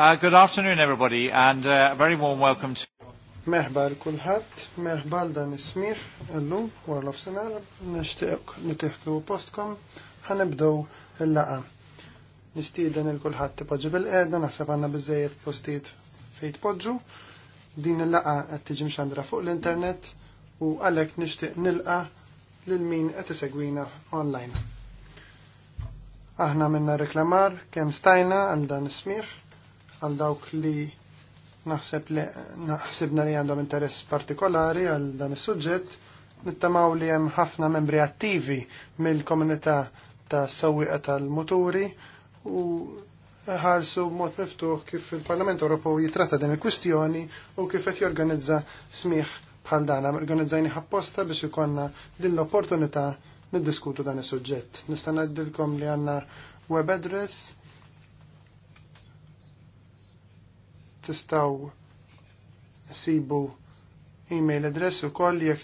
Uh, good afternoon, everybody, and uh, a very warm welcome to... Merħba l-kulħat, merħba l-dan ismiħ, l-lum, warlof senar, nishtiq li postkom, ħanibdow il-laqa. Nistiqdan il-kulħat tipoġġu bil-qeda, nasab għanna bizzejiet postijiet fejt poġġu. Din il-laqa għed mxandra fuq l-internet u għalek nishtiq nilqa lil-min għed isegwina online. Aħna minna reklamar, kem stajna għal dan ismiħ, għal dawk li naħseb li naħsibna li għandhom interess partikolari għal dan is-suġġett, nittamaw li hemm ħafna membri attivi mill-komunità ta' sewwieqa tal-muturi u ħarsu b'mod miftuħ kif il-Parlament Ewropew jitratta din il-kwistjoni u kif qed jorganizza smih bħal dan organizzajni ħapposta biex ikonna din l-opportunità niddiskutu dan is-suġġett. Nista' ngħidilkom li għandna web address tistaw sibu email address u koll jek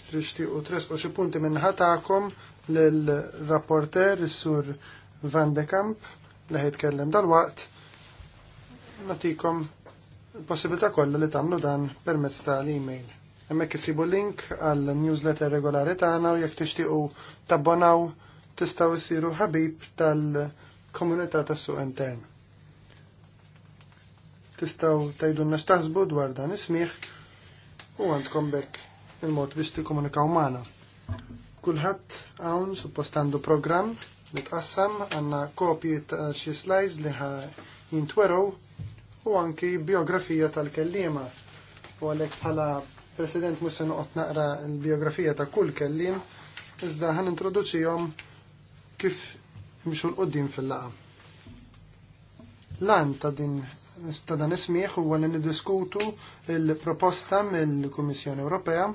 u tresqu xi punti minnħatakom l-rapporter sur Van de Kamp li ħajtkellem dal-waqt natikom possibilità kollha li tagħmlu dan permezz tal-email. Hemmhekk isibu link għal newsletter regolari tagħna u jekk tixtiequ tabbonaw tistgħu issiru ħabib tal-komunità tas-suq intern tistaw tajdunna xtaħsbu dwar dan ismiħ u għandkom bekk il-mod biex tikkomunikaw magħna. Kulħadd hawn suppostandu programm li tqassam għandna kopji ta' xi slides li ħa jintwerow u anki biografija tal-kellima. U għalhekk bħala President mhux se noqgħod naqra l-biografija ta' kull kellim, iżda ħan introduċihom kif mxu l-qoddim fil-laqa. Lan ta' din stada nismiħ u huwa li niddiskutu l-proposta mill komissjoni Ewropea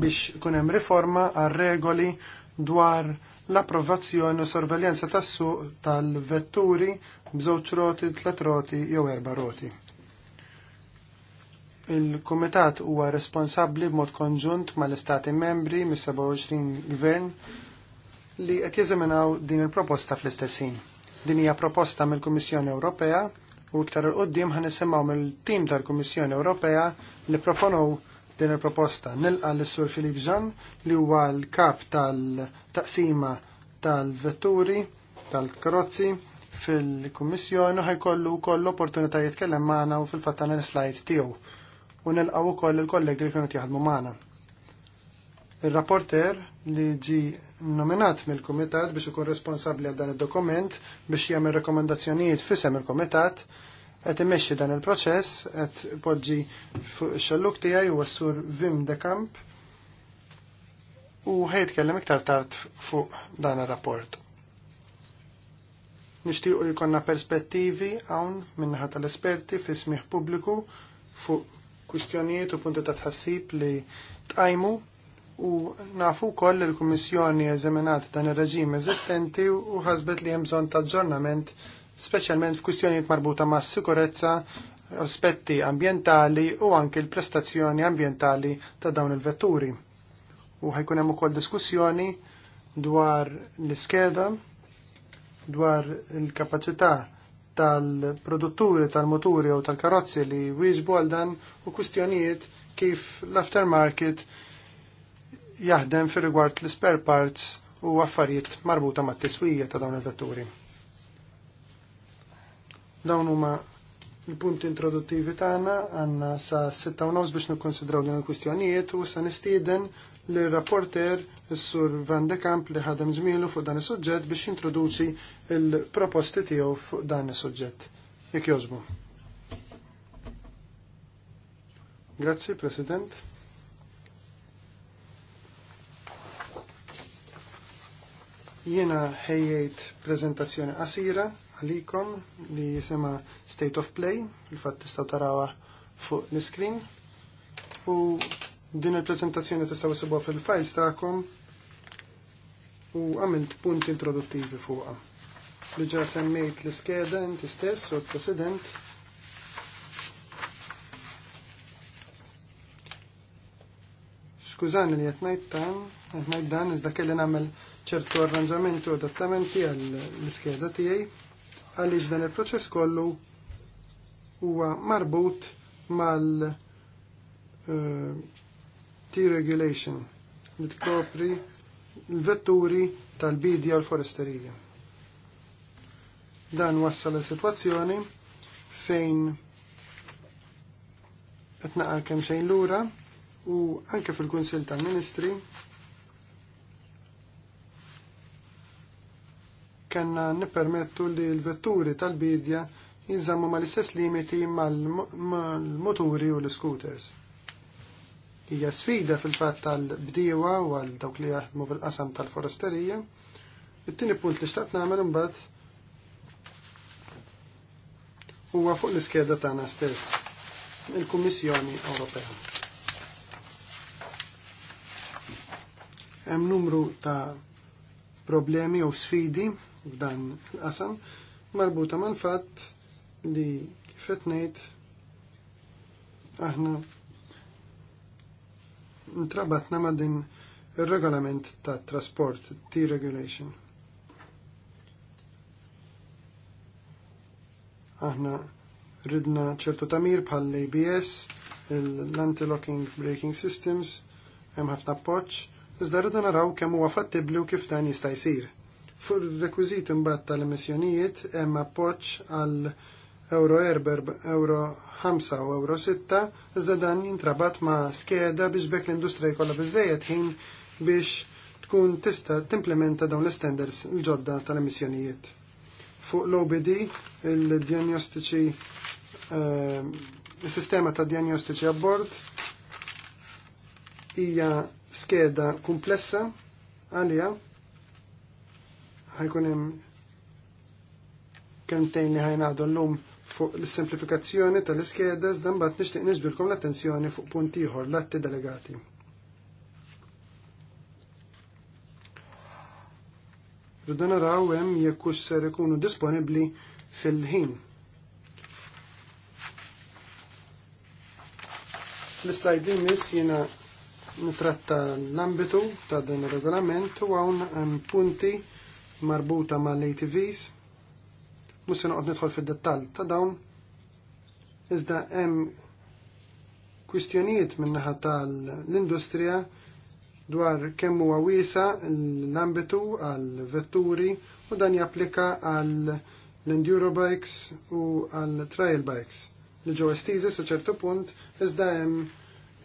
biex kunem hemm riforma għal regoli dwar l-approvazzjoni u sorveljanza tas-suq tal-vetturi b'żewġ roti, tliet roti jew erba' roti. Il-Kumitat huwa responsabbli b'mod konġunt mal-Istati membri mis-27 gvern li qed jeżaminaw din il-proposta fl-istess ħin. Din hija proposta mill-Kummissjoni Ewropea u iktar il-qoddim ħan nisimaw mill-tim tal-Kummissjoni Ewropea li proponow din il-proposta. Nilqa l-Sur Filip Ġan li huwa l-kap tal-taqsima tal-vetturi tal-karozzi fil-Kummissjoni u ħajkollu koll opportunità jitkellem maħna u fil fatta l slajt tiegħu u nilqaw ukoll il-kollegi li kienu jaħdmu magħna. Il-rapporter li ġi nominat mill-Kumitat biex ikun responsabbli għal dan id-dokument biex jagħmel rekomendazzjonijiet fisem il-Kumitat qed imexxi dan il-proċess qed poġġi fuq ix-xalluk tiegħi huwa sur Vim de Camp u ħejtkellem iktar tard fuq dan ir-rapport. Nixtiequ jkollna perspettivi hawn minnaħa tal-esperti fi smih pubbliku fuq kwistjonijiet u punti ta' tħassib li tqajmu U nafu koll li l-Kummissjoni eżaminat dan ir-reġim eżistenti u ħasbet li hemm bżonn ta' ġornament, speċjalment f'kwistjonijiet marbuta ma' sikurezza, aspetti ambientali u anke l-prestazzjoni ambientali ta' dawn il-vetturi. U ħajkun hemm ukoll diskussjoni dwar l-iskeda, dwar il-kapaċità tal-produtturi tal-moturi u tal-karozzi li wieġbu għal dan u kwistjonijiet kif l-aftermarket jaħdem fir rigward l-spare parts u affarijiet marbuta mat tiswija ta' dawn il-vetturi. Dawn huma il-punti introduttivi tagħna għandna sa 6 biex nikkonsidraw din il-kwistjonijiet u sa nistieden l rapporter is-sur Van de Kamp li ħadem żmielu fuq dan is-suġġett biex introduċi il-proposti tiegħu fuq dan is-suġġett. Jekk jogħġbu. Grazzi, President. Jiena ħejjejt prezentazzjoni qasira għalikom li jisema State of Play, il-fatt tistgħu tarawha fuq l-iskrin. U din il-prezentazzjoni tistgħu isibuha fil-files tagħkom u għamilt punti introduttivi fuqha. Li ġa semmejt l-iskeda inti stess u l-president Skużani li qed ngħid dan, qed ngħid dan iżda kelli nagħmel ċertu arranġamenti u adattamenti għall-iskeda tiegħi għaliex dan il-proċess kollu huwa marbut mal uh, T-regulation li tkopri l-vetturi tal-bidja l-foresterija. Dan wassal situazzjoni fejn etnaqal kemm xejn lura u anke fil-Kunsil tal-Ministri kena nippermettu li l-vetturi tal-bidja jinżammu mal-istess limiti mal-moturi u l-scooters. Hija sfida fil-fatt tal-bdiewa u għal dawk li jaħdmu fil-qasam tal-foresterija. It-tieni punt li xtaqt nagħmel imbagħad huwa fuq l-iskeda tagħna stess il-Kummissjoni Ewropea. Hemm numru ta' problemi u sfidi f'dan il-qasam marbuta mal-fatt li kif qed ngħid aħna ntrabatna ma' din ir-regolament ta' trasport, T-regulation. Aħna ridna ċertu tamir bħal l-ABS, l-anti-locking braking systems, hemm ħafna appoġġ, iżda rridu naraw kemm huwa fattibbli u kif dan jista' jsir fur rekwizit imbagħad tal-emissjonijiet hemm appoġġ għal euro 4, euro 5 u euro 6, iżda dan jintrabat ma' skeda biex bekk l-industrija jkollha biżejjed ħin biex tkun tista' timplementa dawn l-standards l-ġodda tal-emissjonijiet. Fuq l-OBD, il-diagnostiċi ehm, il-sistema ta' diagnostiċi abbord hija skeda komplessa għalija ħajkun hemm tejn li ħajnadu llum fuq l-simplifikazzjoni tal-iskedas dan bat nixtieq niġbilkom l-attenzjoni fuq punt ieħor l-atti delegati. Rridu naraw hemm jekk hux ser ikunu disponibbli fil-ħin. L-slajd li miss jiena nitratta l-ambitu ta' din ir-regolament u hawn hemm punti marbuta ma' l-ATVs. Musi noqgħod nidħol fid-dettall ta' dawn. Iżda hemm kwistjonijiet min-naħa tal-industrija dwar kemm huwa wiesa l-ambitu għal vetturi u dan japplika għal l-enduro bikes u għal trail bikes L-ġo estiżi sa ċertu punt iżda hemm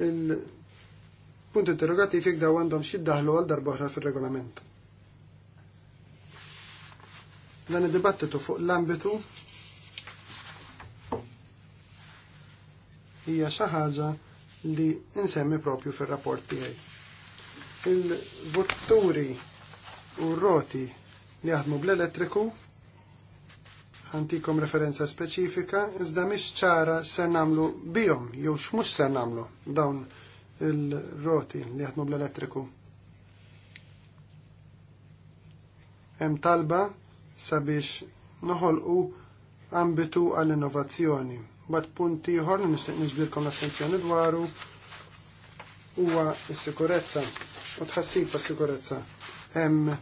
il-punt interrogativ jekk daw għandhom xi daħlu għal darboħra fir-regolament. Dan id-dibattitu fuq l-ambitu hija xi ħaġa li insemmi propju fir-rapport tiegħi. Il-vutturi u r-roti li jaħdmu bl-elettriku ħantikom referenza speċifika iżda mhix ċara ser nagħmlu bihom jew x'mhux ser nagħmlu dawn il-roti li jaħdmu bl-elettriku. Hemm talba sabiex noħolqu ambitu għall-innovazzjoni. Bat punti ieħor li nixtieq niġbirkom l assenzjoni dwaru huwa s-sikurezza u tħassib s sikurezza. Hemm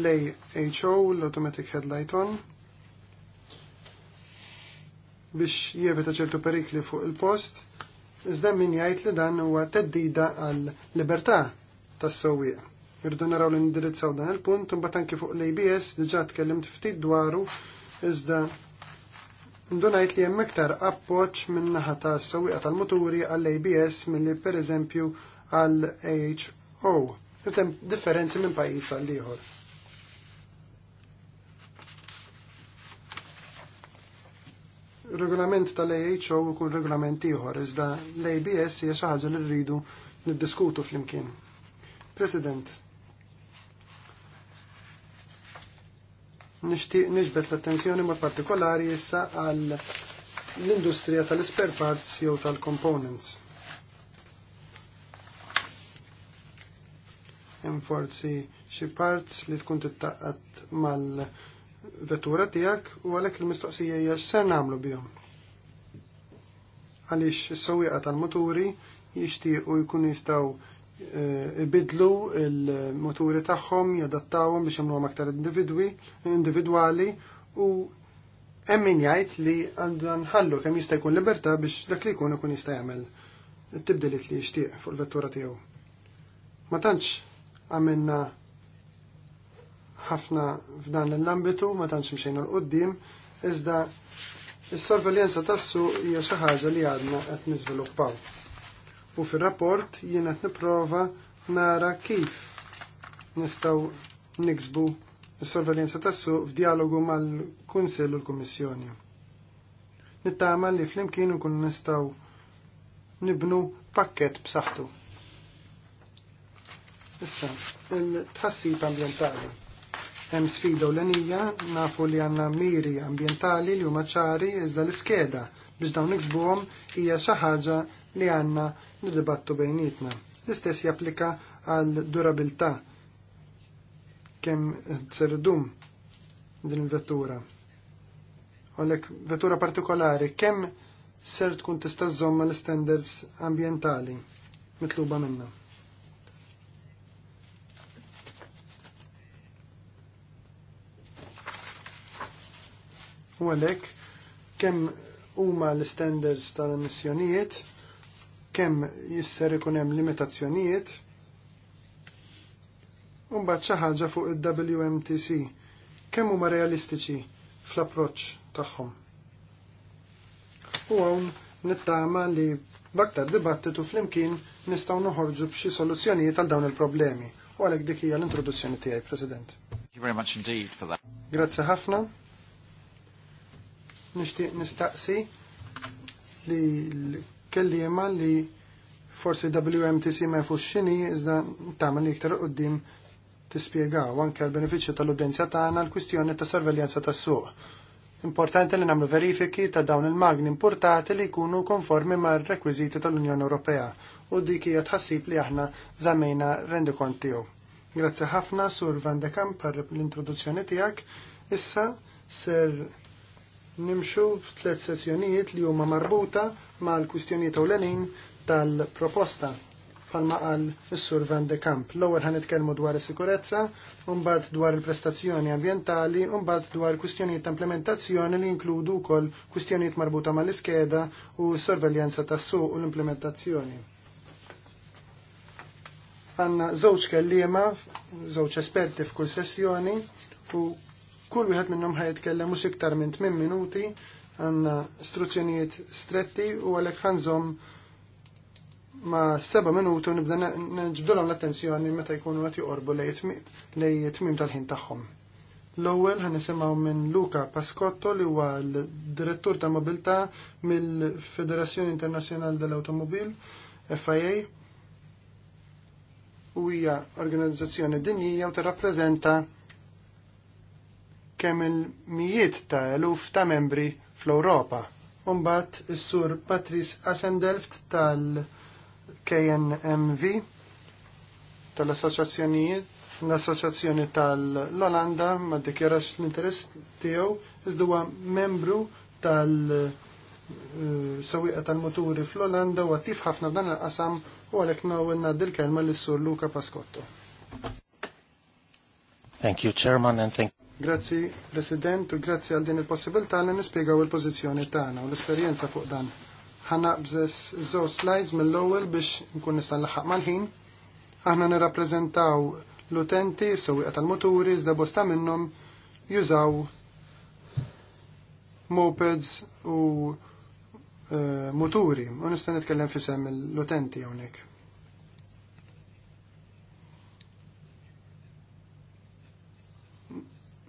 lej HO l-Automatic Headlight On biex jevita ċertu perikli fuq il-post, iżda min jgħid li dan huwa teddida għal libertà tas-sewwieq Irridu naraw li indirizzaw dan il-punt, un anki fuq l-ABS diġa tkellimt ftit dwaru, iżda ndunajt li hemm iktar appoġġ minn naħa tas-sewwieqa tal-muturi għall-ABS milli pereżempju għall AHO. Iżda hemm differenzi minn pajjiż għal ieħor. regolament tal-AHO ikun regolament ieħor, iżda l-ABS hija xi ħaġa li rridu niddiskutu flimkien. President, nixtieq niġbet l-attenzjoni mod partikolari issa għal l-industrija tal-spare parts jew tal-components. Hemm forsi xi parts li tkun tittaqat mal-vettura tiegħek u għalhekk il-mistoqsija hija x'ser nagħmlu bihom. Għaliex is-sewwieqa tal-muturi jixtiequ jkun jistgħu Eh, ibidlu il-moturi tagħhom, jadattawhom biex jagħmluhom aktar individwi, individwali u hemm min jgħid li għandu nħallu kemm jista' jkun libertà biex dak li jkun ikun jista' jagħmel it-tibdilit li jixtieq fuq il-vettura tiegħu. Ma tantx għamilna ħafna f'dan l-ambitu, ma tantx mxejna l-qoddim, iżda s sorveljanza tassu hija xi ħaġa li għadna qed niżviluppaw u fir-rapport jiena qed nipprova nara kif nistgħu niksbu s-sorveljanza tas-suq f'dialogu mal kunsell u l-Kummissjoni. Nittama li flimkien nkun nistgħu nibnu pakket b'saħħtu. Issa, il-tħassib ambientali. Hemm sfida ulenija, nafu li għandna miri ambientali li huma ċari iżda l-iskeda biex dawn iksbuhom hija xi ħaġa li għandna nidibattu bejnietna. L-istess japplika għal durabilità kemm serdum din il-vettura. Għalek vettura partikolari, kemm ser tkun tista' żomma l-standards ambientali mitluba minna. U għalek, kemm huma l-standards tal-emissjonijiet kemm jisser ikun hemm limitazzjonijiet u mbagħad xi ħaġa fuq il-WMTC kemm huma realistiċi fl-approċċ tagħhom. U hawn nittama li b'aktar dibattitu flimkien nistgħu noħorġu b'xi soluzzjonijiet għal dawn il-problemi. U għalhekk dik hija l-introduzzjoni tiegħi, President. Thank you very much indeed for that. Grazzi ħafna. Nixtieq nistaqsi li kellima li forsi WMTC ma jfux xini iżda tagħmel iktar qudiem tispjegaw anke l-benefiċċju tal-udenzja tagħna l-kwistjoni ta' sorveljanza tas-suq. Importanti li nagħmlu verifiki ta' dawn il-magni importati li jkunu konformi mar-rekwiżiti tal-Unjoni Ewropea u dik hija tħassib li aħna żamejna rendi kont tiegħu. Grazzi ħafna Sur Van de Kamp per l-introduzzjoni tiegħek. Issa ser nimxu tlet sessjonijiet li huma marbuta mal-kwistjonijiet ewlenin tal-proposta palma qal fissur sur Van de Kamp. L-ewwel ħan dwar is-sikurezza, u mbagħad dwar il-prestazzjoni ambjentali, u mbagħad dwar kwistjonijiet ta' implementazzjoni li inkludu wkoll kwistjonijiet marbuta mal-iskeda u s-sorveljanza tas-suq u l-implementazzjoni. Għanna żewġ kelliema, żewġ esperti f'kull sessjoni u kull wieħed minnhom ħajtkellem mhux iktar minn tmien minuti għandna struzzjonijiet stretti u għalhekk ħanżhom ma seba minuti nibda nġbdulhom l-attenzjoni meta jkunu qed joqorbu lej tmim tal-ħin tagħhom. L-ewwel ħan nisimgħu minn Luca Pascotto li huwa l-direttur ta' mobilità mill-Federazzjoni Internazzjonali tal-Awtomobil FIA u hija organizzazzjoni dinjija u tirrappreżenta kemm il-mijiet ta' eluf ta' membri fl-Ewropa. Umbat is-sur Patrice Asendelft tal-KNMV tal-assoċjazzjonijiet l-Assoċjazzjoni tal-Olanda ma dikjarax l-interess tiegħu iżda membru tal- eh, sewwieqa tal-muturi fl-Olanda u għattif ħafna dan l qasam u għalhekk nawenna dil-kelma lis sur Luca Pascotto. Thank you, Chairman, and thank Grazzi, President, u grazzi għal din il-possibilità li nispiegaw il-pozizjoni tagħna u l-esperjenza fuq dan. Ħana bżess żewġ slides mill-ewwel biex nkun nista' nlaħħaq mal-ħin. Aħna nirrappreżentaw l-utenti, sewwieqa tal-muturi, iżda bosta minnhom jużaw mopeds u uh, eh, muturi. U nista' nitkellem fi l-utenti hawnhekk.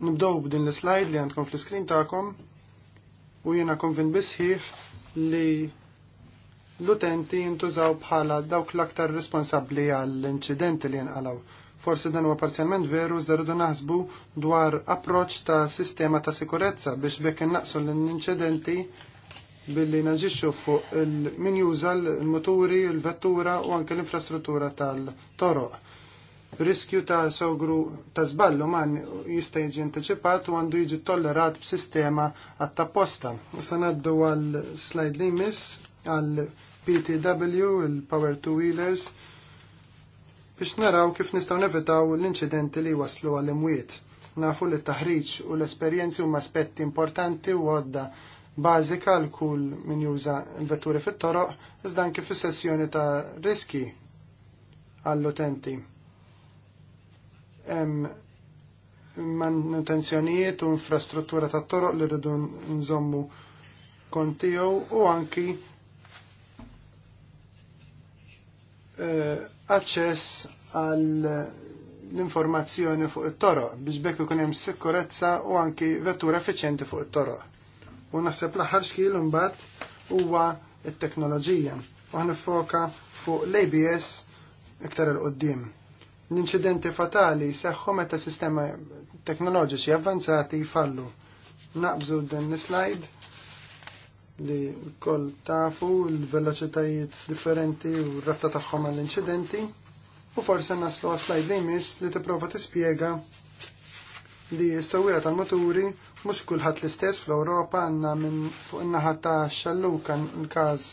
Nibdow b'din l-slide li għandkom fl-screen ta'kom u jena konvin bisħiħ li l-utenti jintużaw bħala dawk l-aktar responsabli għall-inċidenti li jenqalaw. Forsi dan huwa parzjalment veru iżda rridu naħsbu dwar approċċ ta' sistema ta' sikurezza biex bekk innaqsu l-inċidenti billi naġixxu fuq il-min juża l-moturi, il vettura u anke l-infrastruttura tal-toroq riskju ta' sogru ta' zballu man jista' jiġi anticipat u għandu jiġi tollerat b'sistema għat-tapposta. Issa naddu għal slide li miss għal PTW, il-Power Two Wheelers, biex naraw kif nistaw nevitaw l-inċidenti li waslu għal-imwiet. Nafu li t-taħriġ u l-esperienzi huma aspetti importanti u għodda bażika l kull min juża l-vetturi fit-toroq, iżda anke fis-sessjoni ta' riski għall-utenti hemm manutenzjonijiet u infrastruttura ta' toroq li rridu nżommu kontijow u anki eh, aċċess għal l-informazzjoni fuq it-toroq biex bekk ikun hemm sikurezza u anki vettura effiċjenti fuq it-toroq. U naħseb l-aħħar xkil imbagħad huwa t teknoloġija u foka fuq l-ABS iktar il-qoddim. L-inċidenti fatali seħħu meta sistema teknoloġiċi avvanzati jfallu. Naqbżu dan l-slide li kol tafu l-veloċitajiet differenti u r-ratta tagħhom għall-inċidenti u forse naslu għaslajd li jmiss li t-prova t-spiega li s-sawija tal-moturi mux kullħat l-istess fl-Europa għanna minn fuq il-naħa ta' xalluka l-kas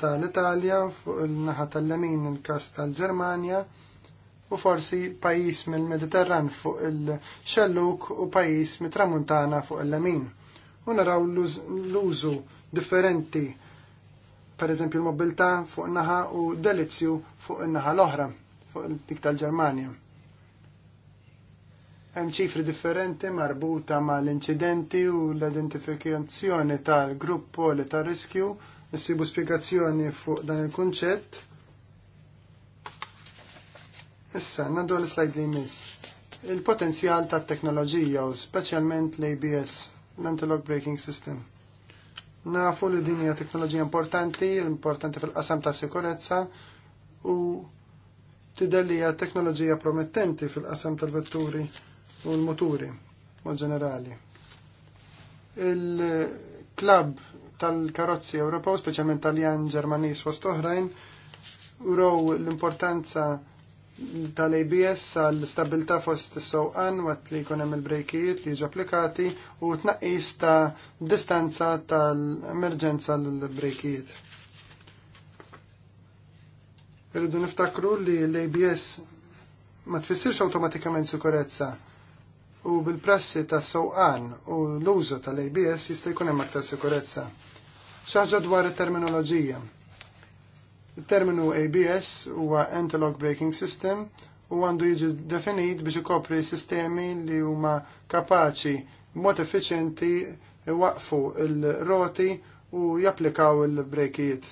tal-Italja, fuq il-naħa tal-Lemin il-kas tal-Germania, u forsi pajis mill-Mediterran fuq il-Xelluk u pajis mit-Tramuntana fuq il-Lemin. U naraw l-użu differenti, per eżempju l-mobilta fuq naħa u delizzju fuq naħa l-oħra, fuq dik tal-Ġermanja. Hemm ċifri differenti marbuta ma l-inċidenti u l-identifikazzjoni tal-grupp poli tal riskju, nsibu spiegazzjoni fuq dan il-kunċett Issa, nandu l-slajd li jmiss. Il-potenzjal ta' teknoloġija u specialment l-ABS, l-Antilog Braking System. Nafu li din hija teknoloġija importanti, importanti fil-qasam ta' sikurezza u tidher hija teknoloġija promettenti fil-qasam tal-vetturi u l-moturi, mod ġenerali. Il-klab tal-karozzi Ewropew, speċjalment Taljan, Ġermaniż fost oħrajn, uraw l-importanza tal-ABS għal stabilta fost is-sewqan waqt li jkun hemm il-brejkijiet li jiġu applikati u tnaqqis ta' distanza tal-emerġenza l-brejkijiet. Irridu niftakru li l-ABS ma tfissirx awtomatikament sikurezza u bil-prassi ta' sowqan u l-użu tal-ABS jista' jkun hemm aktar sikurezza. Xaġa dwar it-terminoloġija Terminu ABS huwa Anti-Lock Braking System u għandu jiġi definit biex ikopri sistemi li huma kapaċi mod effiċenti waqfu il-roti u japplikaw il-brekijiet.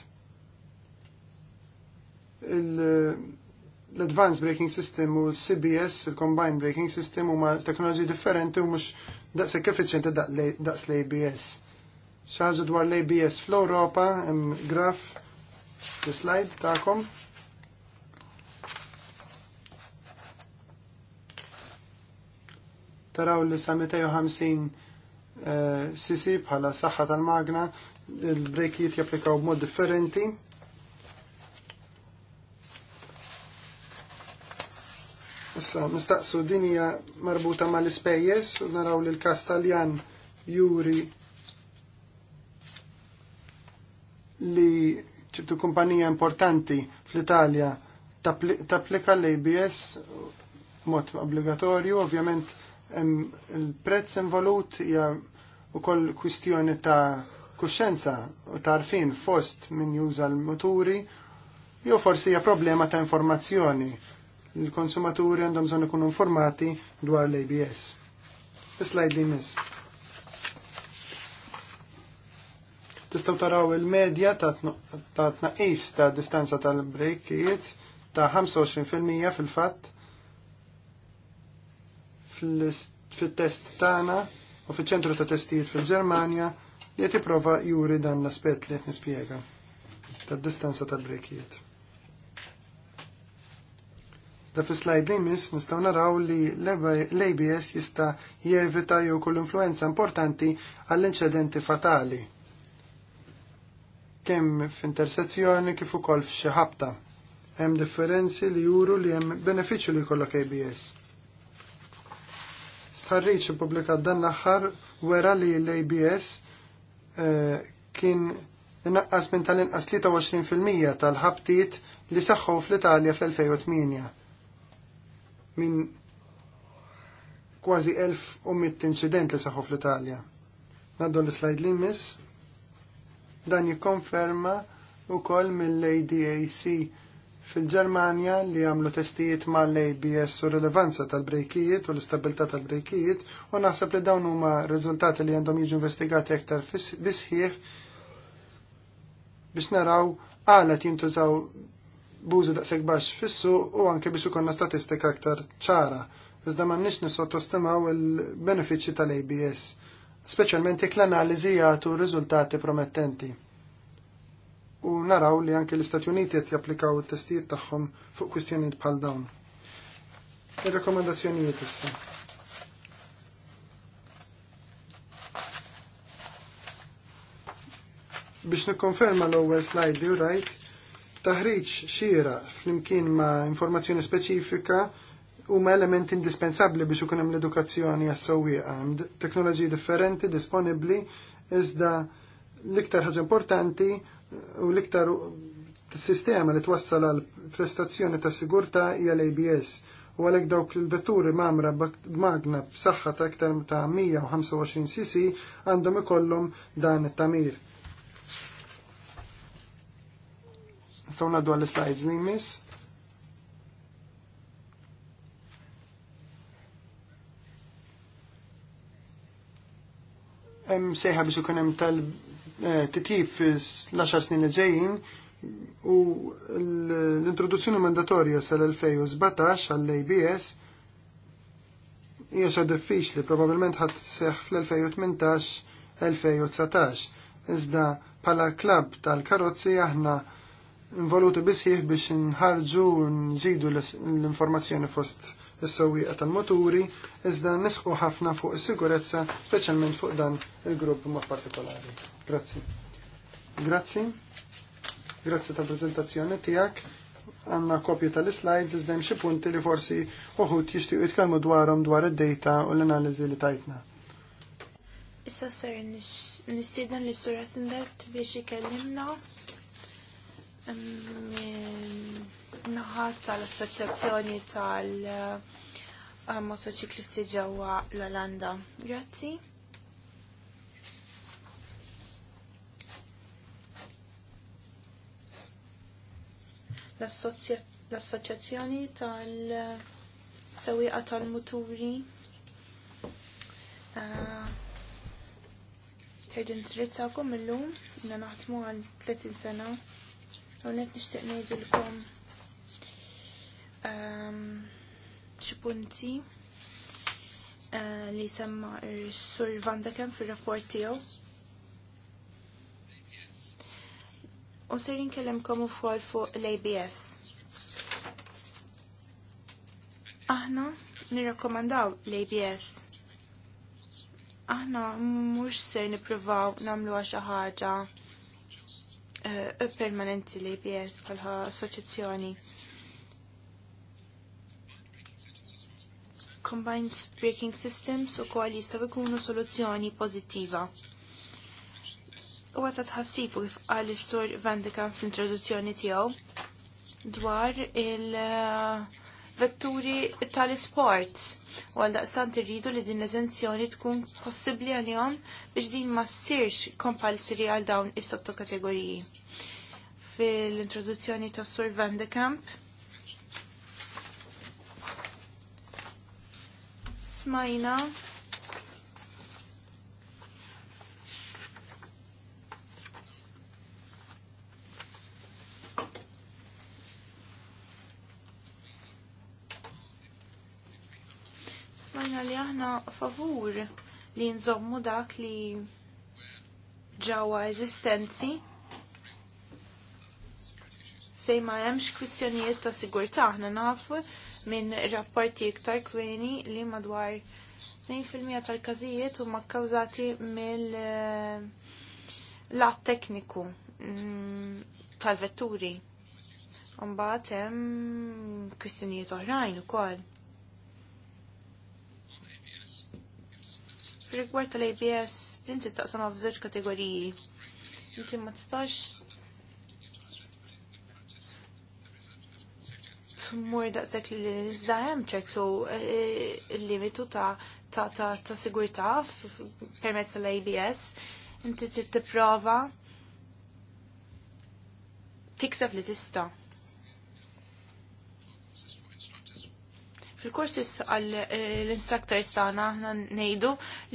L-Advanced Braking System u l-CBS, il-Combined Braking System, huma teknoloġi differenti u mhux daqshekk effiċenti daqs l-ABS. Xi dwar l-ABS fl-Ewropa, hemm graf l-slide ta'kom. Taraw li sa 250 eh, cc bħala saħħa tal-magna, il-brekijiet japplikaw b'mod differenti. Issa, nistaqsu din hija marbuta mal-ispejjeż u naraw li l kastaljan juri li ċertu kumpanija importanti fl-Italja tapplika l-ABS mod obbligatorju, ovvjament il-prezz involut hija wkoll kwistjoni ta' kuxenza u tarfin fost min juża l-moturi jew forsi hija problema ta' informazzjoni. Il-konsumaturi għandhom bżonn ikun informati dwar l-ABS. Is-slide li miss. Tistgħu taraw il-medja ta' tnaqis ta' distanza tal-brejkiet ta' 25% fil-fatt fit-test tagħna u fiċ-ċentru ta' testijiet fil-Ġermanja li qed prova juri dan l-aspett li qed nispjega tad-distanza tal-brejkiet. Da fi slide li mis nistaw naraw li l-ABS jista jevita jew kull influenza importanti għall-inċedenti fatali kemm f'intersezzjoni kif ukoll f'xi ħabta. Hemm differenzi li juru li hemm benefiċċju li jkollok ABS. Stħarriċ ippubblikat dan l-aħħar wera li l-ABS uh, eh, kien inaqqas minn tal-inqas 23% tal-ħabtit li saħħu fl-Italja fl-2008. Minn kważi 1100 incident li saħħu fl-Italja. Naddu l-slajd li miss Dan jikkonferma wkoll mill-ADAC fil-Ġermanja li għamlu testijiet mal-ABS u rilevanza tal-brejkijiet u l-istabilità tal-brejkijiet u naħseb li dawn huma riżultati li għandhom jiġu investigati aktar bisħieħ biex naraw għalet jintużaw bużu daqseg bax fissu u anke biex ukonna statistika aktar ċara. Iżda ma nix nisottostimaw il-benefiċi tal-ABS speċjalment jekk l-analiżi jagħtu riżultati promettenti. U naraw li anke l-Istati Uniti qed japplikaw it-testijiet tagħhom fuq kwistjonijiet bħal dawn. Ir-rekomandazzjonijiet issa. Biex nikkonferma l-ewwel slide li rajt, taħriġ xira flimkien ma' informazzjoni speċifika huma element indispensabbli biex ikun hemm l-edukazzjoni għas-sewwieqa. Hemm teknoloġiji differenti disponibbli iżda l-iktar ħaġa importanti u l-iktar sistema li twassal għal prestazzjoni ta' sigurta hija l-ABS u għalek dawk il-vetturi mamra magna b'saħħa ta' iktar ta' 125 cc għandhom ikollhom dan it-tamir. Saw ngħaddu għall-slides li hemm sejħa biex ikun hemm tal eh, titif fil-10 snin li ġejjin u l-introduzzjoni mandatorja sal-2017 għall-ABS hija diffiċ diffiċli, probabbilment ħadd seħ fl-2018-2019. Iżda bħala klab tal-karozzi aħna involuti bisħiħ biex nħarġu nżidu l-informazzjoni fost is-sewwieqa tal-moturi iżda nisqu ħafna fuq is-sigurezza speċjalment fuq dan il-grupp mod partikolari. Grazzi. Grazzi. Grazzi tal-preżentazzjoni tiegħek. Għanna kopju tal-slides iżda hemm xi punti li forsi uħud jixtiequ jitkellmu dwarhom dwar id-data u l-analiżi li tajtna. Issa ser nistieden li sura tindert biex ikellimna naħat tal-Assoċjazzjoni tal-Motoċiklisti eh, ġewwa l-Olanda. Grazzi. L-Assoċjazzjoni tal-Sewiqa tal-Muturi eh, Tħed intrizzakom illum, inna naħdmu għal 30 sena, u net nishtiq nejdilkom Ehm, xi punti eh, li semma sur Van fil fir-rapport tiegħu. U ser inkellemkom ukoll fuq l-ABS. Aħna nirrakkomandaw l-ABS. Aħna mhux ser nippruvaw namlu xi ħaġa eh, permanenti l-ABS bħalħa assoċjazzjoni. combined braking systems u kol jistaw ikunu soluzzjoni pozittiva. U għata tħassibu kif għal sur Vandika fl-introduzzjoni tiegħu dwar il-vetturi uh, tal sport U għal daqstant irridu li din l-eżenzjoni tkun possibli għal-jom biex din ma ssirx kompalsiri għal dawn is-sottokategoriji. Fil-introduzzjoni tas sur Vandekamp, Camp. smajna Smajna li aħna favur li nżommu dak li ġawa eżistenzi fej ma hemmx kwistjonijiet ta' sigurtà aħna nafu minn rapporti iktar kweni li madwar 2% tal-każijiet huma kkawżati mill eh, lat tekniku mm, tal-vetturi. Mbagħad hemm kwistjonijiet oħrajn ukoll. rigward tal-ABS din tittaqsam f'żewġ kategoriji. Inti ma tistax tmur daqshekk li iżda hemm ċertu eh, limitu ta' ta' ta' ta' sigurtà permezz tal-ABS. Inti trid tipprova Tiksab li tista' Fil-kursis għall-instructors tagħna aħna ngħidu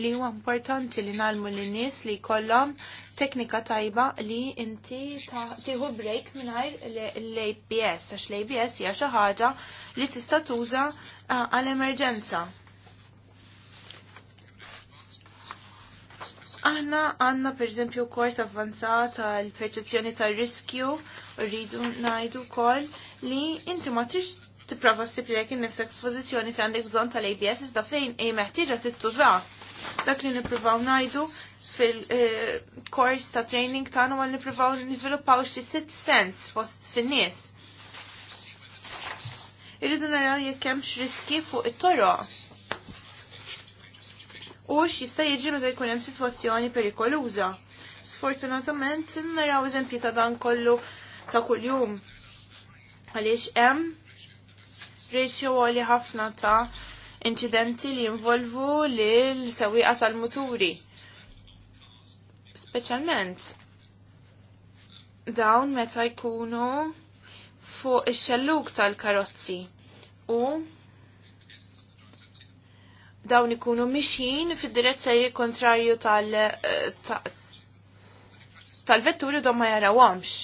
li huwa importanti li nalmu lin-nies li jkollhom teknika tajba li inti tieħu break mingħajr l-ABS għax l-ABS hija xi ħaġa li tista' tuża għall-emerġenza. Aħna għanna per eżempju kors avvanzat għal perċezzjoni tal riskju rridu najdu kol li inti ma tix tipprova ssib nifsek innifsek f'pożizzjoni fi għandek bżonn tal-ABS iżda fejn hi meħtieġa tittuża. Dak li nippruvaw ngħidu fil-kors ta' training tagħna għal nippruvaw niżviluppaw xi sitt sens fost fin-nies. Irridu naraw jekk hemm riski fuq it-toroq. U x'jista' jiġi meta jkun hemm sitwazzjoni perikoluża. Sfortunatament naraw eżempji ta' dan kollu ta' kuljum għaliex hemm ratio għali ħafna ta' incidenti li jinvolvu l-sewiqa tal-muturi. Speċjalment dawn meta jkunu fuq ix-xelluk tal-karozzi u dawn ikunu mixin fid-direzzjoni kontrarju tal-vetturi tal, tal, tal dom ma jarawamx.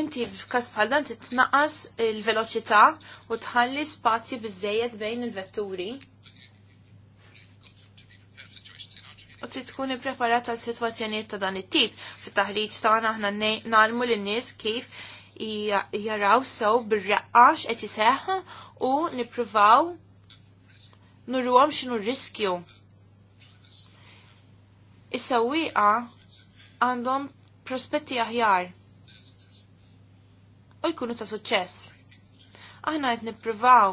inti f'kas bħal dan titnaqqas il-veloċità u tħalli spazju biżejjed bejn il-vetturi. U trid tkun ippreparat għal sitwazzjonijiet ta' dan it-tip. Fit-taħriġ tagħna aħna nagħlmu lin-nies kif jaraw sew bir-raqqax qed iseħħ u nippruvaw nurruhom x'inhu r-riskju. Is-sewwieqa għandhom prospetti aħjar u jkunu ta' suċċess. Aħna qed nippruvaw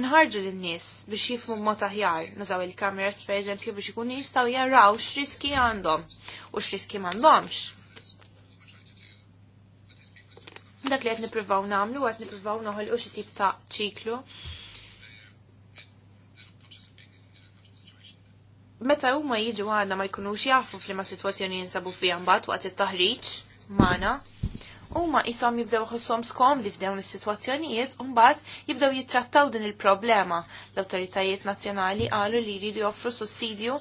inħarġu lin-nies biex jifmu mod aħjar, nużaw il-kameras pereżempju biex ikunu jistgħu jaraw x'riski għandhom u x'riski m'għandhomx. Dak li qed nippruvaw nagħmlu qed nippruvaw noħolqu xi tip ta' ċiklu meta huma jiġu għandna ma jkunux jafu f'liema sitwazzjoni jinsabu fiha mbagħad waqt it-taħriġ, mana huma qishom jibdew ħossom skomdi f'dawn is-sitwazzjonijiet un mbagħad jibdew jittrattaw din il-problema. L-awtoritajiet nazzjonali qalu li jridu joffru sussidju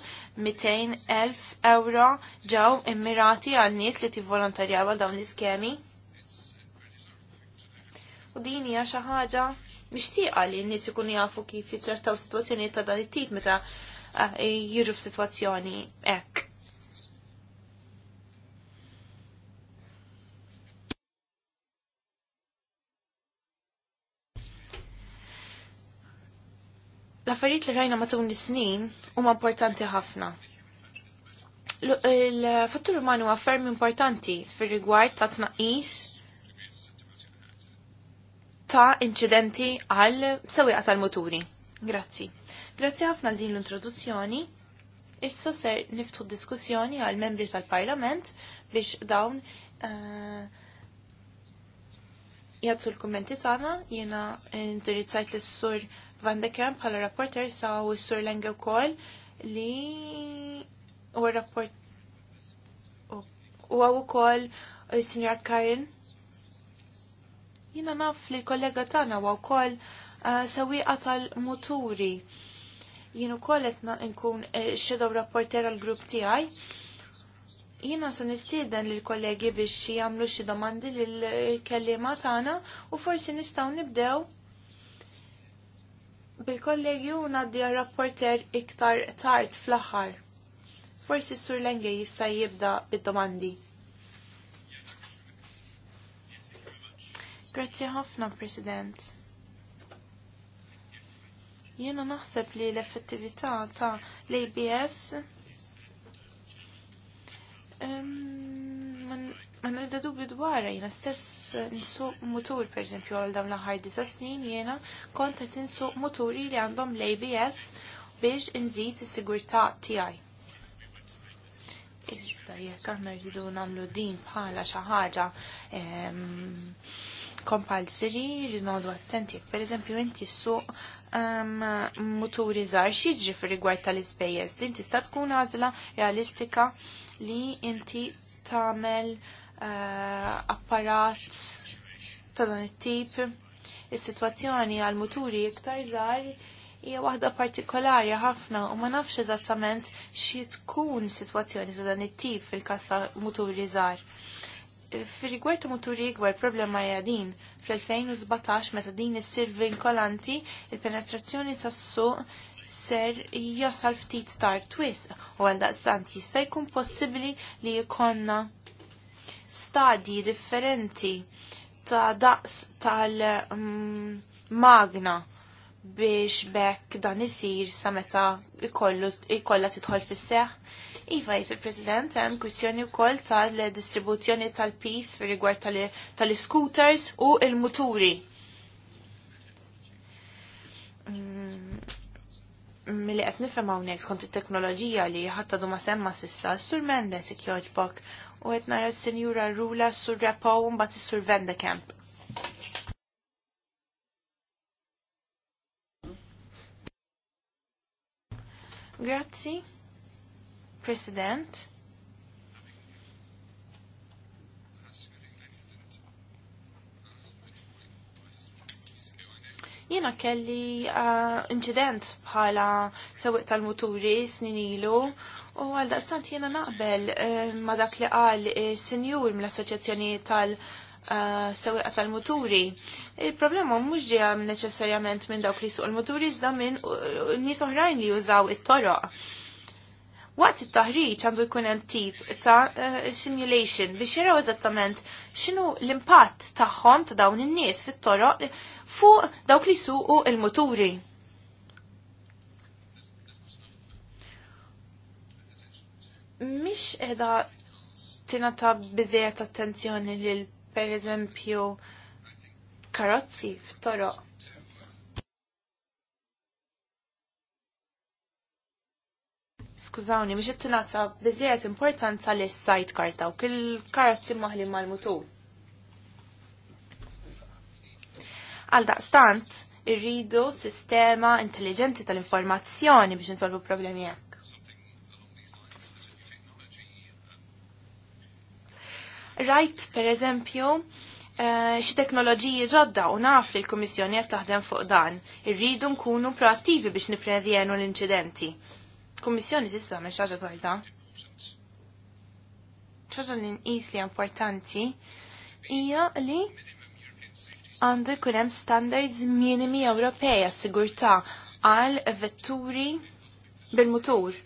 200,000 euro ġew immirati għal nies li tivvolontarjaw għal dawn l-iskemi. U din hija xi ħaġa mixtieqa li n-nies ikunu jafu kif jittrattaw sitwazzjonijiet ta' dan it-tip meta eh, jiġu f'sitwazzjoni hekk L-affarijiet li rajna matul is-snin huma importanti ħafna. Il-fattur uman huwa ferm importanti fir-rigward ta' tnaqqis ta' inċidenti għal sewwieqa tal-muturi. Grazzi. Grazzi ħafna għal din l-introduzzjoni. Issa ser niftħu diskussjoni għal membri tal-Parlament biex dawn eh, uh, l-kommenti tagħna jiena indirizzajt l-sur Van de Kamp bħala rapporter saw s-sur Lenge wkoll li u rapport u għaw ukoll eh, Sinjor Karin. Jina naf li kollega tagħna huwa wkoll eh, sewwieqa tal-muturi. Jien ukoll qed nkun xedaw eh, rapporter għall grupp għaj Jina se nistieden lill kollegi biex jagħmlu xi domandi lill kelliema tagħna u forsi nistgħu nibdew bil-kollegju naddi rapporter iktar tard fl-aħħar. Forsi s-sur Lenge jista' jibda bid-domandi. Grazzi ħafna, President. Jiena naħseb li l-effettività ta' l-ABS um, Għanna da dubju dwarra, jena stess nsuq mutur, per esempio, għal dawn l-ħar disa snin, jena kont qed motori muturi li għandhom l-ABS biex inżid is-sigurtà tiegħi. Iżda jekk aħna rridu nagħmlu din bħala xi ħaġa ehm, compulsory, rridu nodu attenti. Per esempio, inti suq ehm, muturi żgħar x'jiġri fir-rigward tal-ispejjeż. Din tista' tkun għażla realistika li inti tagħmel Eh, apparat ta' dan it-tip. Is-sitwazzjoni għal muturi iktar żgħar hija waħda partikolari ħafna u ma nafx eżattament xi tkun sitwazzjoni ta' dan it-tip fil-każ ta' muturi żgħar. Fir-rigward ta' muturi ikbar problema hija din fl-2017 meta din issir vinkolanti il-penetrazzjoni tas-suq ser jasal ftit tar twis u għal daqstant jista' jkun possibbli li jkollna stadji differenti ta' daqs tal-magna mm, biex bekk dan isir sa meta jkollha tidħol fis-seħ. Iva jis il-President hemm kwistjoni wkoll tal-distribuzzjoni tal-pis fir rigward tal-scooters u il-muturi. Mm, milli qed nifhem hawnhekk skont it-teknoloġija li ħadd ma semma sissa, Sur Mendes ikjoġbok u għet nara s senjura Rula sur rapaw un bat sur Vendekamp. Grazzi, President. Jiena kelli uh, incident bħala sewiq tal-muturi snin ilu U għal daqstant jena naqbel eh, ma dak li għal eh, senjur mill-assoċjazzjoni tal- eh, sewiqa tal-muturi. Il-problema mhux ġeja neċessarjament minn dawk li suq il-muturi iżda minn nies oħrajn li jużaw it-toroq. Waqt it-taħriġ għandu jkun hemm tip ta' simulation biex jaraw eżattament x'inhu l-impatt tagħhom ta' dawn in-nies fit-toroq fuq dawk li suqu il-muturi. mish edha tinata bizzejet attenzjoni lil per eżempju karozzi f'toro. Skużawni, biex tinata bizzejet importanza li sidecars daw, il-karozzi maħli mal-mutur. Għal daqstant, irridu sistema intelligenti tal-informazzjoni biex insolvu problemi hekk Rajt, per eżempju, eh, xi teknoloġiji ġodda u naf li l-Kummissjoni qed taħdem fuq dan. Irridu nkunu proattivi biex nipprevjenu l-inċidenti. Kummissjoni tista' tagħmel xi dwar dan. Ċaġa li nqis li importanti hija li għandu jkun hemm standards minimi Ewropej għas-sigurtà għal vetturi bil-mutur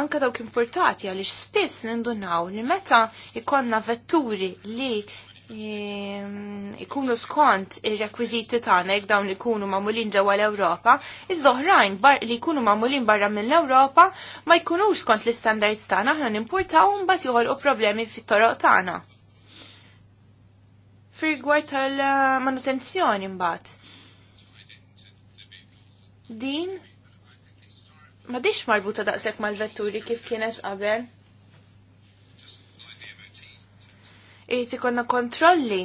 anka dawk importati għaliex spiss nindunaw li meta ikonna vetturi li ehm, ikunu skont il-rekwiziti tagħna jekk dawn ikunu ma'mulin ġewwa l-Ewropa, iżda oħrajn li jkunu ma'mulin barra mill-Ewropa ma jkunux skont l-istandards tagħna aħna nimportaw mbagħad joħolqu problemi fit-toroq tagħna. Fir-rigward tal-manutenzjoni mbagħad. Din ma dix marbuta daqsek mal-vetturi kif kienet qabel. Irrit ikonna kontrolli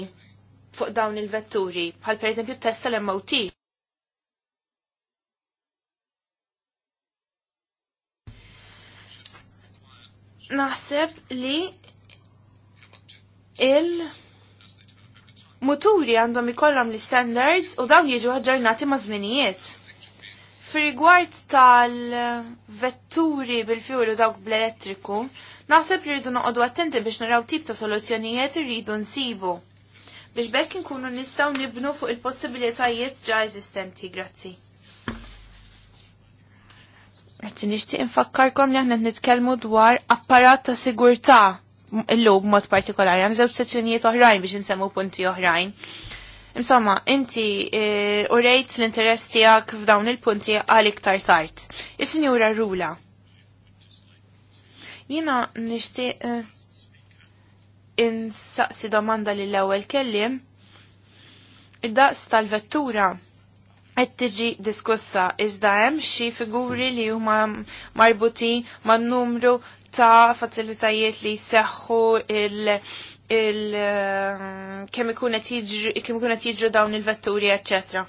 fuq dawn il-vetturi, bħal per eżempju testa l-MOT. Naħseb li il- Muturi għandhom ikollhom l-standards u dawn jiġu aġġornati ma' żminijiet. Fir-rigward tal-vetturi bil u dawk bl-elettriku, naħseb li rridu noqogħdu attenti biex naraw tip ta' soluzzjonijiet irridu nsibu biex bekk nkunu nistgħu nibnu fuq il-possibilitajiet ġa eżistenti. Grazzi. Għetti nixtieq infakkarkom li aħna nitkellmu dwar apparat ta' sigurtà illum mod partikolari, għam żewġ sezzjonijiet oħrajn biex insemmu punti oħrajn. Insomma, inti eh, u rejt l-interess tijak f'dawn il-punti għal iktar tart. Is-sinjura Rula. Jina nishti eh, insaqsi domanda li l-ewel kellim. Id-daqs tal-vettura qed tiġi diskussa iżda hemm xi figuri li huma marbuti man-numru ta' facilitajiet li jseħħu il- Ehm, kemm ikun qed jiġru dawn il-vetturi, eċċetra.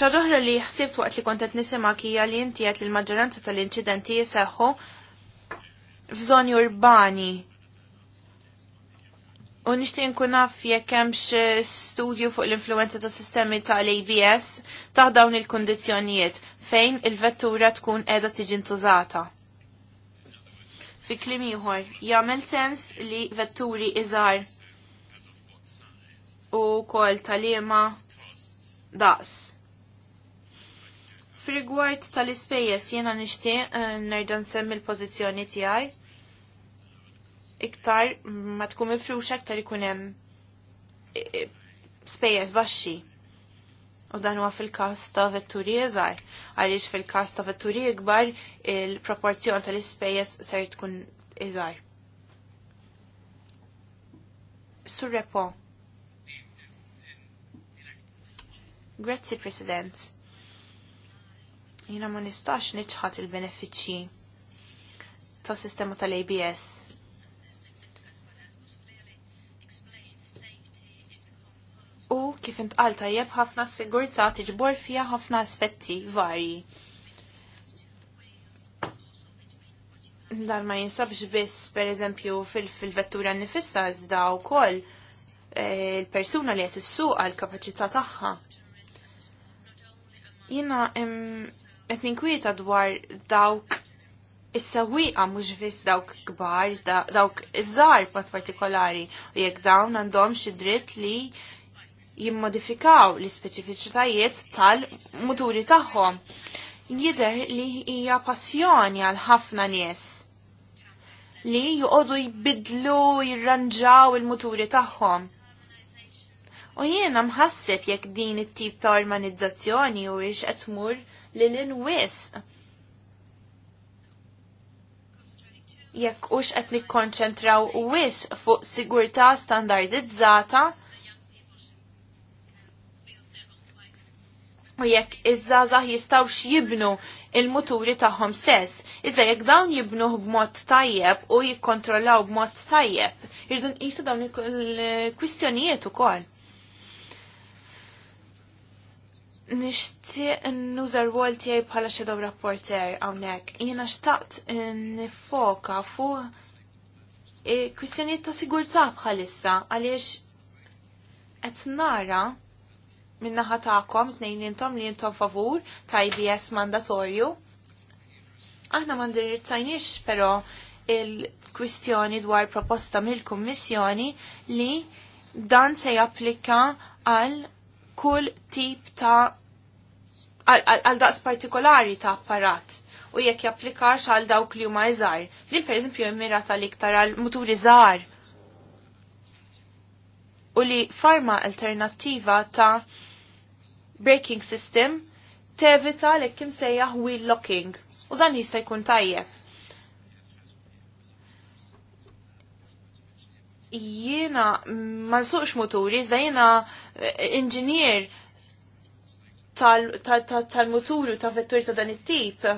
Xaġa oħra li ħsibt waqt li kontet nisimak hija li inti qed il-maġġoranza tal-inċidenti jiseħħu f'żoni urbani U nishtiq nkun naf jekk hemmx studju fuq l-influenza ta' sistemi tal-ABS ta' dawn il-kundizzjonijiet fejn il-vettura tkun qiegħda tiġi ntużata fi klim ieħor jagħmel sens li vetturi iżgħar u kol tal-iema daqs. Frigward tal-ispejjeż jiena nixtieq eh, nerda nsemmi l-pożizzjoni tiegħi. Iktar ma tkun mifruxa iktar ikun hemm eh, eh, spejjeż baxxi. U dan huwa fil-każ ta' vetturi iżgħar għaliex fil-każ ta' vetturi ikbar il-proporzjon tal-ispejjeż ser tkun iżgħar. Surrepo. Grazzi President. Jina ma nistax nitħat il-benefiċċji ta' sistema tal-ABS u kif intqal tajjeb ħafna s-sigurtà tiġbor fiha ħafna aspetti varji. Dan ma jinsabx biss pereżempju fil-vettura fil nifissa iżda wkoll eh, il-persuna li qed issuqa l-kapaċità tagħha. Jiena qed ninkwieta dwar dawk is-sewwieqa mhux biss dawk kbar, dawk iż-żgħar partikolari u jekk dawn għandhom xi dritt li jimmodifikaw l-ispeċifiċitajiet tal-muturi tagħhom. Jidher li hija passjoni għal ħafna nies li juqodu jibidlu, jirranġaw il-muturi tagħhom. U jiena mħasseb jekk din it-tip ta' organizzazzjoni u ix qed tmur lil inwies. Jekk hux qed nikkonċentraw wis fuq sigurtà standardizzata u jekk iż-żazah jistawx jibnu il-muturi tagħhom stess. Iżda jekk dawn jibnu b'mod tajjeb u jikkontrollaw b'mod tajjeb, irdu nqisu dawn il-kwistjonijiet ukoll. Nixtieq nużar wol tiegħi bħala shadow rapporter hawnhekk. Jiena xtaqt nifoka fuq kwistjonijiet ta' sigurtà bħalissa għaliex qed nara minnaħa taqom, tnejn intom li jintom favur ta' IBS mandatorju. Aħna jirtajnix, pero il-kwistjoni dwar proposta mill-Kummissjoni li dan se japplika għal kull tip ta' għal daqs partikolari ta' apparat u jekk japplikax għal dawk li huma iżgħar. Din pereżempju jmira tal-iktar għal muturi żgħar u li farma alternattiva ta' braking system tevita li kim sejjaħ wheel locking u dan jista' jkun tajjeb. Jiena ma nsuqx muturi, iżda jiena eh, inġinier tal-muturi u ta' vetturi ta' dan it-tip.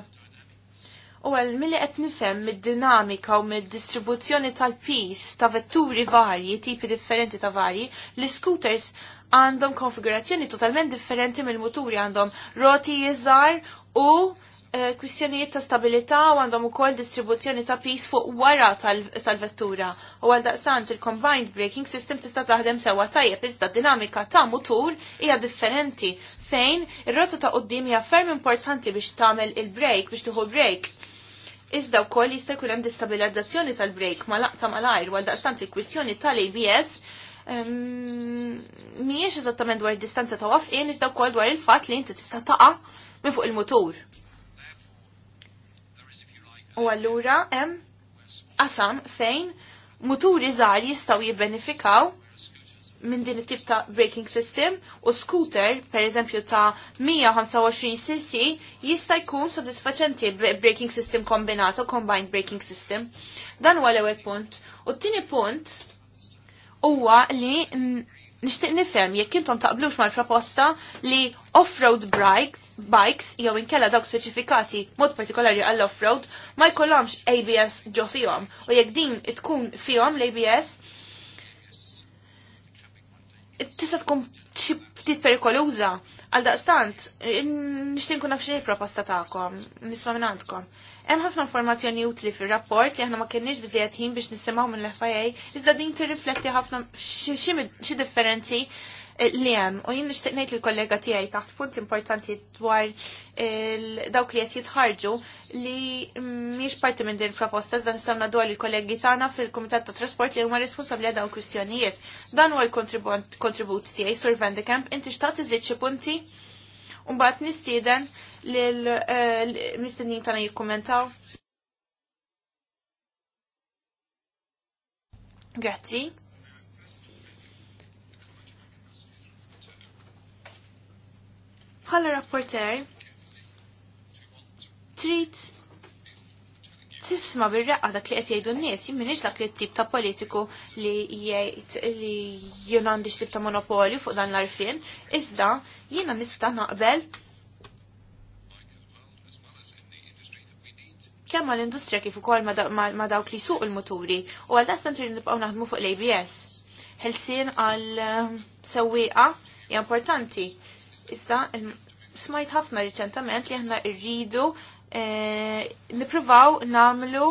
U għal mill qed nifhem mid-dinamika u mid-distribuzzjoni tal-pis ta' vetturi varji, tipi differenti ta' varji, l-scooters għandhom konfigurazzjoni totalment differenti mill-muturi għandhom roti jizzar u eh, kwistjonijiet ta' stabilità u għandhom ukoll distribuzzjoni ta' pis fuq wara tal-vettura. U għal daqsant il-combined braking system tista' taħdem sewa tajjeb iżda dinamika ta' mutur hija differenti fejn ir-rota ta' qudiem hija ferm importanti biex tagħmel il-break biex tieħu break. Iżda wkoll jista' jkun hemm distabilizzazzjoni tal-break ma laqta malajr għal daqsant il-kwistjoni tal-ABS miex eżattament dwar distanza ta' wafqin, iżda wkoll dwar il-fatt li jinti tista' taqa' minn fuq il-mutur. U allura em, asam, fejn muturi żgħar jistgħu jibbenefikaw minn din it-tip ta' braking system u scooter, per eżempju ta' 125 cc, jista' jkun sodisfaċenti braking system kombinato, combined braking system. Dan huwa l-ewwel punt. U t-tieni punt huwa li nixtieq nifhem jekk intom taqblux mal-proposta li off-road bikes jew inkella dawk speċifikati mod partikolari għall offroad ma jkollhomx ABS ġo fihom u jekk din tkun fihom l-ABS tista' tkun xi ftit perikoluża Għaldaqstant, nishtin kuna nafxin il-proposta taqom, nisma minn għandkom. Hemm ħafna informazzjoni utli fir-rapport li aħna ma kienniex biżejjed ħin biex nisimgħu mill-FIA, iżda din tirrifletti ħafna xi differenzi Eh, li hemm. U jien nixtieq ngħid lill-kollega tiegħi taħt punt importanti dwar dawk li qed jitħarġu li mhijiex parti minn din proposta iżda nistgħu dwar il-kollegi tagħna fil-Kumitat ta' Trasport li huma responsabbli għal dawn kwistjonijiet. Dan huwa l-kontribut tiegħi Sur Vendekamp inti xtaqt iżid punti u mbagħad nistieden eh, l-mistennin tagħna jikkumentaw. Grazzi. bħala rapporter trid tisma bil-reqqa dak li qed jgħidu n-nies, jien m'iniex dak li tip ta' politiku li jgħid li jien għandix tip ta' monopolju fuq dan l-arfin, iżda jiena nista' naqbel kemm għal industrija kif ukoll ma' dawk li suq il-muturi u għal dastan trid nibqgħu naħdmu fuq l-ABS. Helsin għal eh, sewwieqa hija importanti Iżda smajt ħafna reċentament li aħna rridu e, nippruvaw namlu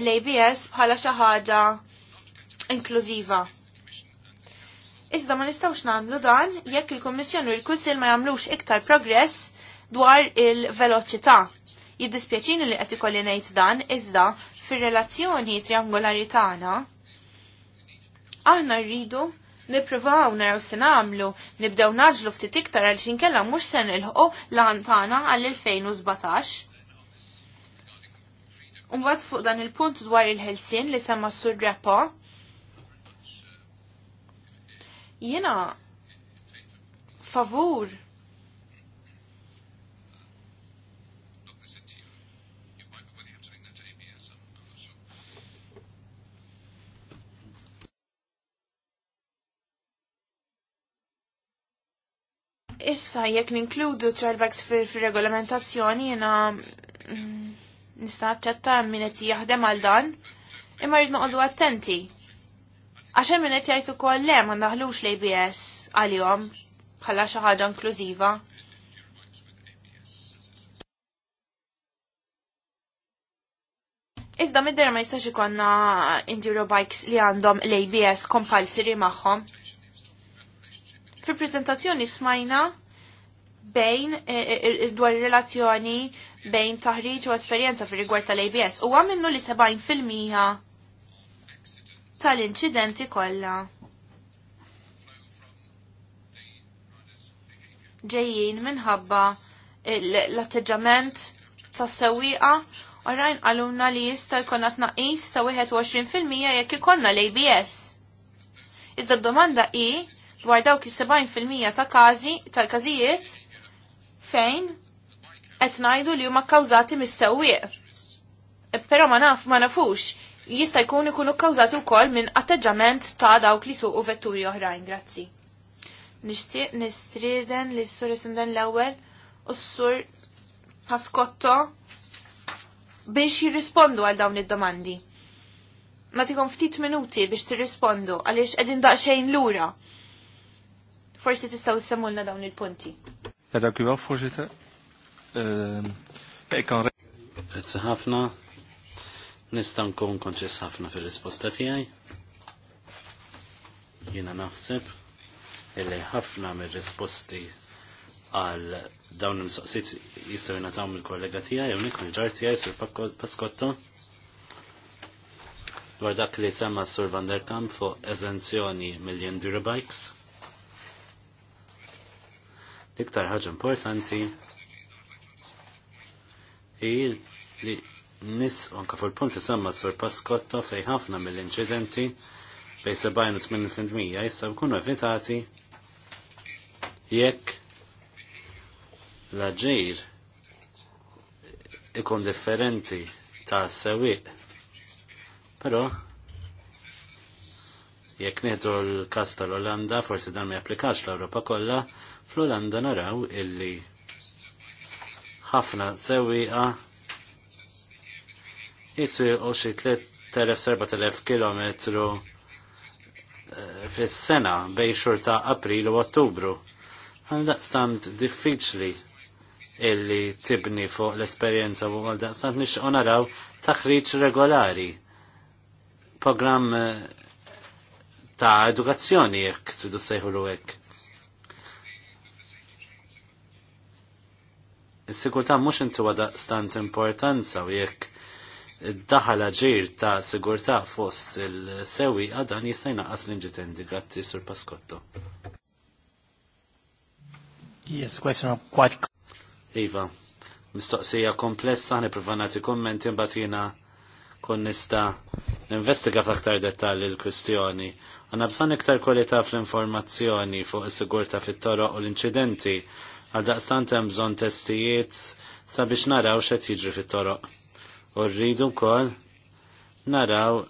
l-ABS bħala xi ħaġa inklużiva. Iżda ma nistawx nagħmlu dan jekk il-Kommissjoni u l-Kunsil ma jagħmlux iktar progress dwar il-veloċità. Jiddispjaċini li qed ikolli ngħid dan iżda fir-relazzjoni triangolari tagħna aħna rridu nippruvaw naraw se nagħmlu, nibdew naġlu ftit iktar għal mux mhux se ħu l tagħna għall-2017. Unbat fuq dan il-punt dwar il-ħelsin li semma s-sur Drapo. Jena favur Issa, jekk ninkludu trailbacks fil-regolamentazzjoni, jena mm, nista' ċetta minnet qed jaħdem għal dan, imma rrid noqogħdu attenti. Għaxem minn qed jgħid ukoll le ma naħlux l-ABS għalihom bħala xi ħaġa inklużiva. Iżda mid dera ma jistax ikonna enduro bikes li għandhom l-ABS kompalsiri magħhom. Fil-prezentazzjoni smajna bejn e, e, e, dwar relazzjoni bejn taħriġ u esperjenza fir rigward tal-ABS u għamennu li 70% tal-inċidenti kollha. ġejjin minħabba l-atteġġament tas sewwieqa rajn għalumna li jista' jkun qed naqis ta' 21% jekk ikollna l-ABS. Iżda d-domanda hi dwar dawk is-70% ta' każi tal-każijiet fejn qed ngħidu li huma kkawżati mis-sewwieq. Però ma naf ma nafux jista' jkun ikunu kkawżati wkoll minn atteġġament ta' dawk li suqu vetturi oħrajn, grazzi. Nixtieq nistrieden li s-sur isinden l-ewwel u s-sur Paskotto biex jirrispondu għal dawn id-domandi. Nagħtikom ftit minuti biex tirrispondu għaliex qegħdin daqsxejn lura forsi tistaw semmulna dawn il-punti. Eh, forsi ta' juwa eh, eh, re. Grazzi ħafna. Nistan nkun konċess ħafna fil risposta tijaj. Jina naħseb illi ħafna mir-risposti għal dawn il-mistoqsit soqsit jistgħu jingħataw mill-kollega tijaj, unik nikun ġar tiegħi sur Paskotto. Dwar dak li semma Sur Van der Kamp fuq eżenzjoni mill-Enduro Bikes L-iktar ħaġa importanti hi li nis anka fuq il-punt isemma Sur Paskotto fej ħafna mill-inċidenti fej 70 u 80% jkunu evitati jekk l-aġir ikun differenti ta' sewiq. Pero, jekk nieħdu l-kas tal-Olanda, forsi dan ma japplikax l-Ewropa kollha, Fl-Olanda naraw illi ħafna sewiqa jiswiqu xi 3000-4000 km eh, fis-sena bej xhur ta' April u Ottubru. Għaldaqstant diffiċli illi tibni fuq l-esperjenza u għaldaqstant nixqu naraw taħriġ regolari. Programm eh, ta' edukazzjoni jekk tridu sejħu l hekk. Is-sigurtà mhux intuwa daqstant importanza u jekk daħal ġir ta' sigurtà fost il-sewi għadan jista' jnaqqas l-inġitendi. Grazzi, Sur Paskotto. Yes, question of quite... Iva, mistoqsija komplessa, ħani provanati kommenti mbatina kon nista investiga f'aktar dettalji l-kwistjoni. Għanna bżon iktar kwalità fl-informazzjoni fuq is-sigurta fit-toroq u l-inċidenti Għal daqstant hemm bżonn testijiet sabiex naraw x'qed jiġri fit-toroq. U rridu wkoll naraw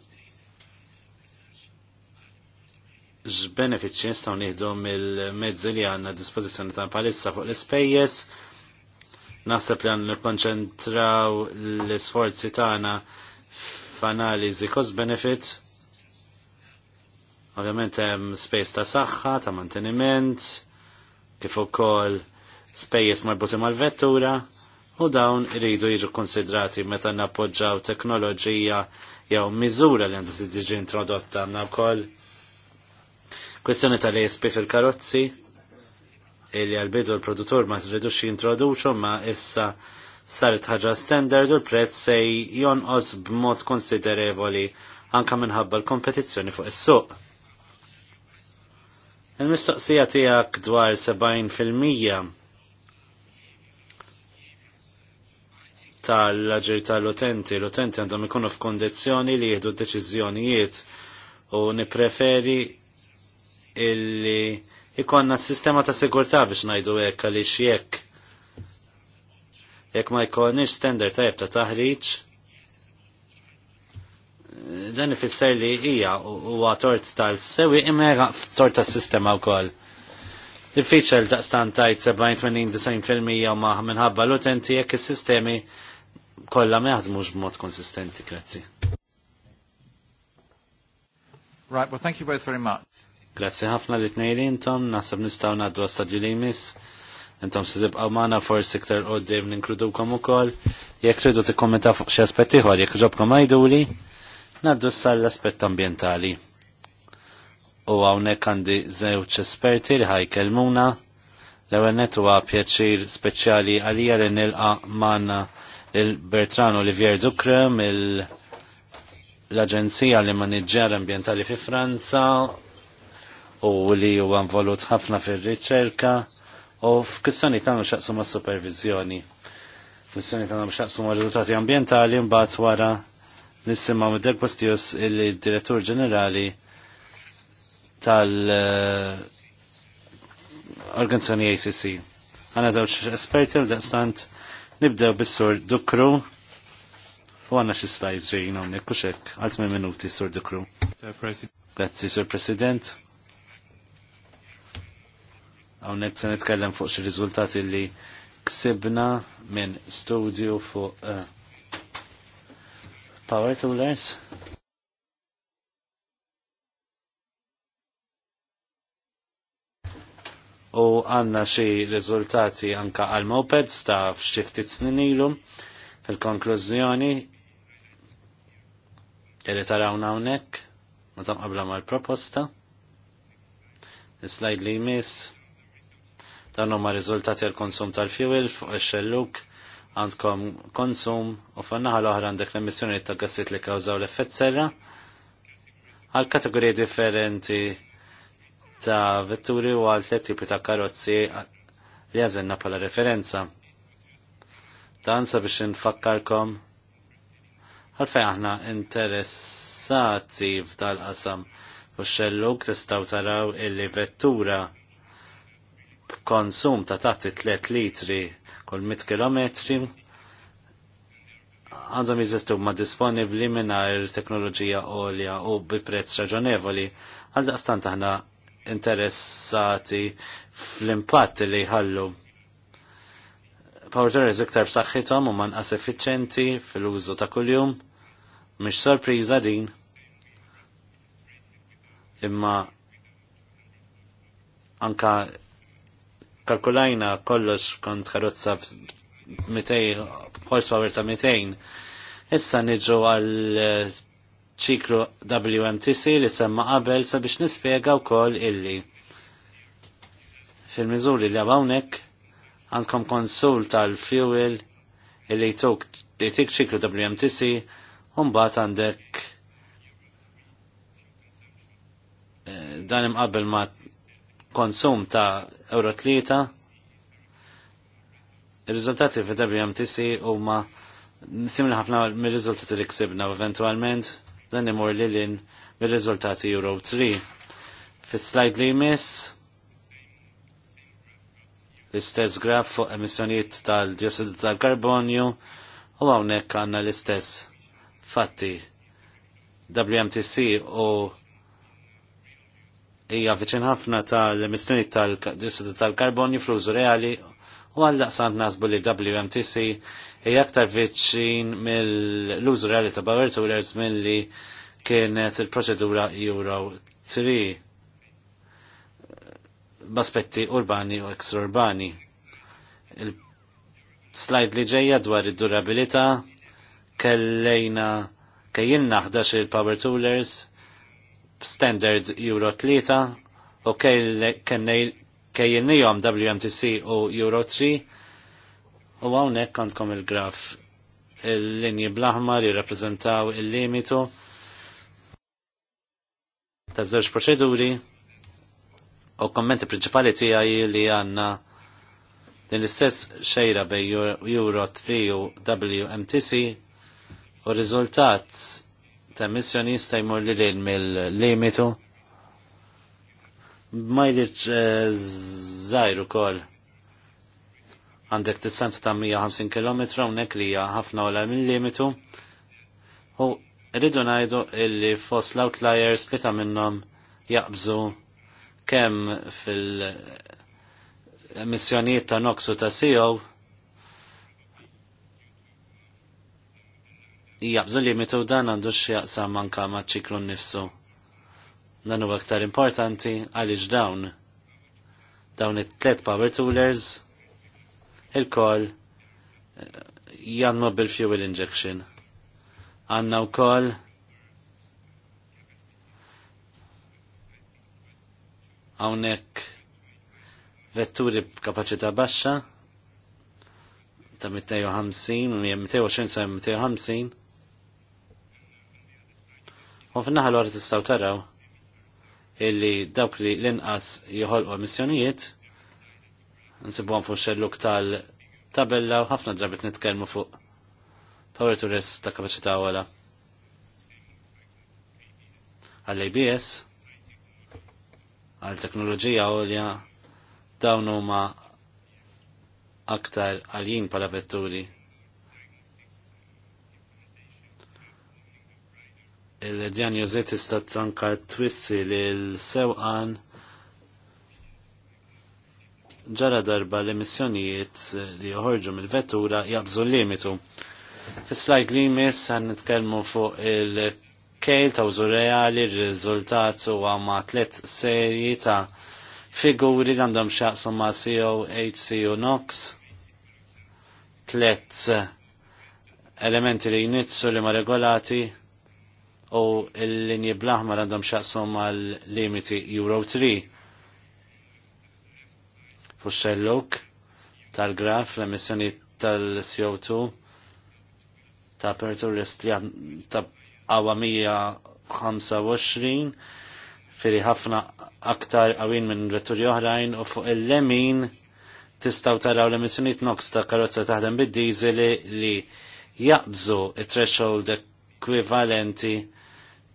x'benefiċċji nistgħu nieħdu mill-mezzi li għandna dispożizzjoni ta' palissa fuq l ispejjeż Naħseb li għandna nikkonċentraw l isforzi tagħna f'analiżi cost benefit. Ovvjament hemm space ta' saħħa, ta' manteniment, kif ukoll spejjeż marbuti mal-vettura u dawn iridu jiġu konsidrati meta nappoġġaw teknoloġija jew miżura li għandha tiġi introdotta għandna wkoll kwestjoni tal-ESP fil-karozzi illi għal-bidu l-produttur ma tridux jintroduċu ma issa saret ħaġa standard u l-prezz se jonqos b'mod konsiderevoli anka minħabba l-kompetizzjoni fuq is-suq. Il-mistoqsija tiegħek dwar 70% tal-ġir tal-utenti. L-utenti għandhom ikunu f'kondizzjoni li jieħdu d-deċiżjonijiet u nipreferi illi ikonna sistema ta' sigurtà biex najdu hekk għaliex jekk jekk ma jkollniex standard tajb ta' taħriġ dan ifisser li hija huwa tort tal-sewi imma tort tas-sistema wkoll. Diffiċel daqstan tajt 70-80-90% ma minħabba l-utenti jekk is-sistemi kollha meħad mux b'mod konsistenti, grazzi. Right, well thank you both very much. Grazzi ħafna li tnejli intom, naħseb nistgħu ngħaddu għastadju li jmiss. Intom se tibqgħu magħna forsi iktar qoddim ninkludukom ukoll. Jekk tridu t-kommenta fuq xi aspett ieħor, jekk ġobkom għajduli, ngħaddu sal l-aspett ambjentali. U hawnhekk għandi żewġ esperti li kelmuna, l-ewwel huwa pjaċir speċjali għalija li nilqa' manna il-Bertran Olivier Dukrem, mill-Aġenzija li Maniġġar Ambientali fi Franza u li huwa involut ħafna fir-riċerka u f'kwistjoni tagħmlu xaqsu ma' supervizjoni. Kissjoni tagħmlu xaqsu ma' riżultati ambientali mbagħad wara nisimgħu mid Postius il-Direttur Ġenerali tal-Organizzazzjoni ACC. Għana żewġ esperti l-daqstant Nibdew bis-sur Dukru. U għanna xi slajd ġejjin hawnhekk u xekk għal tmien minuti sur Dukru. Grazzi sur President. Hawnhekk se nitkellem fuq xi riżultati li ksibna minn studio fuq uh, Power Toolers. u għanna xi riżultati anka għal mopeds ta' f'xi ftit snin ilu. Fil-konklużjoni irri tarawna hawnhekk ma ta' qabla mal-proposta. Is-slajd li jmiss dan huma riżultati għal konsum tal-fuel fuq ix-xelluk għandkom konsum u fannaħa l-oħra għandek l-emissjoni ta' gassit li kawżaw l-effett serra għal kategoriji differenti ta' vetturi u għal tliet tipi ta' karozzi li għazenna bħala referenza. Dan sabiex nfakkarkom għalfejn aħna interessati f'dal-qasam u xelluk tistaw taraw illi vettura b'konsum ta' taħt 3 litri kull 100 km għandhom jizistu ma disponibli minnar teknoloġija olja u bi prezz raġonevoli għal daqstant aħna interessati fl-impatt li jħallu. Power Torres iktar b'saħħithom u nqas effiċenti fil-użu ta' kuljum, mhix sorpriża din. Imma anka kalkulajna kollox kont karozza 200 horsepower ta' 200 issa niġu għal eh, ċiklu WMTC li semma qabel sabiex nispjega wkoll illi fil-miżuri li hawnhekk għandkom konsul tal-fuel illi jtuk li jtik ċiklu WMTC mbagħad għandek eh, dan qabel ma konsum ta' euro tlieta il-rizultati fi WMTC huma nisimli ħafna mir-riżultati li ksibna u eventualment dan imur li lin bil riżultati Euro 3. Fis-slajd li jmiss l-istess graf fuq emissjonijiet tal diossidu tal-karbonju u hawnhekk għandna l-istess fatti WMTC u hija viċin ħafna tal-emissjonijiet tal diossidu tal-karbonju fl-użu reali u għalla sant nasbu li WMTC hija aktar viċin mill-użu reali ta' Bauer Toolers milli kienet il-proċedura Euro 3 b'aspetti urbani u ekstraurbani. Il-slajd li ġejja dwar id-durabilità kellejna kejjin naħdax il-Power Toolers standard Euro 3 u kejjennijom WMTC u Euro 3 u għawnek kontkom il-graf il-linji blaħmar jirrappreżentaw il-limitu ta' żewġ proċeduri u kommenti prinċipali tiegħi li għandna din l-istess xejra bej Euro 3 u WMTC u riżultat ta' missjonista jmur li lejn mill-limitu Majlitx zaħiru eh, kol għandek distanza ta' 150 km hawnhekk li hija ħafna ola mill-limitu. U rridu ngħidu illi fost l-outliers li ta' minnhom jaqbżu kemm fil-emissjonijiet ta' noksu ta' CO jaqbżu limitu dan għandu x'jaqsam manka ma' ċiklu nnifsu Dan huwa aktar importanti għaliex dawn dawn it-tlet power toolers il kol eh, janma bil-fuel injection. Għanna u kol għawnek vetturi b'kapacità baxxa ta' 250, 220 sa' 250. U f'naħal għar t-istaw taraw illi dawk li l-inqas jħolqu missjonijiet nsibuħan fuq xelluk tal-tabella u ħafna drabit nitkellmu fuq power to rest ta' kapacita għala. għal abs għal-teknoloġija għolja, dawn huma aktar għaljin pala vetturi il-dijanjozi tista' ka twissi li l-sewqan ġara darba l-emissjonijiet li joħorġu mill-vettura jabżu l-limitu. fis slajt li jmiss għan nitkelmu fuq il-kejl ta' użu reali, r-riżultat huwa ma' tliet serji ta' figuri li għandhom xaqsu ma' CO, u NOx, Tlet elementi li jnitsu li ma' regolati, u l-linji blaħmar għandhom xaqsom għal limiti Euro 3. Fu xelluk tal-graf l-emissjoni tal-CO2 ta' per turist ta' għawa 125 firri ħafna aktar għawin minn vetturi oħrajn u fuq il-lemin tistaw taraw l t NOx ta' karozza taħdem bid-dizeli li jaqbżu it-threshold ekwivalenti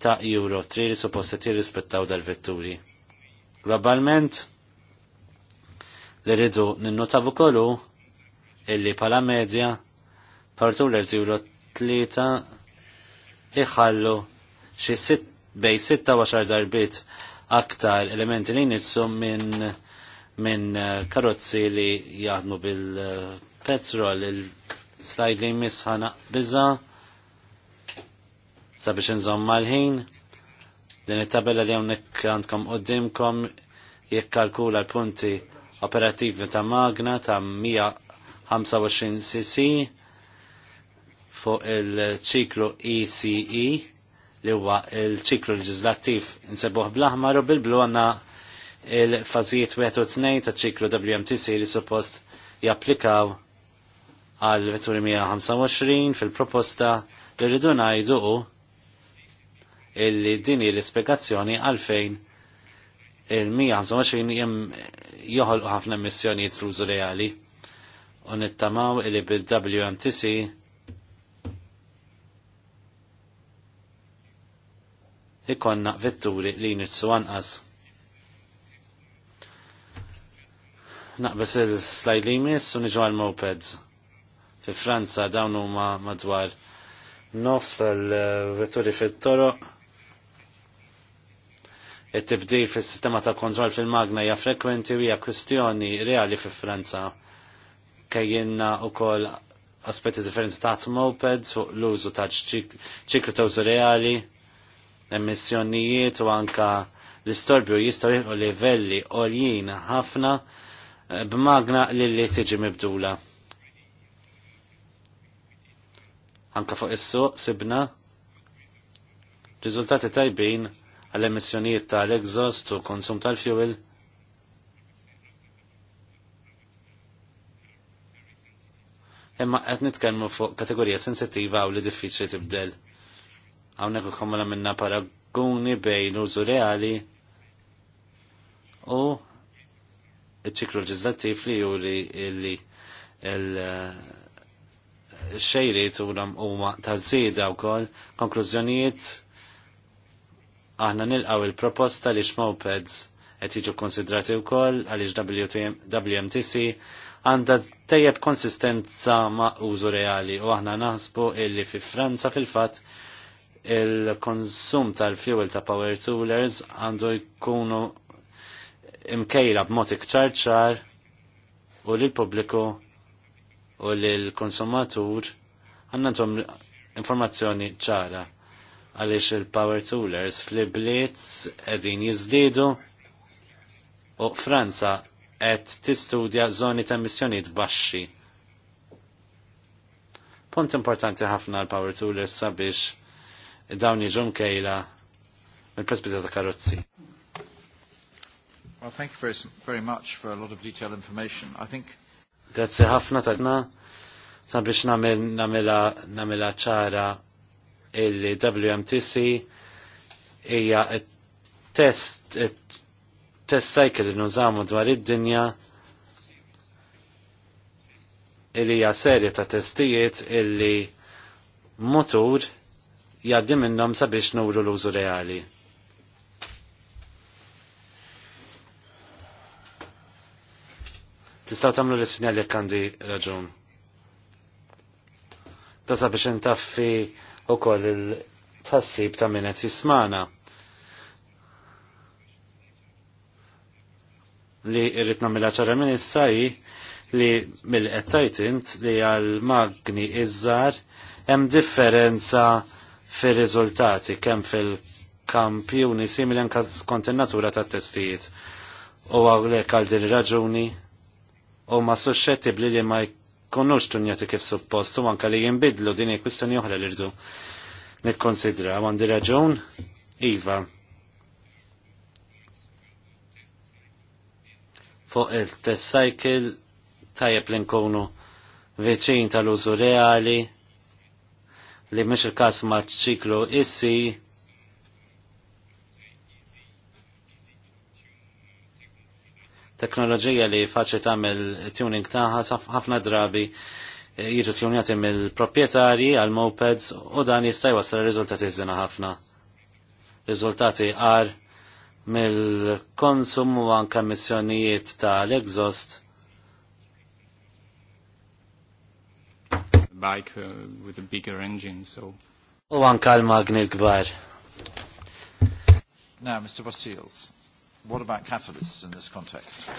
ta' Euro 3 li supposta jirrispettaw dal-vetturi. Globalment, li rridu ninnotabu kollu illi pala medja partulers Euro 3 iħallu xi sit bej 16 darbit aktar elementi li nitsu minn min eh, karozzi li jaħdmu bil-petrol, eh, il-slajd li jmissħana bizza' Sabiex nżomma l-ħin, din it-tabella li hawnhekk għandkom dimkom jikkalkula l-punti operattivi ta' magna ta' 125 cc fuq il-ċiklu ECE e, li huwa il-ċiklu leġislattiv nsebuħ bl-aħmar u bil-blu għanna il-fazijiet 22 u ta' ċiklu WMTC li suppost japplikaw għal vetturi 125 fil-proposta li rridu ngħidu illi din l-ispiegazzjoni għalfejn il-125 jem joħolqu ħafna missjoni jitruzu reali u nittamaw illi bil-WMTC ikonna vetturi li nitsu għanqas. Naqbes il-slide li jmiss u niġu għal-mopeds. Fi Franza dawn huma madwar nofs l vetturi fit-toroq it-tibdil fis-sistema ta' kontroll fil-magna hija frekwenti u hija kwistjoni reali fi Franza u wkoll aspetti differenti ta' mopeds fuq l-użu ta' ċiklu ta' użu reali, emissjonijiet u anka l-istorbju jistaw jilqu livelli għoljien ħafna eh, b'magna li li tiġi mibdula. Anka fuq is-suq sibna riżultati tajbin għall-emissjonijiet tal-exhaust u konsum tal-fuel imma qed nitkellmu fuq kategorija sensittiva u li diffiċli tibdel. Hawnhekk ukoll minna paraguni bejn użu reali u iċ-ċiklu leġislattiv li juri li l-xejriet u huma ta' żieda wkoll konklużjonijiet Aħna nilqaw il-proposta li x-mopeds qed jiġu konsidrati wkoll għaliex WMTC għandha tejjeb konsistenza ma' użu reali u aħna naħsbu illi fi Franza fil-fatt il-konsum tal-fuel ta' power toolers għandu jkunu imkejla b'mod iktar ċar u l pubbliku u l konsumatur għandhom informazzjoni ċara għaliex il-power toolers fl-ibliet qegħdin jiżdiedu u Franza qed tistudja żoni ta' emissjonijiet baxxi. Punt importanti ħafna l-power toolers sabiex dawn jiġu kejla mill-presbita ta' karozzi. Well, thank you very, very much for a lot of detailed information. I think Grazzi ħafna tagna sabiex namela ċara il-WMTC hija test test cycle li nużamu dwar id-dinja illi hija serje ta' testijiet illi motur jaddim minnhom sabiex nuru l-użu reali. Tistaw tagħmlu l sinjali jekk għandi raġun. Ta' sabiex intaffi u koll il-tassib ta' minnet jismana. Li irritna namilla ċara minn jissaj li mill-qed li għal-magni iżżar hemm differenza fir-riżultati kemm fil-kampjuni simili anke skont tat-testijiet. U għawlek għal din raġuni u ma suscettibbli li ma jkunux tunjati kif suppostu anka li jinbidlu din il kwistjoni oħra li rridu nikkonsidra għandi raġun iva fuq il-test cycle tajjeb li nkunu veċin tal-użu reali li mhix il-każ maċ ċiklu issi teknoloġija li faċli tagħmel tuning tagħha ħafna drabi eh, jiġu tjunjati mill-proprjetarji għal mopeds u dan jista' jwassal riżultati żina ħafna. Riżultati għar mill-konsum u anke missjonijiet tal-exhaust bike uh, with a bigger engine, so... U anka l-magni l-gbar. Now, Mr. Vasils. What about catalysts in this context?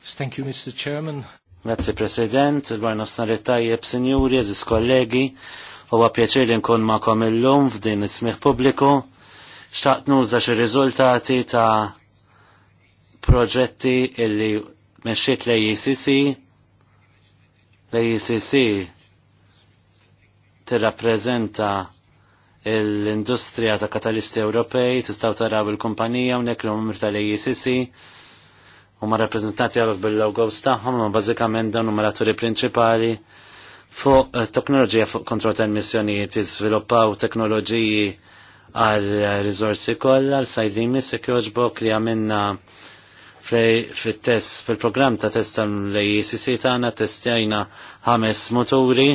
Thank you, Mr. Chairman. Grazie President, il-għarna s-saret tajjeb, sinjuri, eżis kollegi, huwa pjaċir li nkun ma'kom illum f'din is publiku, pubbliku. Xtaqt nuża xi riżultati ta' proġetti illi mexxiet lej ICC, lej ICC tirrappreżenta l-industrija ta' katalisti Ewropej, tistaw taraw il-kumpanija unek l umr tal-EJCC, u ma' rappresentati għabek bil-logos taħħom, ma' bazzikament dawn u maraturi principali fuq eh, teknoloġija fuq kontrol ta' emissjonijiet, jizviluppaw teknoloġiji għal risorsi kollha għal sajd limits jogħġbok li għamilna fit-test fil-programm ta' test tal-EJCC tagħna testjajna ħames moturi,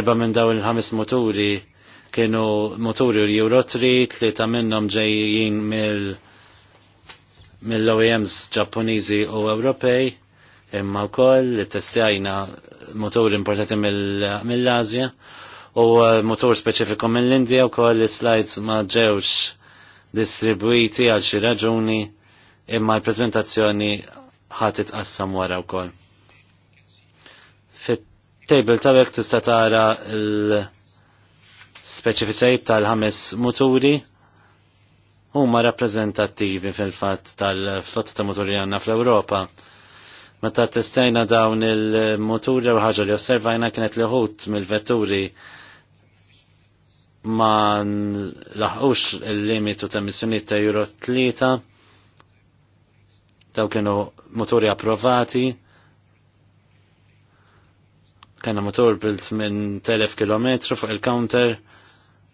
erba' minn dawn il-ħames moturi kienu moturi u Euro 3, ta' minnhom ġejjin mill mill-OEMs Ġappuniżi u Ewropej, imma wkoll testjajna motori importati mill-Azja u uh, motor speċifiku mill-Indija u koll slides ma ġewx distribuiti għal xi raġuni imma l-prezentazzjoni ħadd itqassam wara wkoll. Fit-table tabek tista' tara l- speċifiċajt tal-ħames muturi huma rappreżentattivi fil-fatt tal-flotta ta' muturi għandna fl-Ewropa. Meta testejna dawn il-muturi u ħaġa li osservajna kienet li ħut mill-vetturi ma laħqux il-limitu ta' missjoniet ta' Euro 3 daw kienu motori approvati kena motor bilt minn 1000 km fuq il-counter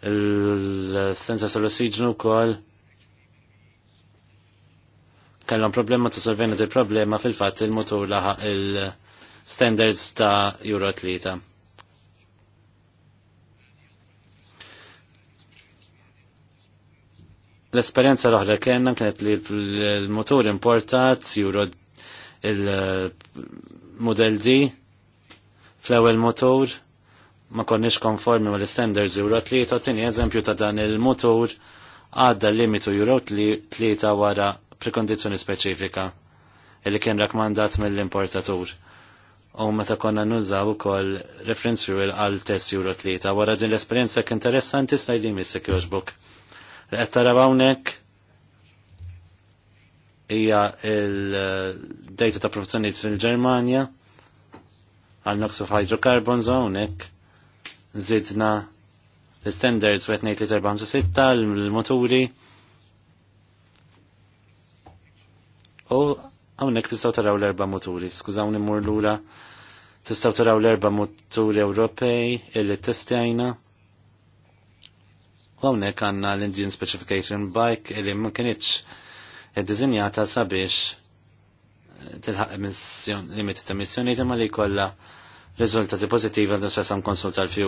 il sensa sal-ossiġnu kol kellhom problema ta' sorvenna il-problema fil-fatt il-motor laħaq il-standards ta' Euro 3. L-esperienza l-oħra kena kienet li l-motor importat juro il-model D fl-ewwel motor ma konniex konformi ma l-standards Euro 3 u tini eżempju ta' dan il-motor għadda l-limitu Euro 3 wara prekondizjoni speċifika illi kien rakmandat mill-importatur. U meta konna nużaw ukoll reference fuel għal test Euro 3 wara din l-esperjenza kien interessanti sta li missek joġbok. Qed taraw hawnhekk hija il-data ta' professjonijiet fil-Ġermanja għal noqsu hydrocarbons hawnhekk zidna l-standards wet li l-moturi u għawnek tistaw taraw l-erba moturi skużawni mur l-ura tistaw taraw l-erba moturi Ewropej illi testjajna u għawnek għanna l-Indian Specification Bike illi ma kienieċ id-dizinjata sabiex eh, tilħaq limit ta' missjoni imma li kolla Riżultati pozittivi għandu konsulta konsultar fiju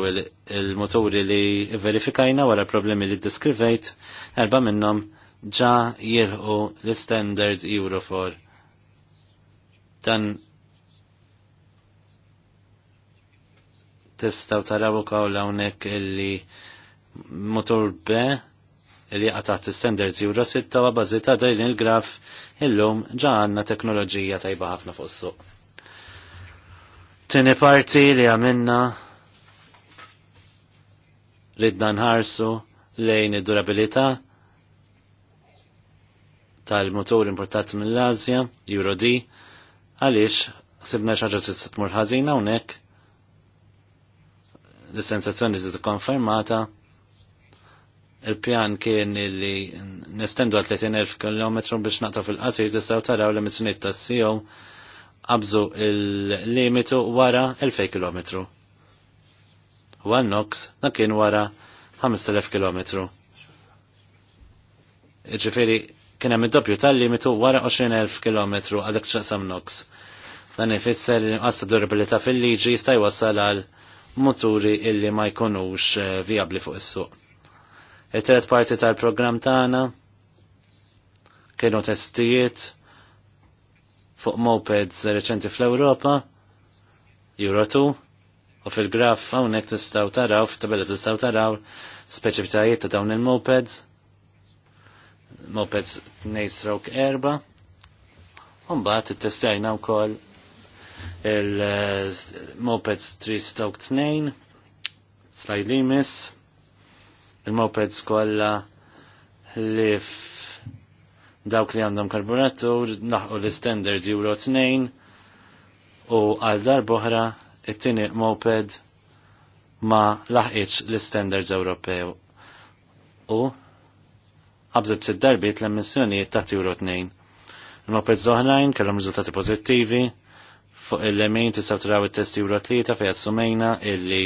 il-moturi li verifikajna wara problemi li diskrivejt, erba minnom ġa jirħu l-standard Eurofor. Dan tistaw taraw ukoll hawnhekk illi motor B li l standards Euro 6 wa bażi ta' il-graf illum ġa għandna teknoloġija tajba ħafna fuq suq Tini parti li għamilna ridna nħarsu lejn id-durabilità tal-motor importat mill-Azja, Euro D, għaliex sibna xaġa t tmur ħażina hawnhekk l-sensazzjoni t konfermata il-pjan kien li nestendu għal 30.000 km biex naqta fil-qasir t-istaw taraw l-emissjoniet tas-sijom qabżu il-limitu wara 1000 km. U għannox na kien wara 5000 km. Iġifiri, kien hemm id-doppju tal-limitu wara 20,000 km għadek xaqsam nox. Dan ifisser li nqas durabilità fil-liġi jista' jwassal għal muturi illi ma jkunux eh, viabli fuq is-suq. it tret parti tal-programm tagħna kienu testijiet fuq mopeds reċenti fl-Ewropa, Euro 2, u fil-graf hawnhekk tistaw taraw, f'tabella tistaw taraw speċifitajiet ta' dawn il-mopeds, mopeds nejstrok erba, Umbat it-testajna wkoll il-mopeds 3 stroke 2, slajlimis, il-mopeds kollha li dawk li għandhom karburatur naħqu l-standard Euro 2 u għal darboħra it-tini moped ma laħqiċ l-standards Ewropew u għabżib sitt darbit l-emissjoni taħt Euro 2. il moped zoħrajn kellhom riżultati pozittivi fuq il-lemin tistaw turaw it-test Euro 3 fej assumejna illi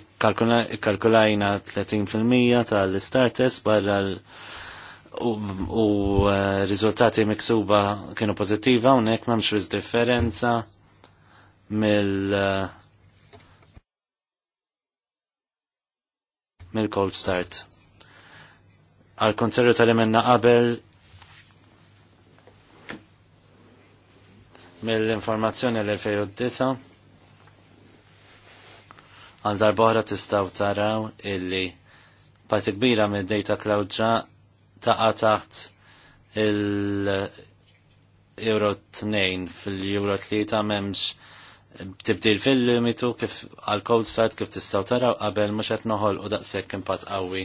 ikkalkulajna 30% tal-istar test barra l- u eh, rizultati miksuba kienu pozittiva nek memx viz differenza mill eh, mill cold start. Għal kontrarju tal minna qabel mill-informazzjoni l-2009 għal darbohra tistaw taraw illi parti kbira mid-data cloud ġa taqa taħt il-Euro 2 fil-Euro 3 memx tibdil fil-limitu kif għal-cold start kif tistaw taraw qabel mux qed noħol u daqshekk impatt għawi.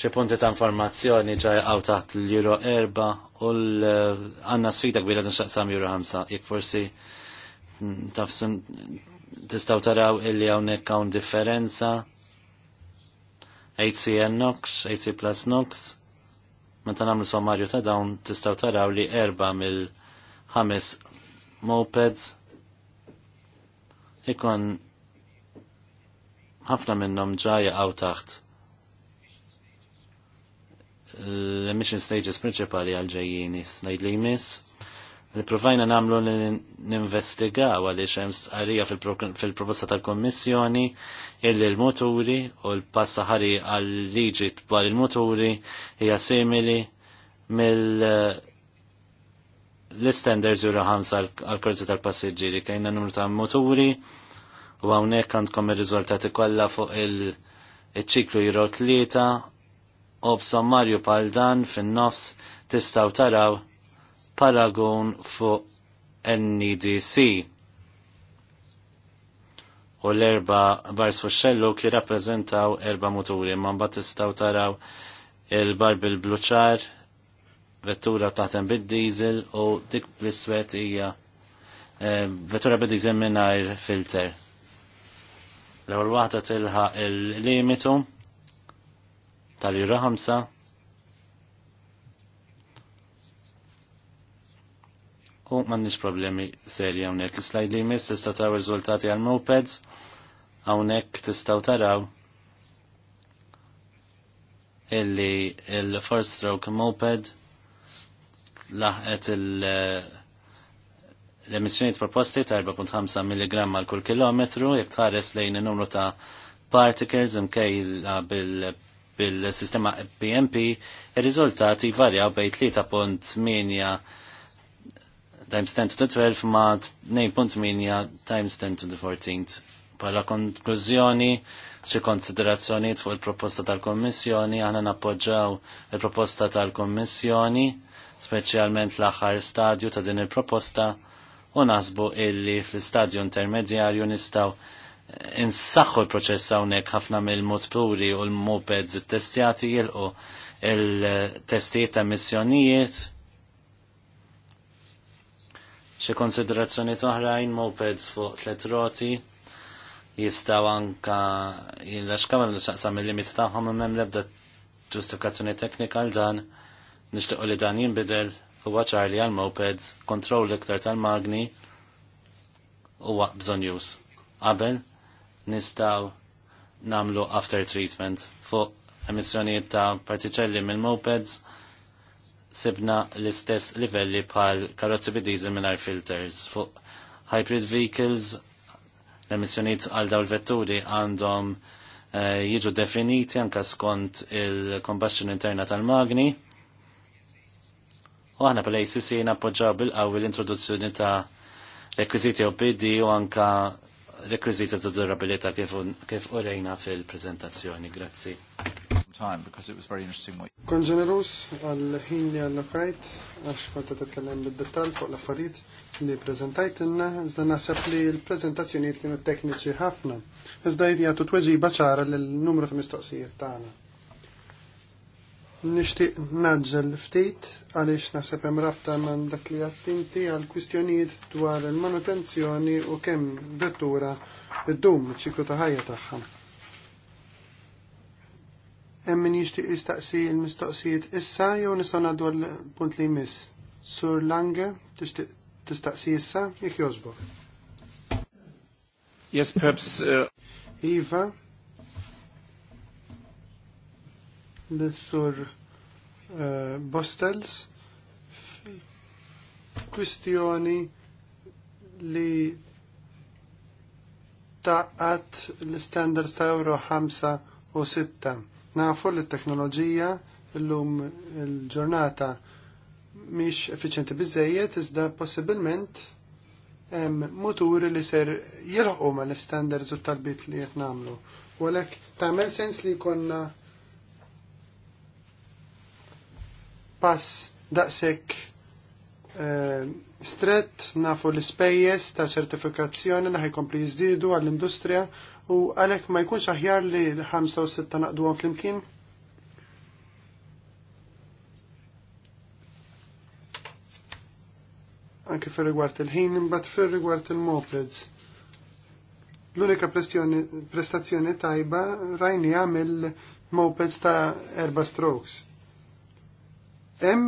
ċe punti ta' informazzjoni ġaj għaw taħt l-Euro 4 u l-għanna sfida kbira nxaqsam Euro 5 jek forsi tafsun tistaw taraw illi hawnhekk hawn differenza HCN Nox, HC plus Nox Meta nagħmlu sommarju ta' dawn tistgħu taraw li erba mill-ħames mopeds ikon ħafna minnhom ġaja għaw taħt l-emission stages principali għal-ġejjini snajd li jmiss Niprofajna namlu li ninvestigaw għaliex hemm stqarrija fil-proposta tal-Kommissjoni illi l-muturi u l-passaħari għal-liġi dwar il-muturi hija simili mill l-standards jura ħamsa għal-korzi tal-passiġġieri kajna numru ta' muturi u hawnhekk għandkom ir-riżultati kollha fuq il-ċiklu jiro tlieta u b'sommarju bħal dan fin-nofs tistgħu taraw paragon fuq NDC e u l-erba bars fuq xellu ki rappresentaw erba muturi man batistaw taraw il-barbil bluċar vettura taħtem bid-diesel u dik bl-iswet hija eh, vettura bid-diesel minnajr filter. L-ewwel waħda tilħaq il-limitu tal-jura 5 u mannix problemi serji għonek. Slajd li jmiss tista' taraw riżultati għal mopeds għonek tistaw taraw illi il first stroke moped laħqet il- l-emissjoniet proposti ta' 4.5 mg għal kull kilometru, jek tħares lejn il-numru ta' particles mkejla bil-sistema PMP, il-rizultati varjaw bej 3.8 times 10 to the 12 ma 9.8 times 10 to the 14th. Pala konklużjoni xi konsiderazzjonijiet fuq il-proposta tal-Kommissjoni, aħna nappoġġaw il-proposta tal-Kommissjoni, speċjalment l-aħħar stadju ta' din il-proposta, u nasbu illi fl-istadju intermedjarju nistaw insaxħu l-proċess hawnhekk ħafna mill-motpuri u l-mopeds it-testjati jilqu il-testijiet ta' missjonijiet Xi konsiderazzjoni oħrajn mopeds fuq tliet roti jistaw anka jillax l saqsam il-limit taħħom mem lebda ġustifikazzjoni teknika l-dan nishtiqo li dan jimbidel huwa ċarli għal-mopeds kontroll iktar tal-magni huwa bżon jus. Qabel nistaw namlu after treatment fuq emissjonijiet ta' partiċelli mill-mopeds sibna l-istess livelli bħal karozzi bid-diesel minn filters. Fuq hybrid vehicles, l-emissjoniet għal daw l-vetturi għandhom uh, jiġu definiti anka skont il-combustion interna tal-magni. U għana pal ACC nappoġġaw bil-qaw l-introduzzjoni ta' rekwiziti OPD u anka rekwiziti ta' durabilita kif, kif urejna fil-prezentazzjoni. Grazzi time because it was very interesting what Kon ġenerus għal-ħin li allokajt għax konta titkellem bil-detal fuq l-affarijiet li prezentajt inna iżda naħseb li l-prezentazzjonijiet kienu tekniċi ħafna. Iżda jdi għatu tweġiba ċara l-numru ta' mistoqsijiet tagħna. Nixtieq naġġel ftit għaliex naħseb hemm rabta man dak li attinti għal kwistjonijiet dwar il-manutenzjoni u kemm vettura id-dum ċiklu ta' ħajja tagħha hemm min jixtieq jistaqsi l-mistoqsijiet issa jew nistgħu ngħaddu l-punt li jmiss. Sur Lange tixtieq tistaqsi issa jekk jogħġbok. Yes, perhaps. Uh... Iva. sur uh, Bostels. Kwistjoni li taqqat l-standards ta' Euro 5 u 6 Nafu li t-teknoloġija l-lum il-ġurnata miex effiċenti bizzejiet, iżda possibilment hemm li ser jilħqu ma l-standards u talbit li qed nagħmlu. U għalhekk tagħmel sens li jkollna pass daqshekk eh, stret nafu l-ispejjeż ta' ċertifikazzjoni li ħajkompli jiżdiedu għall-industrija U għalhekk ma jkunx aħjar li l-5 u 6 fl flimkien? Anke fir rigward il-ħin, imbagħad fir rigward il-mopeds. L-unika prestazzjoni tajba rajni għamil mopeds ta' erba strokes. M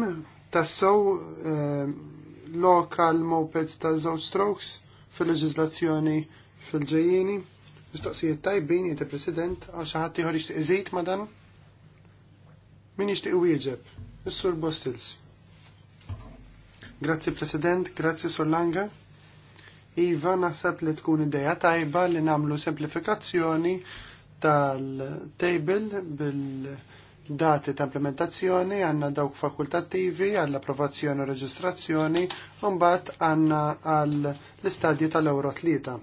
tassow eh, lokal mopeds ta' zow strokes fil-leġizlazzjoni fil-ġejjini. Mistoqsijiet tajbin jiet president għal xi ħadd ieħor jixtieq iżejt ma' dan? Min jixtieq wieġeb? Is-Sur Bostils. Grazzi President, grazzi Langa. Iva naħseb li tkun ideja tajba li nagħmlu semplifikazzjoni tal-table bil- dati ta' implementazzjoni għanna dawk fakultattivi għall approvazzjoni u reġistrazzjoni u mbagħad għanna għall istadji tal-Euro 3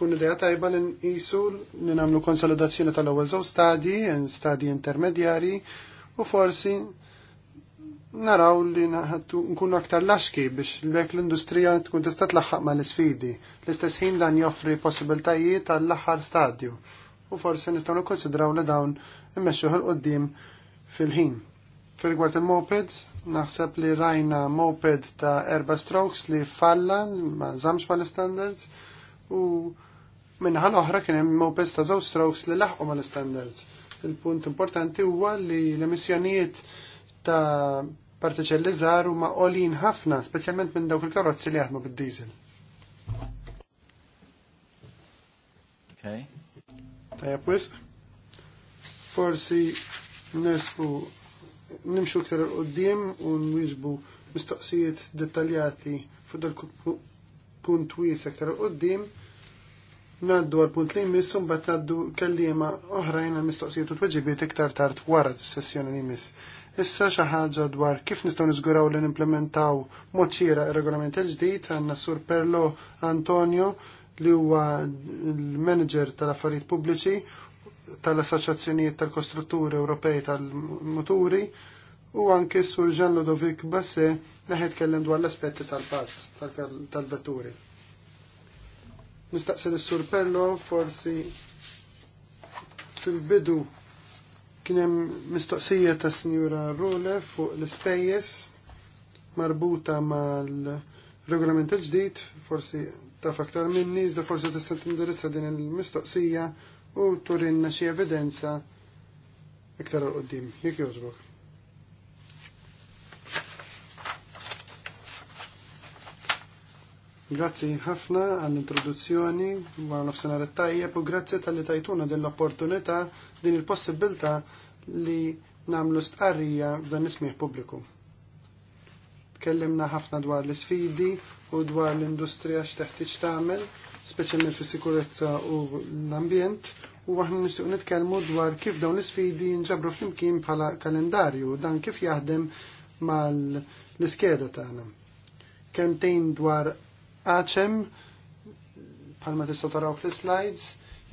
tkun ideja tajba li nqisu li nagħmlu konsolidazzjoni tal-ewwel żewġ stadji, stadji intermedjari u forsi naraw li nkunu aktar laxki biex l-bek l-industrija tkun tista' tlaħħaq ma' l-isfidi. L-istess ħin dan joffri possibiltajiet għall-aħħar stadju u forsi nistgħu nikkonsidraw li dawn immexxuh il qoddim fil-ħin. Fil-rigward il-mopeds, naħseb li rajna moped ta' erba strokes li falla ma' zamx ma' standards u Minnaħal oħra kien hemm mowbes ta' żewġ strokes li laħqu mal-standards. Il-punt importanti huwa li l-emissjonijiet ta' partiċelli żgħar huma qolin ħafna, speċjalment minn dawk il-karozzi li jaħdmu bid-diesel. Okay. Tajab wisq. Forsi nesbu nimxu ktar qoddim u nwiġbu mistoqsijiet dettaljati fuq dal punt wis aktar qoddim. Naddu għal-punt li jmiss un bat naddu kellima oħrajn għal-mistoqsijiet u t-weġibiet iktar tard wara t-sessjoni li jmiss. Issa xi ħaġa dwar kif nistgħu niżguraw li nimplementaw mod xieraq ir-regolament il-ġdid għandna Sur Perlo Antonio li huwa l-manager tal-affarijiet pubbliċi tal-Assoċjazzjonijiet tal-Kostrutturi Ewropej tal-Muturi u anke Sur Gian Ludovic Basse li ħed kellem dwar l-aspetti tal-pazz tal-vetturi. Nistaqsel is-Sur Pello forsi fil-bidu kien hemm mistoqsija ta' Sinjura Rule fuq l-ispejjeż marbuta mal-regolament il-ġdid, forsi taf aktar minni, iżda forsi tista' tindirizza din il-mistoqsija u turinna xi evidenza iktar għal qoddim. Jekk jogħġbok. Grazzi ħafna għall-introduzzjoni wara nofsinhar it-tajjeb u grazzi tal-li tajtuna din l-opportunità din il-possibilità li nagħmlu stqarrija f'dan ismih pubbliku. Tkellimna ħafna dwar l-isfidi u dwar l-industrija x'teħtieġ tagħmel, speċjalment fis-sikurezza u l-ambjent, u aħna nixtieq nitkellmu dwar kif dawn l-isfidi nġabru flimkien bħala kalendarju dan kif jaħdem mal-iskeda tagħna. Kemtejn dwar Aċem, palma tista' taraw fl-slides,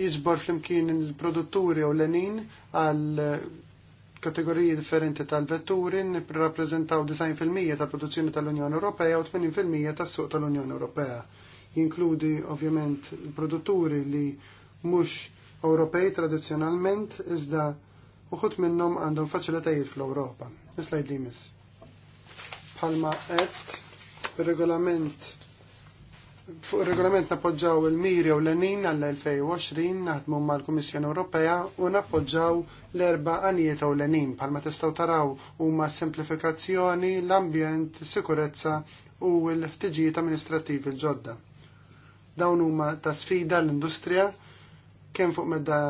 jiġbor flimkien il-produtturi u l-enin għal kategoriji differenti tal-vetturi rappresentaw 90% tal-produzzjoni tal-Unjoni Ewropea u 80% tas-suq tal-Unjoni Ewropea. Jinkludi ovvjament produtturi li mhux Ewropej tradizzjonalment iżda uħut minnhom għandhom faċilitajiet fl-Ewropa. Islajd li miss. Palma qed regolament fuq il-regolament napoġġaw il-miri u l-enin għall-2020 naħdmu mal kummissjoni Ewropea u nappoġġaw l-erba għanijiet u l-enin palma testaw taraw huma semplifikazzjoni, l-ambjent, sikurezza u l-ħtiġijiet amministrativi ġodda Dawn huma ta' sfida l-industrija kemm fuq medda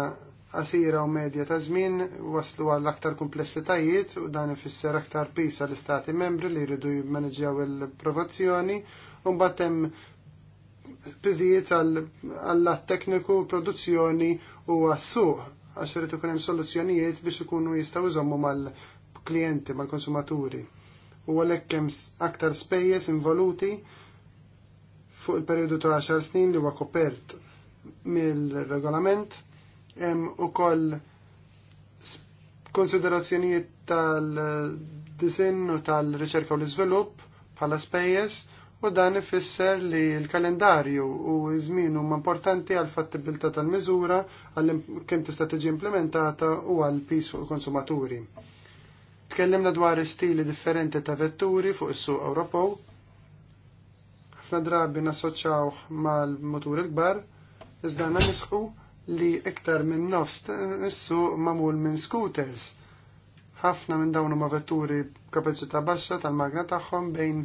għasira u medja ta' żmien waslu għal aktar komplessitajiet u dan ifisser aktar pisa l-istati membri li jridu jimmaneġġjaw il-provazzjoni u mbagħad hemm piżijiet għall tekniku, produzzjoni u għassu suq għax irid ikun hemm soluzzjonijiet biex ikunu jistgħu jżommu mal-klijenti, mal-konsumaturi. U għalhekk hemm aktar spejjeż involuti fuq il-perjodu ta' 10 snin li huwa kopert mill-regolament, hemm ukoll konsiderazzjonijiet tal disinn u tal-riċerka u l-iżvilupp bħala spejjeż u dan ifisser li l-kalendarju u żmien huma importanti għal fattibilità tal-miżura għal kemm tista' tiġi implementata u għal pis fuq il-konsumaturi. Tkellimna dwar stili differenti ta' vetturi fuq is-suq Ewropew. Ħafna drabi nassoċjaw mal-motur il-kbar, iżda nisħu li iktar minn nofs is-suq magħmul minn scooters. Ħafna minn dawn huma vetturi b'kapaċità baxxa tal-magna tagħhom bejn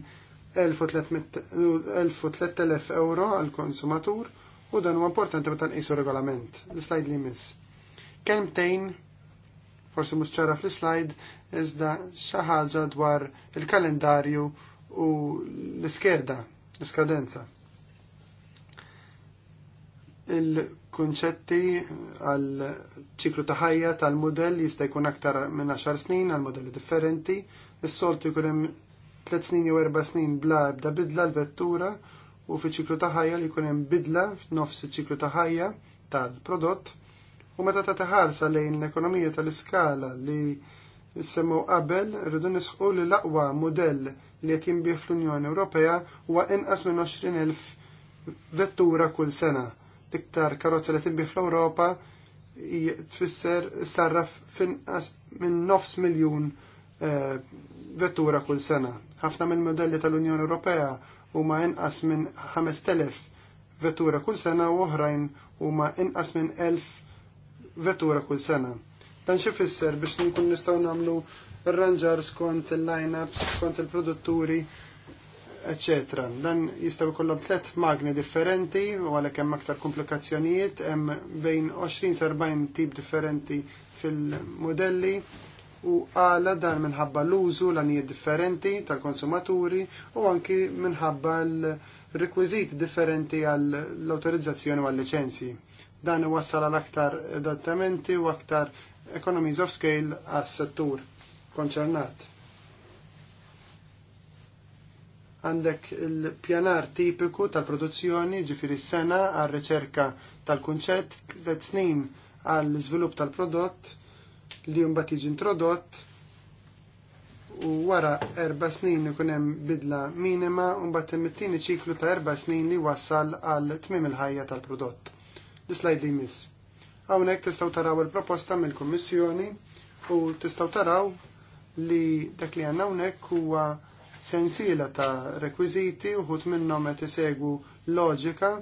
1300 euro għal konsumatur u dan huwa importanti meta nqisu regolament. L-slide li jmiss. Kelmtejn forsi mhux ċara fl-slide iżda xi ħaġa dwar il-kalendarju u l-iskeda, l-iskadenza. Il-kunċetti għal ċiklu ta' ħajja tal-modell jista' jkun aktar minn 10 snin għal modelli differenti, is-soltu jkun hemm 3 snin jew 4 snin bla ebda bidla l-vettura u fi ċiklu ta' ħajja li jkun hemm bidla f'nofs iċ-ċiklu ta' ħajja tal-prodott u meta ta' ħarsa lejn l-ekonomija tal-iskala li semmu qabel rridu nisħu li l-aqwa modell li qed jinbih fl-Unjoni Ewropea huwa inqas minn 20,000 vettura kull sena. L-iktar karozza li tinbih fl-Ewropa tfisser sarraf minn nofs miljun eh, vettura kull sena. Ħafna mill-modelli tal-Unjoni Ewropea huma inqas minn 5000 vettura kull sena u oħrajn huma inqas minn 1000 vettura kull sena. Dan xi fisser biex nkun nistgħu nagħmlu rangers, ranġar skont il-lineups, skont il-produtturi, etc. Dan jistgħu jkollhom tliet magni differenti u għalhekk hemm aktar komplikazzjonijiet, hemm bejn 20 40 tip differenti fil-modelli u għala dan minħabba l-użu l-għanijiet differenti tal-konsumaturi u anki minħabba l-rekwiziti differenti għall-autorizzazzjoni u għall-licenzi. Dan wassal għal aktar adattamenti u aktar economies of scale għas-settur konċernat għandek il-pjanar tipiku tal-produzzjoni ġifiri s-sena għal-reċerka tal-kunċett, t snin għal-izvilup tal-prodott, li mbagħad jiġi introdott u wara erba' snin ikun hemm bidla minima u mbagħad hemm it-tieni ċiklu ta' erba' snin li wassal għal tmiem il-ħajja tal-prodott. L-slajd li jmiss. Hawnhekk tistgħu taraw il-proposta mill-Kummissjoni u tistgħu taraw li dak li għandna hawnhekk huwa sensiela ta' rekwiżiti uħut minnhom qed isegwu loġika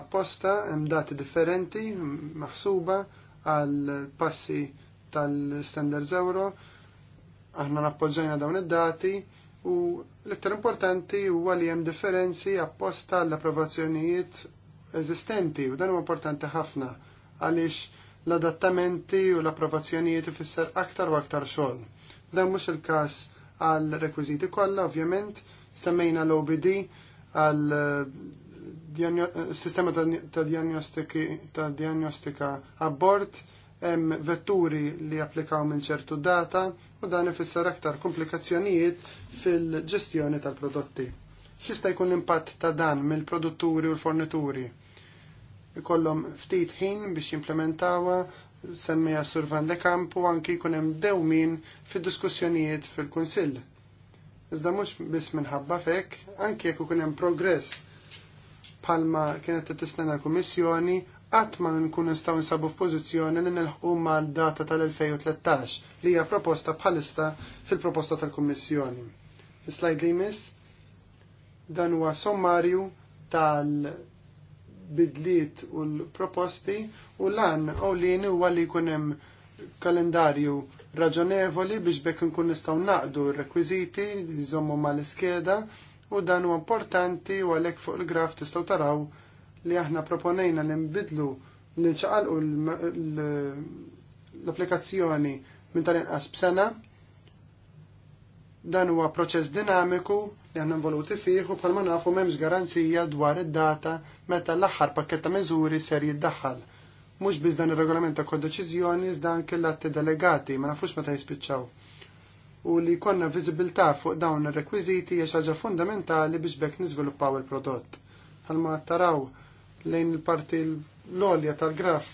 apposta hemm dati differenti maħsuba għal passi tal-standards euro, aħna nappoġġajna dawn id-dati u l-iktar importanti huwa li hemm differenzi apposta l-approvazzjonijiet eżistenti u dan huwa importanti ħafna għaliex l-adattamenti u l-approvazzjonijiet ifisser aktar u aktar xogħol. Dan mhux il-każ għal rekwiżiti kollha ovvjament semmejna l-OBD għal eh, eh, sistema ta' diagnostika abbord hemm vetturi li applikaw minn ċertu data u dan ifisser aktar komplikazzjonijiet fil-ġestjoni tal-prodotti. Xista jkun l-impatt ta' dan mill-produtturi u l-fornituri? Ikollhom ftit ħin biex jimplementawa semmija Survan de kampu u anki jkun hemm dewmin fid-diskussjonijiet fil-Kunsill. Iżda mhux biss minħabba fek, anki jekk ikun hemm progress palma kienet tistenna l-Kummissjoni qatt ma nkun nistaw nsabu f'pożizzjoni li nilħqu mal-data tal-2013 li hija proposta bħalista fil-proposta tal-Kummissjoni. Slide li jmiss dan huwa sommarju tal-bidliet u l-proposti u lan u li huwa li jkun hemm kalendarju raġonevoli biex bekk nkun nistgħu naqdu r-rekwiżiti li jżommu mal-iskeda u dan huwa importanti u għalhekk fuq il-graf tistaw taraw li aħna proponejna li nbidlu li nċaqalqu l-applikazzjoni minn tal-inqas b'sena dan huwa proċess dinamiku li aħna involuti fih u bħalma nafu memx garanzija dwar id-data meta l-aħħar pakketta meżuri ser jiddaħħal. Mhux biss dan ir-regolament ta' kodeċiżjoni dan anke l-atti delegati ma nafux meta jispiċċaw. U li konna viżibilità fuq dawn ir-rekwiżiti hija fundamentali biex bekk niżviluppaw il-prodott. Bħalma taraw lejn il-parti l-olja tal-graf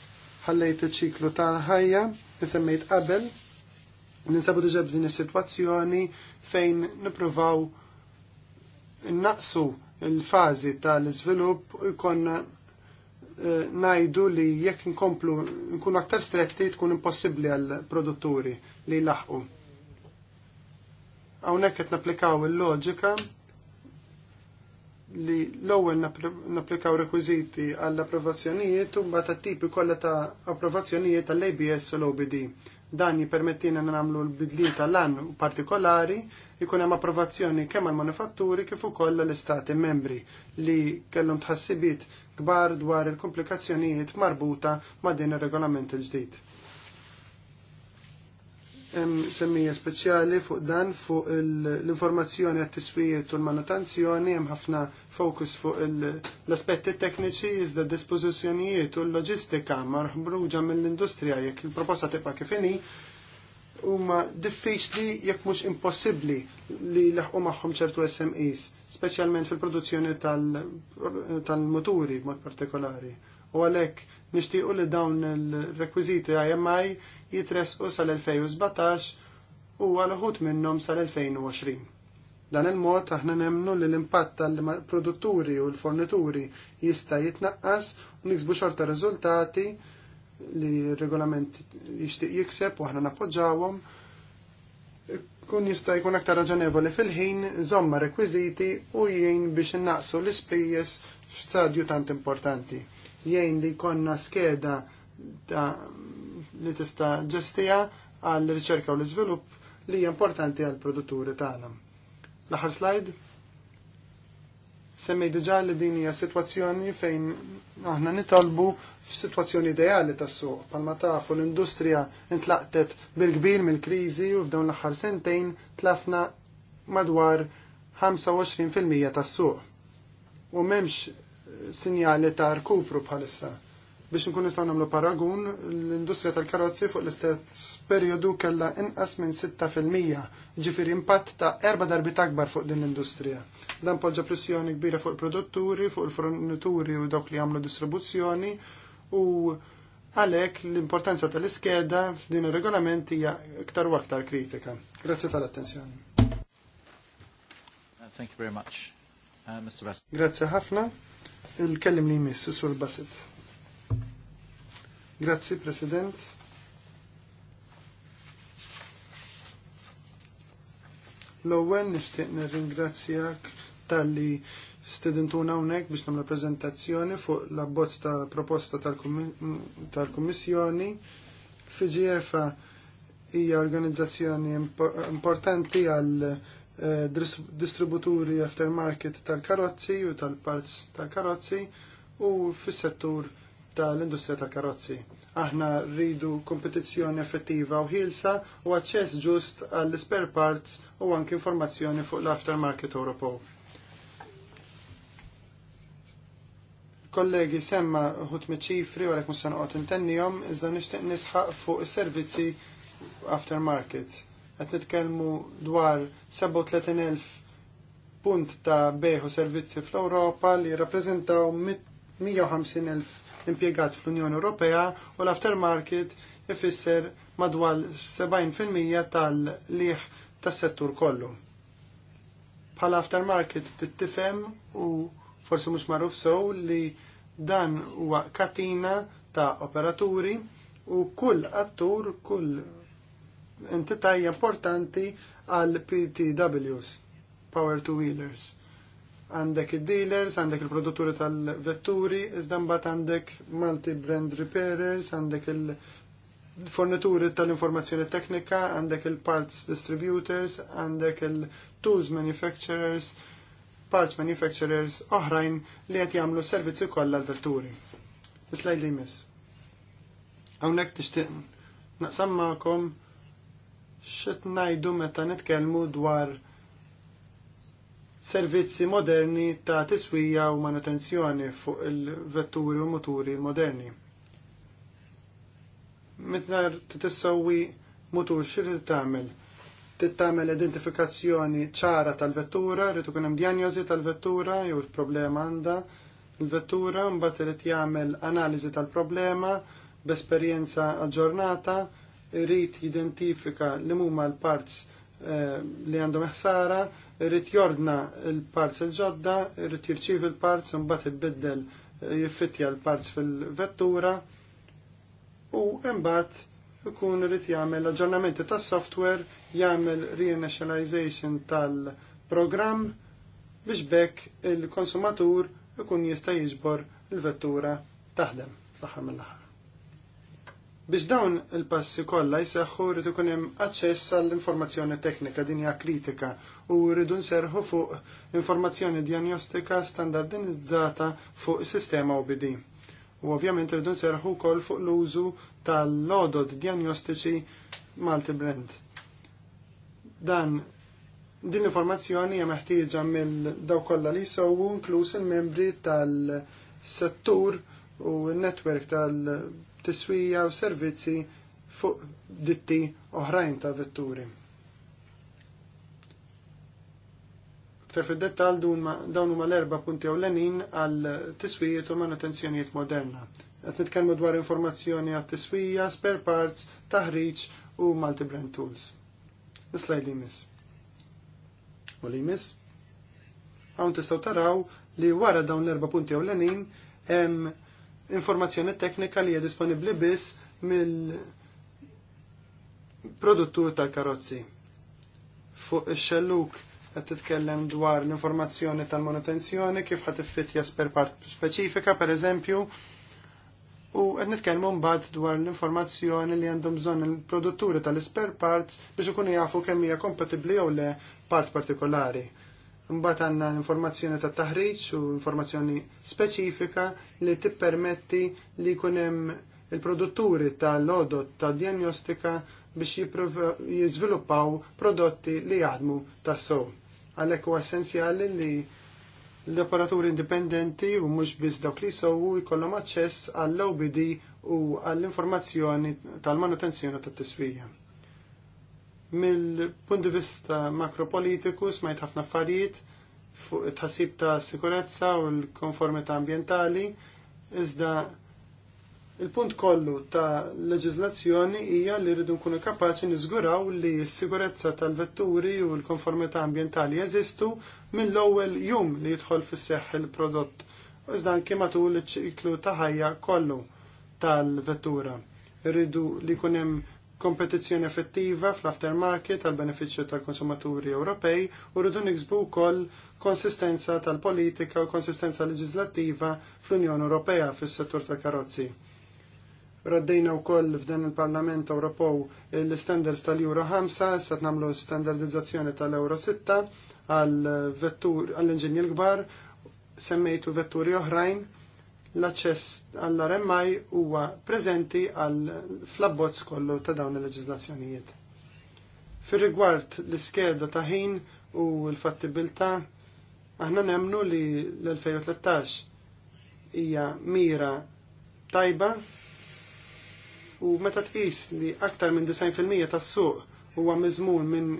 ħallejt il-ċiklu ta' ħajja nisemmejt qabel ninsabu diġa b'din is-sitwazzjoni fejn nippruvaw naqsu l-fażi tal-iżvilupp u jkonna eh, najdu li jekk nkomplu nkunu aktar stretti tkun impossibbli għal produtturi li laħqu. Hawnhekk qed napplikaw il-loġika li l-ewwel napplikaw rekwiżiti għall approvazzjonijiet u mbagħad tat-tipi kollha ta' approvazzjonijiet tal-ABS u l-OBD. Dan jippermettina nagħmlu l-bidli tal-an partikolari jkun hemm approvazzjoni kemm għall manifatturi kif ukoll l-istati membri li kellhom tħassibiet kbar dwar il-komplikazzjonijiet marbuta ma' din ir-regolament il-ġdid hemm semmija speċjali fuq dan fuq l-informazzjoni għat tiswijiet u l-manutenzjoni hemm ħafna fokus fuq l-aspetti tekniċi iżda dispożizzjonijiet u l-loġistika marħbruġa mill-industrija jekk il-proposta tibqa' kif inhi huma diffiċli jekk mhux impossibbli li laħqu magħhom ċertu SMEs, speċjalment fil-produzzjoni tal-muturi b'mod partikolari u għalhekk nixtiequ li dawn il-rekwiżiti IMI jitresqu sal-2017 u għal ħut minnhom sal-2020. Dan il-mod aħna nemnu li l-impatt tal-produtturi u l-fornituri jista' jitnaqqas u niksbu xorta riżultati li regolament jixtieq jikseb u aħna nappoġġawhom kun jista' jkun aktar raġonevoli fil-ħin, żomma rekwiżiti u jgħin biex innaqsu l-ispejjeż f'stadju tant importanti jgħin li jkollna skeda li tista' ġestija għall riċerka u l-iżvilupp li hija importanti għall produtturi tagħna. L-aħħar slide. Semmej diġà li din hija sitwazzjoni fejn aħna nitolbu f'sitwazzjoni ideali tas-suq. Palma tafu l-industrija intlaqtet bil-kbir mill-kriżi u f'dawn l-aħħar sentejn tlafna madwar 25% tas-suq. U memx sinjali ta' rkupru bħalissa. Biex nkun nistgħu nagħmlu paragun, l-industrija tal-karozzi fuq l-istess periodu kellha inqas minn 6%, ġifieri impatt ta' erba' darbit akbar fuq din l-industrija. Dan poġġa pressjoni kbira fuq il-produtturi, fuq il-fornituri u dawk li jagħmlu distribuzzjoni u għalhekk l-importanza tal-iskeda f'din ir-regolament hija iktar u aktar kritika. Grazzi tal-attenzjoni. Thank you very much. Uh, Mr. Grazie ħafna il-kellim li jmiss, Sur Basit. Grazzi, President. L-ewwel nixtieq nirringrazzjak tal-li stedintuna hawnhekk biex nagħmel preżentazzjoni fuq l-abbozz ta' proposta tal-Kummissjoni. Fiġiefa hija organizzazzjoni importanti għal Eh, distributuri aftermarket tal-karozzi u tal-parts tal-karozzi u fis-settur tal-industrija tal-karozzi. Aħna rridu kompetizzjoni effettiva u ħilsa u aċċess ġust għall-spare parts u anke informazzjoni fuq l-aftermarket Ewropew. kollegi semma ħut ċifri u għalek mussan għot intennijom, iżda nishtiq nisħaq fuq servizzi aftermarket qed nitkellmu dwar 37,000 punt ta' beħu servizzi fl-Ewropa li rappresentaw 150,000 impjegat fl-Unjoni Ewropea u l-aftermarket ifisser madwar 70% tal-liħ tas-settur kollu. Pal aftermarket tittifhem u forsi mhux magħruf sew li dan huwa katina ta' operaturi u kull attur, kull entitaj importanti għal PTWs, Power to Wheelers. Għandek il dealers għandek il-produtturi tal-vetturi, iżda mbagħad għandek multi-brand repairers, għandek il-fornituri tal-informazzjoni teknika, għandek il-parts distributors, għandek il-tools manufacturers, parts manufacturers oħrajn li qed jagħmlu servizzi kollha l-vetturi. Islaj li jmiss. Hawnhekk tixtieq naqsam magħkom xet najdu meta nitkellmu dwar servizzi moderni ta' tiswija u manutenzjoni fuq il-vetturi u moturi moderni. Mitnar titissawi mutur t-tamil? tagħmel tamil identifikazzjoni ċara tal-vettura, rritu kunem diagnosi tal-vettura, jew il-problema għanda, il-vettura, mbagħad irid jagħmel analiżi tal-problema, b'esperienza aġġornata, irrit jidentifika li huma l-parts eh, li għandhom ħsara, irrit jordna l-parts il-ġodda, irrit jirċiv l parts mbagħad ibiddel eh, jiffittja l-parts fil-vettura u mbagħad ikun irrit jagħmel aġġornamenti tas-software, jagħmel re-initialization tal program biex bekk il-konsumatur ikun jista' jiġbor il-vettura taħdem fl-aħħar mill-aħħar. Biex dawn il-passi kollha jseħħu rridu kun hemm aċċess għall-informazzjoni teknika din hija kritika u rridu nserħu fuq informazzjoni diagnostika standardizzata fuq sistema OBD. U ovvjament rridu nserħu wkoll fuq l-użu tal-lodod diagnostiċi multi-brand. Dan din l-informazzjoni hija meħtieġa mill daw kollha li jsewwu inkluż il-membri tal-settur u n-netwerk tal-, -settur, u tiswija u servizzi fuq ditti oħrajn ta' vetturi. Ktar fid-dettal dawn huma l-erba' punti ewlenin għal tiswijiet u manutenzjonijiet moderna. Qed nitkellmu dwar informazzjoni għat tiswija, spare parts, taħriġ u multi-brand tools. Nislaj li miss. U li miss? Għawn tistgħu taraw li wara dawn l-erba punti ewlenin hemm informazzjoni teknika li hija disponibbli biss mill-produttur tal-karozzi. Fuq ix-xelluk qed titkellem dwar l-informazzjoni tal-manutenzjoni kif ħad tiffittja spare part speċifika pereżempju u qed nitkellmu mbagħad dwar l-informazzjoni li għandhom bżonn il-produtturi tal-spare parts biex ikunu jafu kemm hija kompatibbli jew le part partikolari. Mbagħad għandna informazzjoni ta' taħriġ u informazzjoni speċifika li tippermetti li jkun hemm il-produtturi tal-lodot ta' diagnostika biex jiżviluppaw prodotti li jaħdmu tas-sow. Għalhekk huwa essenzjali li l-operaturi indipendenti u mhux biss dawk li jsowwu jkollhom aċċess għall-OBD u għall-informazzjoni tal-manutenzjoni tat-tisfija. Mill-punt di vista makropolitiku smajt ħafna affarijiet fuq tħassib ta' sikurezza u l-konformità ambientali, iżda il-punt kollu ta' leġizlazzjoni hija li rridu nkunu kapaċi niżguraw li s-sikurezza tal-vetturi u l-konformità ambientali jeżistu mill-ewwel jum li jidħol fis-seħħ il-prodott, iżda anke matul iċ-ċiklu ta' ħajja kollu tal-vettura. Rridu li kunem hemm kompetizzjoni effettiva fl-aftermarket għal benefiċċju tal-konsumaturi Ewropej u rridu niksbu wkoll konsistenza tal-politika u konsistenza leġislattiva fl-Unjoni Ewropea fis-settur tal-karozzi. Raddejna wkoll f'dan il-Parlament Ewropew l-standards tal-Euro 5, issa nagħmlu standardizzazzjoni tal-Euro 6 għall-inġinji l-kbar, semmejtu vetturi oħrajn l-aċċess għall-RMI huwa preżenti għal fl-abbozz kollu ta' dawn il leġislazzjonijiet Fir-rigward l-iskeda ta' ħin u l-fattibilità, aħna nemnu li l-2013 hija mira tajba u meta tqis li aktar minn 90% tas-suq huwa miżmun minn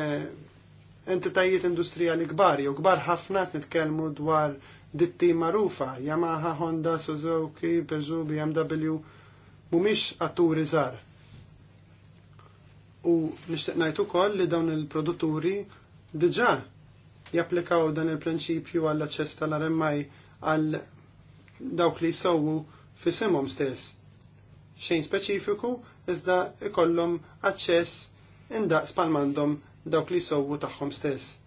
eh, entitajiet industrijali kbar jew kbar ħafna nitkellmu dwar ditti marufa, Yamaha, Honda, Suzuki, Peugeot, BMW, mumiex atturi zar. U nishtiq ngħid ukoll li dawn il-produtturi diġà japplikaw dan il-prinċipju għall aċċess tal remmaj għal dawk li jsowwu fisimhom stess. Xejn speċifiku iżda ikollhom aċċess indaqs pal dawk li jsowwu tagħhom stess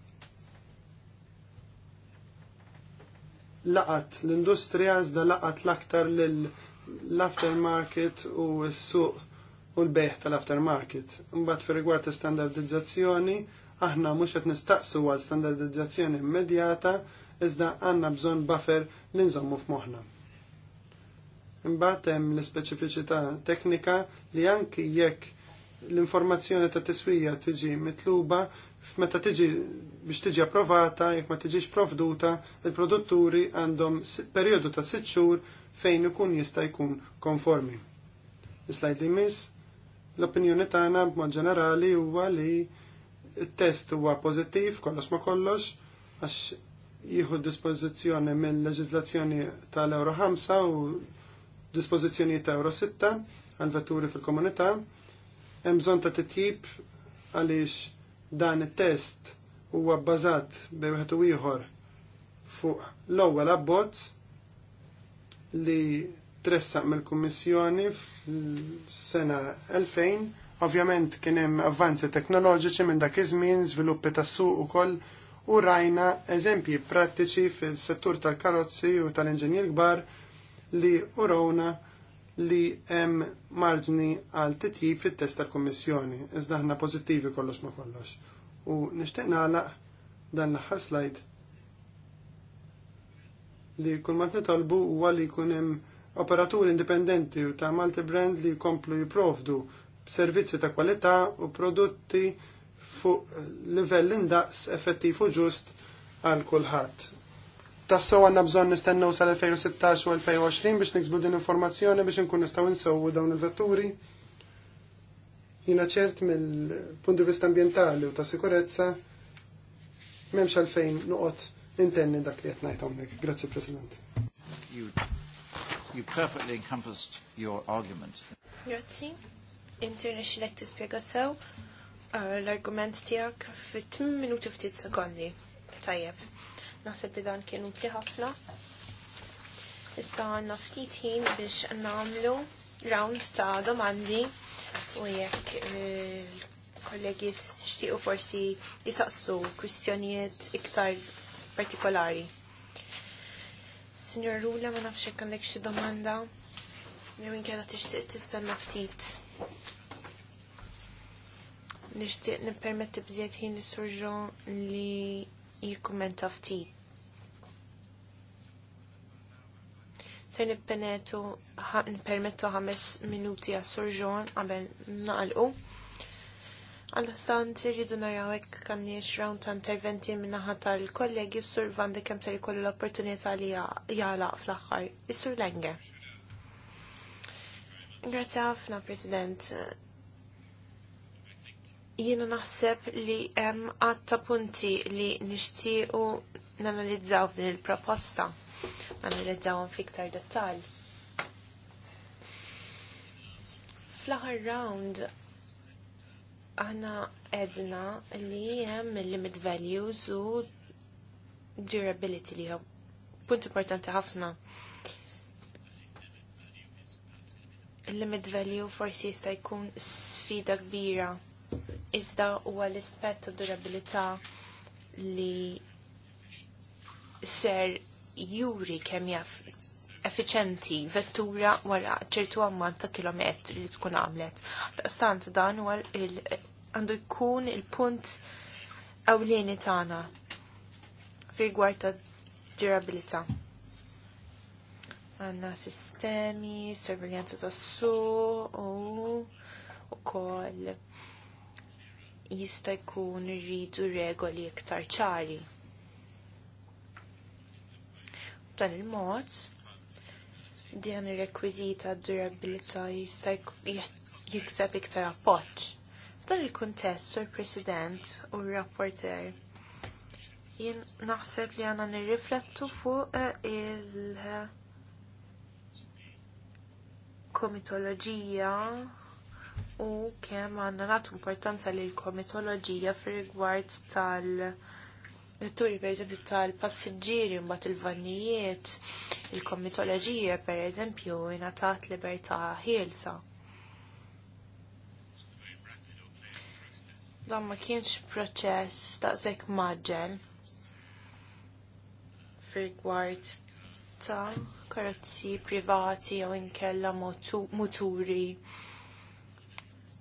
laqat l-industrija iżda laqat l-aktar l-aftermarket u s-suq u l-beħ tal-aftermarket. Mbagħad fir rigward standardizzazzjoni, aħna mhux qed nistaqsu għal standardizzazzjoni immedjata iżda għandna bżonn buffer li nżommu f'moħħna. Imbagħad hemm l-ispeċifiċità teknika li anki jekk l-informazzjoni ta' tiswija tiġi mitluba f'meta tiġi biex tiġi approvata, jekk ma tiġix provduta, il-produtturi għandhom perjodu ta' sitt xhur fejn ikun jista' jkun konformi. Is-slajd li mis, l-opinjoni tagħna b'mod ġenerali huwa li t-test huwa pożittiv kollox ma kollox għax jieħu dispożizzjoni mill leġiżlazzjoni tal-Euro 5 u dispożizzjoni ta' Euro 6 għal vetturi fil-komunità. Hemm bżonn ta' titjib għaliex dan it-test huwa bbażat bejn u ieħor fuq l-ewwel abbozz li tressaq mill-Kummissjoni f'sena 2000. Ovvjament kien hemm avvanzi teknoloġiċi minn dak iż-żmien, żviluppi tas-suq ukoll u rajna eżempji prattiċi fil-settur tal-karozzi u tal-inġinier kbar li urawna li hemm marġni għal titji fit-test tal-Kummissjoni, iżda aħna pożittivi kollox ma kollox. U nixtieq nagħlaq dan l-aħħar slide li kull ma nitolbu huwa li jkun hemm operaturi indipendenti u ta' multi brand li jkomplu jipprovdu servizzi ta' kwalità u prodotti fuq livell indaqs effettiv u ġust għal kulħadd tassew għanna bżon nistennu sal-2016 u 2020 biex niksbu din informazzjoni biex nkun nistaw insowu dawn il-vetturi. Jina ċert mill-punt di vista ambientali u ta' sikurezza memx għalfejn nuqot intenni dak li jtnajt għomnek. Grazie, President. You, you perfectly encompassed your argument. Grazie. International Act spiega sew uh, l-argument tijak fit-8 minuti ftit sekondi. Tajjeb. Naħseb li dan kienu utli ħafna. Issa għanna ftit ħin biex nagħmlu round ta' domandi u jekk eh, kollegi u forsi jisaqsu kwistjonijiet iktar partikolari. Signor Rula, ma nafx hekk għandek xi domanda. Jew inkella tixtieq tistenna ftit. Nixtieq nippermetti bżiet ħin is-surġon li jikkumenta ftit. Ser nippenetu permettu ħames minuti għas surġon għabel naqalqu. Għal-stant irridu naraw hekk kanniex round ta' interventi minnaħa tal-kollegi sur Van de Kemter ikollu l-opportunità li jagħlaq fl-aħħar. Is-sur Lenge. Grazie ħafna, President. Jiena naħseb li hemm għatta punti li nixtiequ nanalizzaw f'din il-proposta, nanalizzawhom fiktar dettal. Fl-aħħar round għana edna li hemm limit values u durability li jem. punt importanti ħafna. Il-limit value forsi jista' jkun sfida kbira iżda huwa l-ispett ta' durabilità li ser juri kemm jaf effiċenti vettura wara ċertu ammont ta' kilometri li tkun għamlet. Daqstant dan huwa għandu jkun il-punt ewlieni tagħna rigward ta' durabilità Għanna sistemi, sorveljanza tas su u wkoll jista' jkun irridu regoli iktar ċari. B'dan il-mod, din ir-rekwiżita d-durabilità jista' jikseb iktar appoġġ. F'dan il-kuntest, Sur President u r-rapporter, jien naħseb li għandna nirriflettu fuq eh, il- komitoloġija u kemm għandna nagħtu importanza l komitoloġija fir-rigward tal- turi per eżempju tal-passiġġieri mbagħad il-vannijiet, il-komitoloġija per eżempju ingħatat libertà ħielsa. Dan ma kienx proċess daqshekk maġġel fil-gwart ta' karozzi privati jew inkella moturi. Motu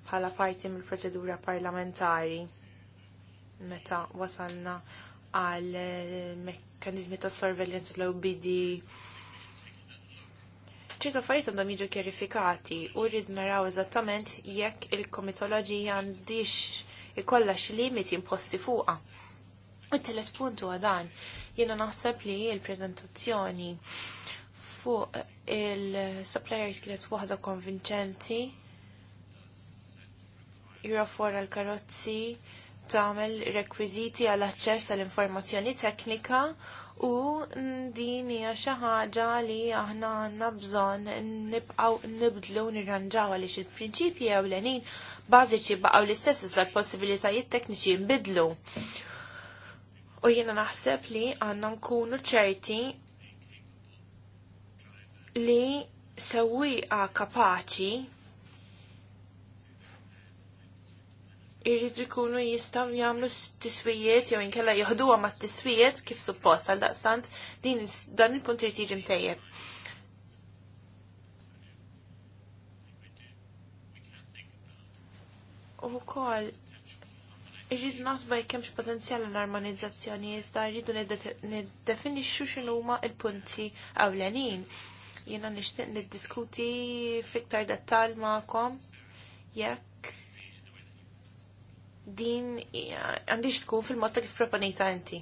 bħala parti mill-proċedura parlamentari meta wasalna għal eh, mekkanizmi ta' sorveljanza l OBD ċertu affarijiet għandhom jiġu kjerifikati u rridu naraw eżattament jekk il-komitoloġija għandix ikollha xi limiti imposti fuqha. Il-telet punt huwa dan, jiena naħseb li l-preżentazzjoni fuq il-suppliers kienet waħda konvinċenti jura fuq l-karozzi tagħmel rekwiżiti għal aċċess għall informazzjoni teknika u din hija xi ħaġa li aħna għandna bżonn nibqgħu nibdlu nirranġaw għaliex il-prinċipji ewlenin bażiċi baqgħu l-istess iżda l-possibilitajiet tekniċi nbidlu. U jiena naħseb li għandna nkunu ċerti li sewwieqa kapaċi irrid ikunu jistgħu jagħmlu tiswijiet jew inkella jieħduha mat-tiswijiet kif suppost għal daqstant din dan il-punt irid jiġi mtejjeb. Ukoll irrid nasba jekk hemmx potenzjal l-armonizzazzjoni iżda rridu niddefinixxu x'inhu huma l-punti ewlenin. Jiena nixtieq niddiskuti fiktar dettall magħkom jekk din għandix tkun fil-mod ta' kif proponejta inti.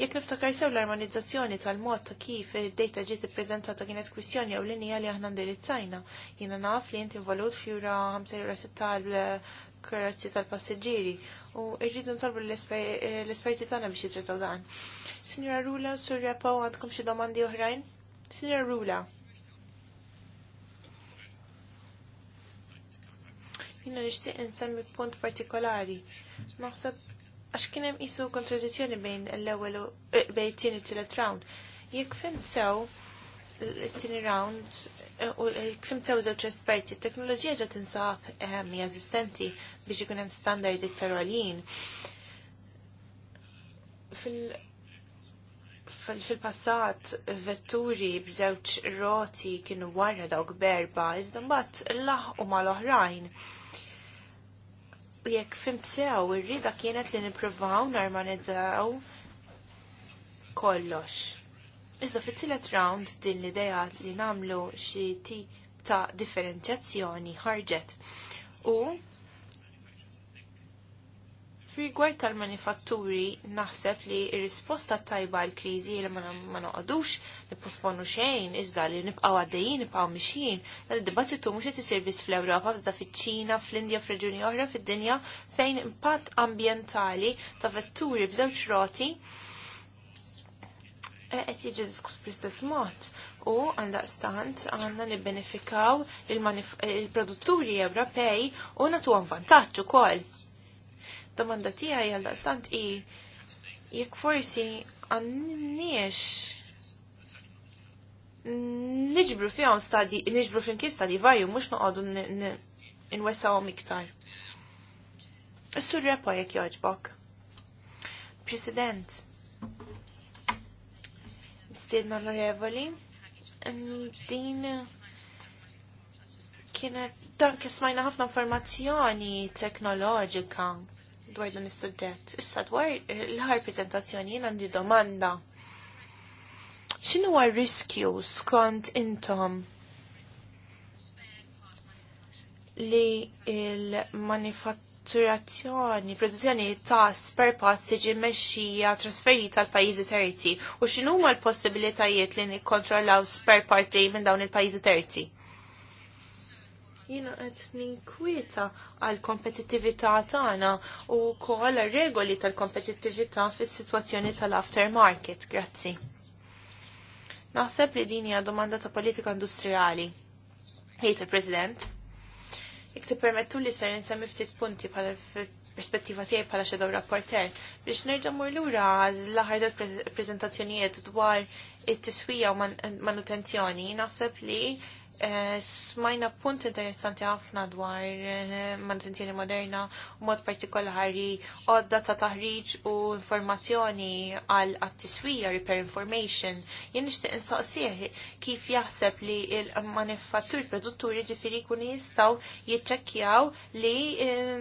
Jekk niftakar sew l-armonizzazzjoni tal-mod ta' kif id-data ġiet ippreżentata kienet kwistjoni jew linija li aħna ndirizzajna. Jiena naf li inti involut fjura 5 tal karazzi tal-passiġġieri u rridu ntalbu l-esperti tagħna biex jitritaw dan. Sinjora Rula, Surja Paw għandkom xi domandi oħrajn? Sinjora Rula, Jina nixtieq insemmi punt partikolari. Naħseb għax kien hemm kontradizjoni kontradizzjoni bejn l-ewwel eh, bejn it tini t-tielet round. Jek fim sew it-tieni round eh, u jek fim sew żewġ esperti, t-teknoloġija ġa tinsab ehm, hija eżistenti biex ikun hemm standard iktar għalin. Fil-passat vetturi b'żewġ roti kienu warra dawk berba, iżda mbagħad laħqu mal-oħrajn. U jekk fimt sew, ir-rida kienet li nippruvaw narmanizzaw kollox. Iżda fit-tielet round din l-idea li namlu xi tip ta' differenzjazzjoni ħarġet. U Rigward tal-manifatturi, naħseb li r-risposta tajba għal kriżi li ma li posponu xejn, iżda li nibqgħu għaddejjin, nibqgħu mixin, dan id-dibattitu mhux qed isir biss fl-Ewropa, f'da fiċ-Ċina, fl-Indja, f'reġuni oħra fid-dinja fejn impatt ambjentali ta' vetturi b'żewġ roti eh, qed jiġi diskuss bl-istess mod u għandaqstant għandna nibbenefikaw il-produtturi Ewropej u nagħtuhom vantaġġ ukoll Domanda tiegħi għalda, stant i jekk forsi għanniex niġbru fihom stadi, niġbru flimkien stadi varju, mhux noqogħdu nwessawhom iktar. Is-sur repa jekk jogħġbok. President, mistiedna onorevoli, din kienet dan kismajna ħafna informazzjoni teknoloġika dwar dan is-suġġett. Issa dwar l-ħar prezentazzjoni jien għandi domanda. X'inhu riskju skont intom li il-manifatturazzjoni, produzzjoni ta' spare tiġi mexxija trasferita għal pajjiżi terzi u x'inhu huma l-possibilitajiet li nikkontrollaw spare part minn dawn il-pajjiżi terzi? jina qed ninkwieta għal kompetitività tagħna u wkoll regoli tal-kompetittività fis-sitwazzjoni tal-aftermarket. Grazzi. Naħseb li din hija domanda ta' politika industrijali. Ħejt il-President. Iktib permettu li ser insemmi ftit punti bħala perspettiva tiegħi bħala xedaw rapporter biex nerġa' mur lura l-aħħar tal-preżentazzjonijiet dwar it-tiswija u manutenzjoni naħseb li Eh, smajna punt interessanti ħafna dwar eh, mantintieni moderna u mod partikolari għodda ta' taħriġ u informazzjoni għal għattiswija repair information. Jien nixtieq insaqsieħ kif jaħseb li il-manifattur produtturi ġifiri kun jistgħu jiċċekkjaw li eh,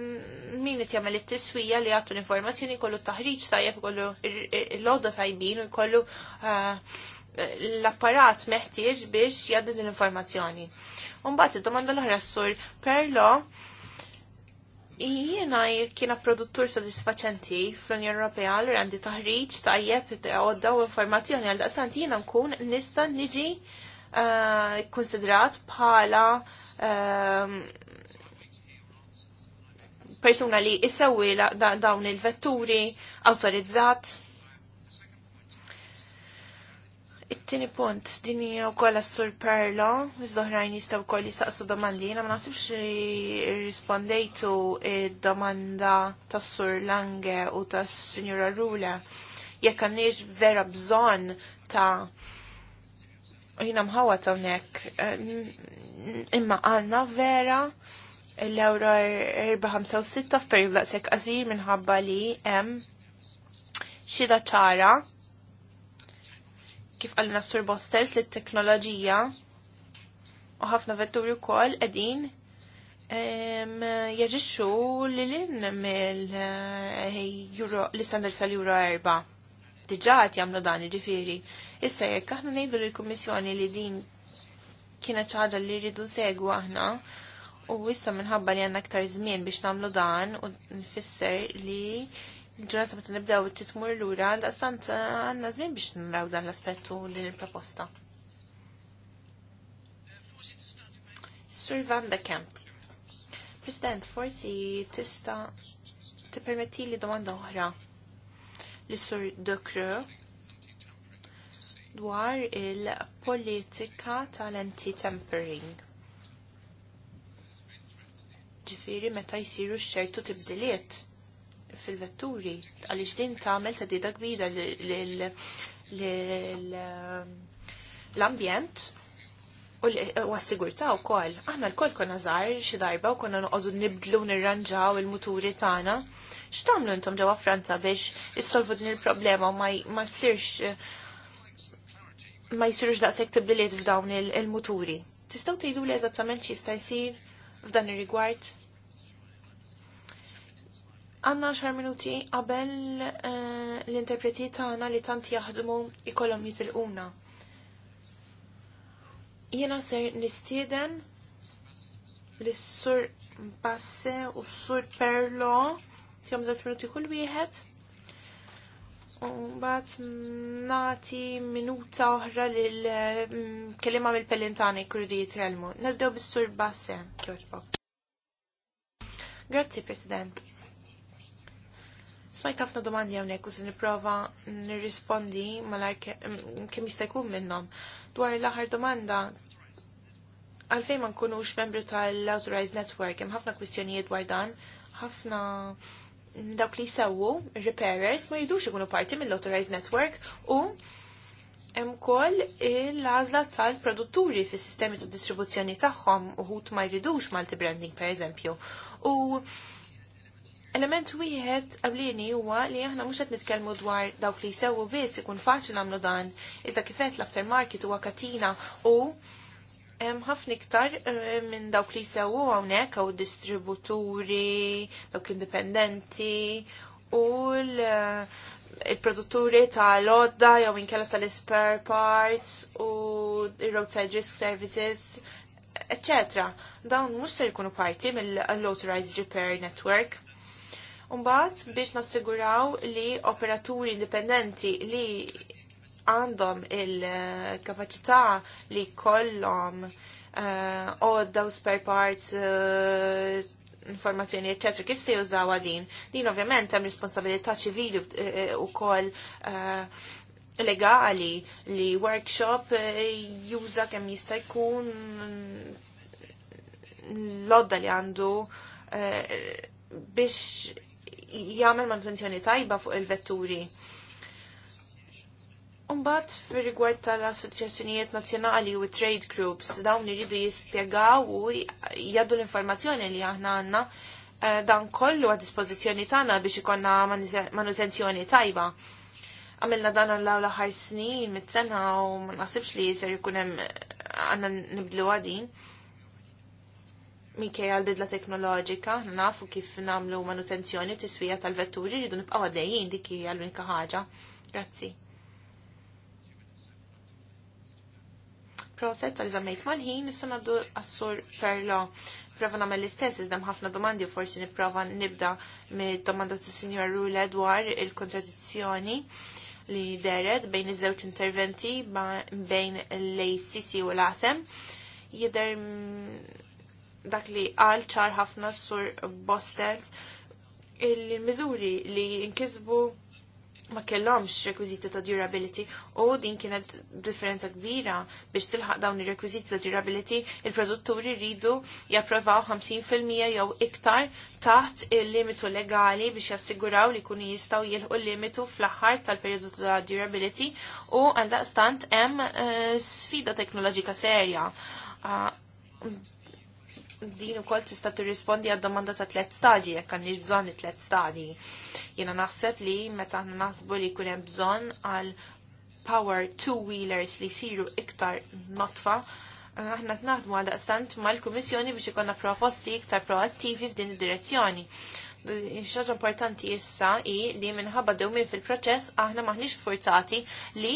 min qed jagħmel it-tiswija li għattu l-informazzjoni kollu taħriġ tajjeb kollu l-għodda tajbin u jkollu l-apparat meħtieġ biex jaddi din informazzjoni. Umbat, domanda l-ħra s-sur, perlo, jiena kiena produttur sodisfaċenti fl-Unjoni Ewropea l għandi taħriġ tajjeb għoddaw informazzjoni għal daqsant jiena nkun nista niġi eh, konsidrat bħala eh, persuna li issawila dawn il-vetturi autorizzat It-tieni punt, dini u wkoll assur perla, iżdoħrajn jistgħu wkoll jistaqsu domandina, ma naħsibx rispondejtu domanda tas-sur Lange u tas-Sinjura Rula. Jekk għandniex vera bżonn ta' jina mħawa ta' unnek, eh, imma għanna vera l-euro 456 f'periodu daqsek għazir minħabba li hemm xida ċara kif għallina Sur Bostels li t-teknoloġija u ħafna vetturi wkoll qegħdin jaġixxu li lin mill eh, l-istandard tal-Euro 4. Diġà jamlu jagħmlu dan jiġifieri. Issa jekk aħna ngħidu lill-Kummissjoni li din kienet ħaġa li rridu segu aħna u issa minħabba li għanna ktar żmien biex nagħmlu dan u nfisser li il-ġurnata meta nibdew titmur lura għandha stant eh, għandna żmien biex nraw dan l aspettu din il-proposta. Sur Van Kemp. Camp. President, forsi tista t-permetti li domanda oħra li sur De dwar il-politika tal-anti-tempering ġifiri meta jisiru xċertu tibdiliet fil-vetturi għaliex din tagħmel dida kbira um, l-ambjent u għas u kol. Aħna lkoll konna żgħar xi darba u konna noqogħdu nibdlu nirranġaw il-muturi tagħna. X'tagħmlu intom ġewwa Franza biex jissolvu din il-problema u ma ssirx ma jsirux daqshekk tibdiliet f'dawn il-muturi. Tistgħu tgħidu li eżattament x'ista' jsir f'dan ir-rigward? Għanna xar minuti qabel eh, l-interpreti tagħna li tant jaħdmu ikollhom jitilquna. Jiena ser nistieden lis-sur Basse u s-sur Perlo tihom żewġ minuti kull wieħed. U mbagħad nagħti minuta oħra lil mm, kelima mill pellintani kurdi jitkellmu. Nibdew bis-sur Basse, Grazzi President. Smajt ħafna domandi hawnhekk u se nipprova nirrispondi malar kemm jista' jkun minnhom. Dwar l-aħħar domanda għalfejn ma nkunux membru tal-Authorized Network hemm ħafna kwistjonijiet dwar dan, ħafna dawk li sewu, repairers ma jridux ikunu parti mill-Authorized Network u hemm kol l-għażla tal-produtturi fis-sistemi ta' distribuzzjoni tagħhom uħut ma jridux multi branding pereżempju. U Element wieħed qablieni huwa li aħna mhux qed nitkellmu dwar dawk li jsewwu biss ikun faċli nagħmlu dan, iżda kifet l-aftermarket huwa katina u hemm ħafna iktar eh, minn dawk li jsewwu hawnhekk u distributuri, dawk indipendenti u eh, il-produtturi tal-odda jew inkella tal-spare parts u roadside risk services etc. Dawn mhux se jkunu parti mill-authorized repair network Umbat biex nassiguraw li operaturi indipendenti li għandhom il-kapacità li kollom għodda uh, eh, u spare parts uh, informazzjoni, ecc. Kif se jużaw din? Din ovvjament hemm responsabilità ċivili eh, u koll uh, legali li workshop juża kemm jista' jkun mm, l-odda li għandu biex jgħamil manutenzjoni tajba fuq il-vetturi. Umbat fir rigward tal-assoċjazzjonijiet nazzjonali u trade groups dawn iridu jispjegaw u jgħaddu l-informazzjoni li aħna għandna eh, dan kollu għad dispozizjoni tagħna biex ikonna manutenzjoni tajba. Għamilna dan l għawla ħar snin mit-sena u ma nasibx li jisir ikun hemm eh, għandna nibdlu għadin. din minkejja l-bidla teknoloġika, nafu kif namlu manutenzjoni u tiswija tal-vetturi rridu nibqgħu għaddejjin dik hija l-unika ħaġa. Grazzi. Proset tal-żammejt mal-ħin issa ngħaddu assur perlo. Prova nagħmel l-istess iżda ħafna domandi u forsi nipprova nibda mid-domanda tas-Sinjor Rule dwar il-kontradizzjoni li deret bejn iż-żewġ interventi bejn l-ACC u l-ASEM. Jidher mm, dak li għal ċar ħafna sur Bostels il-mizuri li inkisbu ma kellhomx rekwiziti ta' durability u din kienet differenza kbira biex tilħaq dawn ir-rekwiziti ta' durability il-produtturi rridu japprovaw 50% jew iktar taħt il-limitu legali biex jassiguraw li kunu jistaw jilħu l-limitu fl-aħħar tal-periodu ta' durability u għandaqstant hemm eh, sfida teknoloġika serja ah, din ukoll tista' tirrispondi għad-domanda ta' tliet stadji jekk għandix bżonn it-tliet stadji. Jiena naħseb li meta aħna naħsbu li jkun hemm bżonn għal power two-wheelers li jsiru iktar notfa, aħna t-naħdmu ma mal-Kummissjoni biex ikonna proposti iktar proattivi f'din id-direzzjoni. Xaġ importanti issa i li minħabba dewmin fil-proċess aħna maħniex sforzati li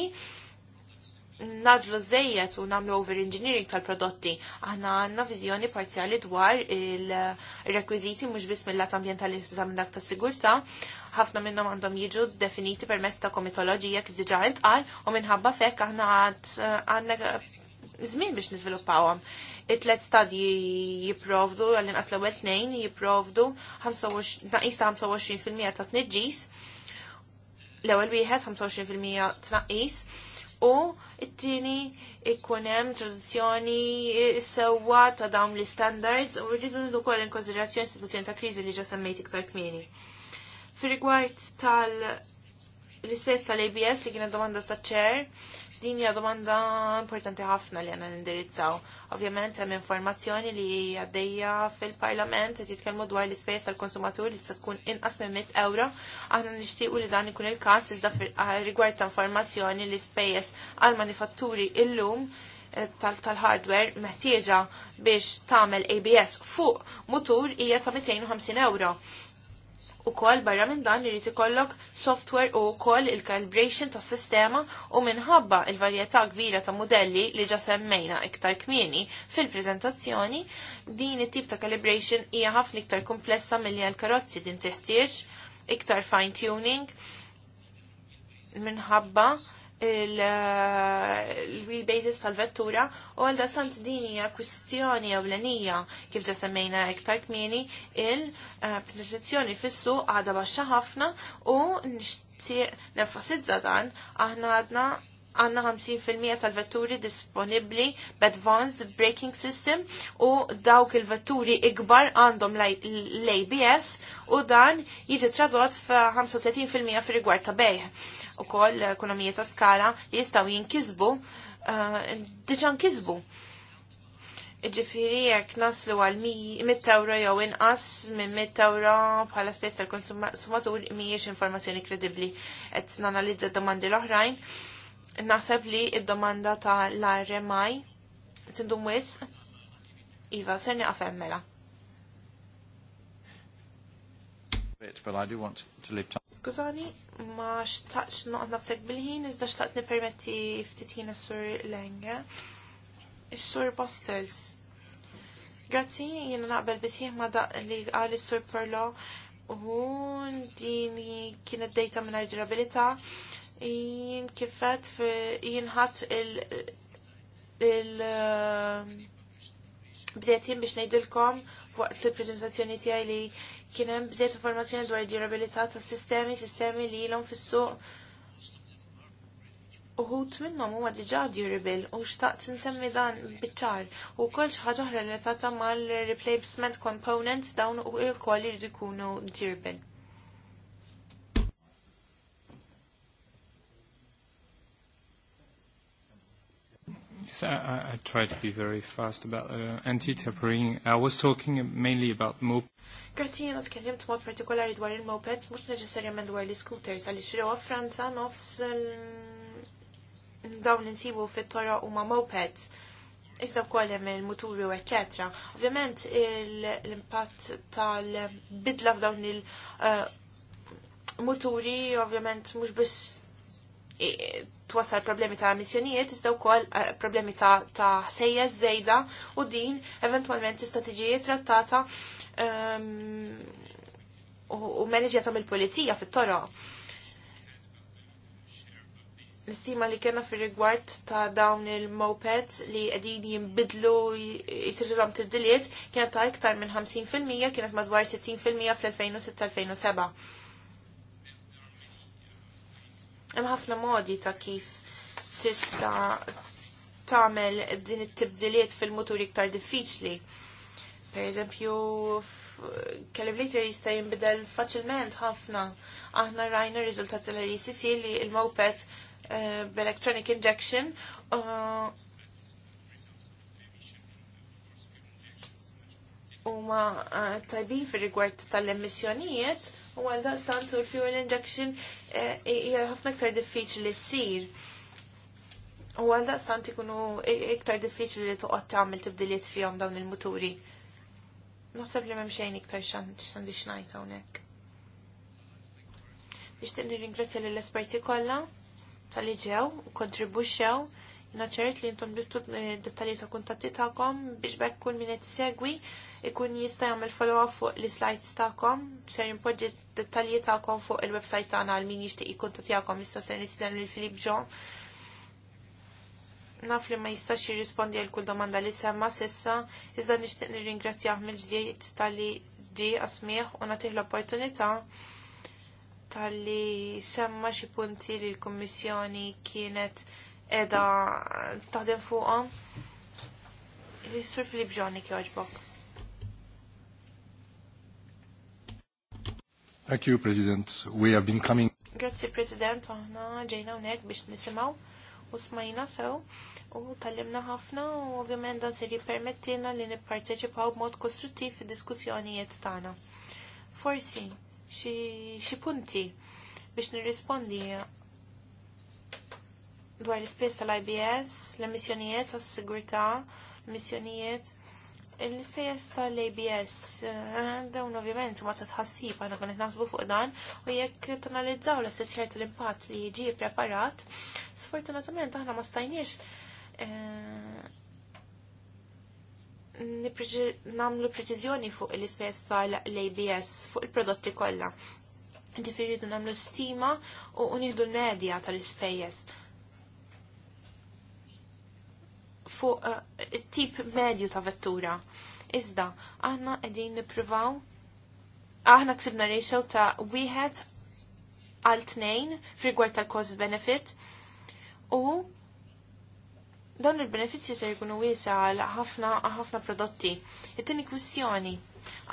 naġlu zejjet u namlu over engineering tal-prodotti. Aħna għanna vizjoni parzjali dwar il-rekwiziti mux bis mill-lat ambientali ta' minn dak ta' sigurta. ħafna minnhom għandhom jiġu definiti permezz ta' komitoloġija kif diġa għal u minħabba fekk aħna għanna żmien biex niżviluppawhom. It-tlet stadji jipprovdu, għall-inqas l-ewwel tnejn jipprovdu naqis ta' 25% ta' tniġġis, l-ewwel wieħed 25% tnaqqis u it-tieni ikkunem hemm traduzzjoni sewwa ta' dawn l-standards u rridu nidu wkoll in konsiderazzjoni situazzjoni ta' kriżi li ġa semmejt iktar kmieni. Fi rigward tal l-ispess tal-ABS li kienet domanda ta' ċer, din hija domanda importanti ħafna li għandna nindirizzaw. Ovvjament hemm informazzjoni li għaddejja fil-Parlament qed jitkellmu dwar l-ispejjeż tal-konsumatur li tista' tkun inqas minn 100 euro. Aħna nixtiequ li dan ikun il-każ iżda rigward ta' informazzjoni li spejjeż għal-manifatturi illum eh, tal-hardware -tal meħtieġa biex tagħmel ABS fuq mutur hija ta' 250 euro. U koll barra minn dan jrid ikollok software u koll il-calibration ta' sistema u minħabba il-varjetà kbira ta' modelli li ġa semmejna iktar kmieni fil-prezentazzjoni, din it-tip ta' calibration hija ħafna iktar komplessa milli għal-karozzi din teħtieġ iktar fine tuning minħabba il-basis eh, tal-vettura u għal da sant dinija kwistjoni ewlenija kif ġa semmejna iktar kmini il-penetrazzjoni eh, fissu għada baxxa ħafna u nixtieq nefasizza dan aħna għadna għanna 50% tal-vetturi disponibli b'advanced braking system u dawk il-vetturi ikbar għandhom l-ABS u dan jiġi tradot f-35% fil-rigward ta' bejħ. U koll ekonomija ta' skala li jistaw jinkisbu, eh, diġan kizbu. Ġifiri jek naslu għal 100 euro jew inqas minn 100 euro bħala spess tal-konsumatur mhijiex informazzjoni kredibbli qed nanalizza domandi l-oħrajn naħseb li id-domanda ta' l-RMI tindum wis Iva, ser niqafem mela. Skużani, ma xtaqx noqgħod nafsek bil-ħin, iżda xtaqt nipermetti ftit ħin s sur Lenga. Is-sur Bostels. Grazzi, jiena naqbel bisħih ma daq li għali s sur Perlo u din kienet dejta minn durabilità jien kifet jienħat il- il- eh, bżietin biex nejdilkom waqt il-prezentazzjoni tiegħi li kien hemm bżiet informazzjoni dwar id-durabilità tas-sistemi, sistemi li ilhom fis-suq uħut minnom huwa diġà durable u xtaqt nsemmi dan biċ-ċar u kol ħaġa oħra relatata mal-replacement components dawn u il-koll jridu jkunu durable. Yes, I, I, try to be very fast about uh, anti-tapering. I was talking mainly about moped. Grazzi jena tkellimt mod partikolari dwar il-mopeds, mux neċessarjament dwar l-scooters, għalli xrewa Franza nofs mm, dawn insibu fit-tora u ma mopeds. Iżda wkoll hemm il-muturi u eċċetra. Ovvjament l-impatt tal-bidla f'dawn il-muturi uh, ovvjament mux bis twasal problemi ta' missjonijiet, iżda wkoll eh, problemi ta', ta sejja żejda u din eventwalment tista' tiġi trattata um, u meneġjata mill-pulizija fit-toro. L-istima li kena fir rigward ta' dawn il-mopeds li qegħdin jinbidlu jisirġilhom tibdiliet kienet ta' iktar minn 50% kienet madwar 60% fl-2006-2007 Hemm ħafna modi ta' kif tista' tagħmel din it-tibdiliet fil-mutur iktar diffiċli. Per eżempju, kalibrator jista' jinbidel faċilment ħafna. Aħna rajna r-riżultati l ICC li l moped eh, b'electronic injection eh, huma eh, tajbin fir rigward tal-emissjonijiet u għal daqstant u l-fuel injection Eh, hija ħafna iktar diffiċli ssir. U għal daqstant ikunu iktar diffiċli li toqgħod tagħmel tibdiliet fihom dawn il-muturi. Naħseb li m'hemm xejn iktar x'għandi xnajt hawnhekk. Nixtieq nirringrazzja lill-esperti kollha tal-li ġew u kontribwixxew naċert li jintom eh, dettalji ta' kuntatti ta'kom biex bekk kull min segwi ikun jista' jagħmel follow-up fuq l-slides tagħkom, ser t dettalji tagħkom fuq il-website tagħna għal min jixtieq ikkuntattjakom issa ser nisidem lil Filip John. Naf li ma jistax jirrispondi għal kull domanda li semma sissa, iżda nixtieq nirringrazzjah mill-ġdid tal-li ġi asmieħ u nagħtih l-opportunità tal-li semma xi punti li l-Kummissjoni kienet edha taħdem fuqhom. Sur Filip Ġoni kjoġbok. Thank you, President. We have been coming. Grazie, President. Aħna ġejna unek biex nisimaw u smajna sew u tallimna ħafna u ovvjament dan se jippermettilna li nipparteċipaw b'mod kostruttiv fid-diskussjonijiet tagħna. Forsi xi punti biex nirrispondi dwar l-ispejs tal-IBS, l-emissjonijiet tas-sigurtà, l-emissjonijiet l-ispejjeż tal-ABS eh, dawn ovvjament ma ta' tħassib għandna kien naħsbu fuq dan u jekk tanalizzaw l-istess ċert l-impatt li jiġi preparat, sfortunatament aħna ma stajniex eh, namlu preċiżjoni fuq l-ispejjeż tal-ABS fuq il-prodotti kollha. Ġifieri namlu stima u nieħdu l-medja tal-ispejjeż fuq it-tip eh, medju ta' vettura. Iżda, aħna qegħdin nippruvaw aħna ksibna ratio ta' wieħed għal tnejn f'rigward tal-cost benefit u dawn il-benefiċċji se jkunu wisa għal ħafna ħafna prodotti. It-tieni kwistjoni.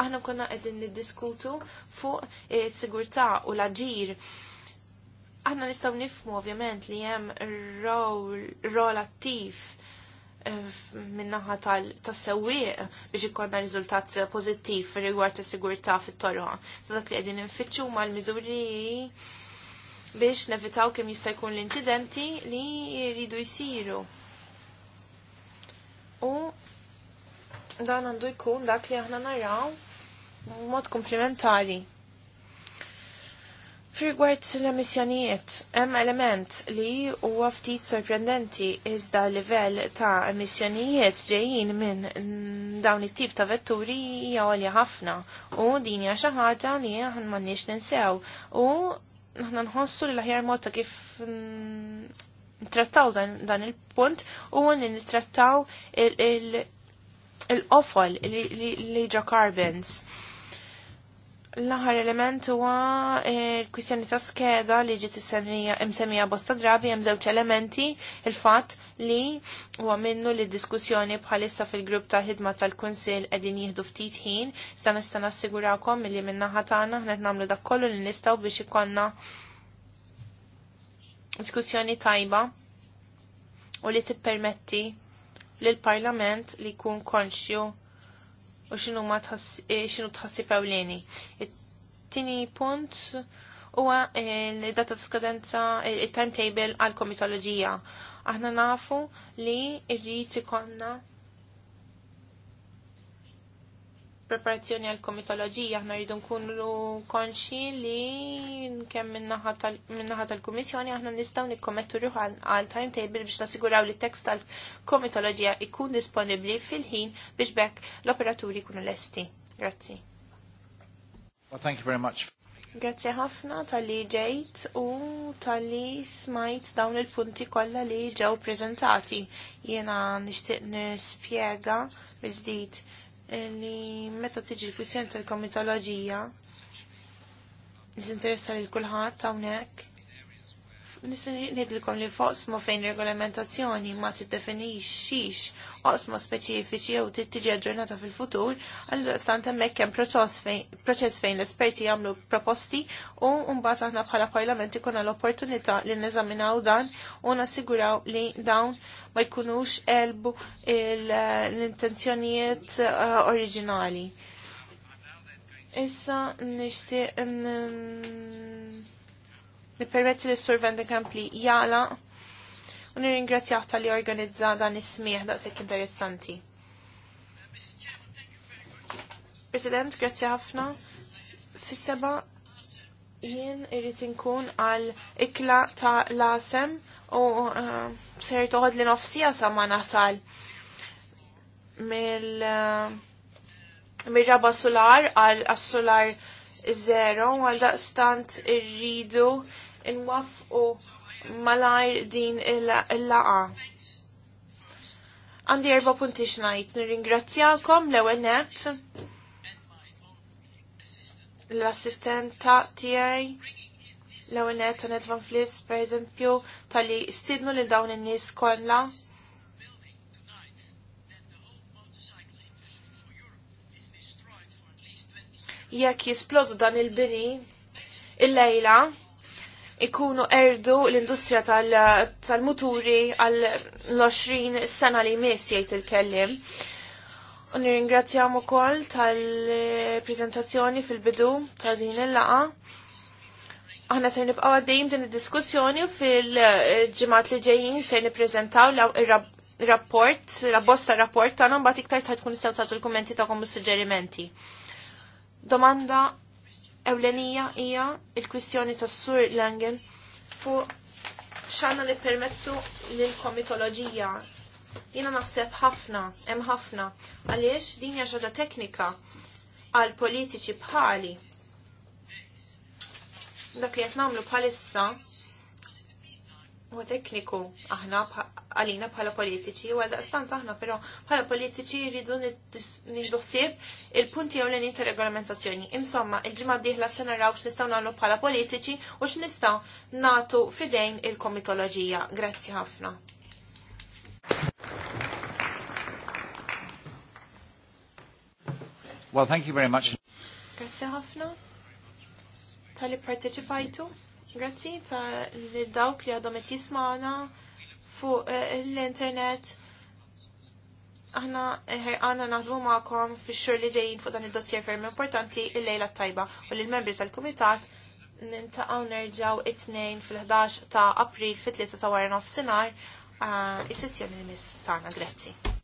Aħna konna qegħdin niddiskutu fuq is-sigurtà u l-aġir. Aħna nistgħu nifmu ovvjament li hemm rol attiv minnaħa tal-sewwieq biex ikonna riżultat pożittiv rigward tas sigurtà fit-toroq. Sa dak li qegħdin infittxu mal-miżuri biex nevitaw kemm jista' jkun l-inċidenti li jridu jsiru. U dan għandu jkun dak li aħna naraw mod komplementari Firgward l-emissjonijiet, hemm element li huwa ftit sorprendenti iżda livell ta' emissjonijiet ġejjin minn dawn it-tip ta' vetturi hija għolja ħafna u din hija xi ħaġa li aħna m'għandniex ninsew u aħna nħossu li l-aħjar mod ta' kif mm, nittrattaw dan il-punt u li nittrattaw il-qofol li ġo carbons. L-aħħar element huwa eh, l-kwistjoni ta' skeda li ġiet imsemmija bosta drabi hemm żewġ elementi il-fatt li huwa minnu li diskussjoni bħalissa fil-grupp ta' ħidma tal-Kunsill qegħdin jieħdu ftit ħin, sa nista' nassigurakom milli min-naħa tagħna ħnet nagħmlu dak kollu li nistgħu biex ikollna diskussjoni tajba u li tippermetti lill-Parlament li jkun konxju u xinu ma e, xinu tħassib it e, Tini punt huwa il e, data skadenza il-timetable għal komitoloġija. Aħna nafu li irrid ikonna preparazzjoni għal komitoloġija aħna rridu nkunu konxi li kemm minnaħa tal-Kummissjoni aħna nistgħu nikkommettu ruħ għal timetable biex nasiguraw li tekst tal-komitoloġija ikun disponibbli fil-ħin biex bekk l-operaturi jkunu lesti. Grazzi. Well, thank you very much. Grazzi ħafna tal-li ġejt u tal-li smajt dawn il-punti kollha li ġew prezentati. Jiena nixtieq nispjega bil ġdid li meta tiġi l-kwistjoni tal-komitoloġija, nisinteressa li kulħadd hawnhekk Nidilkom li fosmo fejn regolamentazzjoni ma tiddefinixxix osma speċifiċi jew tiġi aġġornata fil-futur, allura stant hemmhekk hemm proċess fejn l-esperti jagħmlu proposti u mbagħad aħna bħala parlament ikun l-opportunità li neżaminaw dan u nassiguraw li dawn ma jkunux elbu l-intenzjonijiet eh, oriġinali. Issa nixtieq Nipermetti li s survent Vandekamp jala u nirringrazzjaħ tal-li organizza dan da' daqshekk interessanti. President, grazzi ħafna. Fis-seba jien irrid inkun għal ikla ta' lasem u uh, ser toħod li nofsija sa ma nasal mill uh, raba solar għal solar zero għal daqstant irridu u malajr din il-laqa. Għandi erba punti xnajt, nirringrazzjakom l ewwel l-assistenta tiegħi l ewenet net Van Flis, per eżempju, tal-li stidnu li dawn in-nies kollha. Jekk jisplodu dan il-bini il-lejla, ikunu erdu l-industrija tal-muturi għal l-20 sena li mis jgħid il-kellim. U nirringrazzjam ukoll tal-prezentazzjoni fil-bidu ta' din il-laqa. Aħna se nibqgħu għaddejjim din id-diskussjoni fil-ġimgħat li ġejjin se nippreżentaw rapport, la bosta rapport tagħna mbagħad iktar ta' tkun tistgħu tagħtu l-kummenti tagħkom u suġġerimenti. Domanda ewlenija hija il-kwistjoni tas sur Langen fuq xanna li permettu l-komitoloġija. Jina naħseb ħafna, hemm ħafna, għaliex din hija xaġa teknika għal politiċi bħali. Dak li qed nagħmlu bħalissa u tekniku aħna għalina bħala politiċi u għal-daqstant aħna pero bħala politiċi rridu niddossib il-punti għu l-nin regolamentazzjoni. Insomma, il-ġimma diħla sena raw nistaw nagħmlu bħala politiċi u x'nistgħu natu fidejn il-komitoloġija. Grazzi ħafna. Well, thank you very much. Grazzi ħafna. Tali parteċipajtu. Grazzi ta' l dawk li għadhom qed jismana fuq eh, l-internet. Aħna ħerqana naħdmu magħkom fix-xhur li ġejjin fuq dan id-dossier ferm importanti il-lejla tajba u lill membri tal-kumitat nintaqgħu nerġgħu it-tnejn fil-11 ta' April fit tlieta ta' wara nofsinhar ah, is-sessjoni li miss tagħna. Grazzi.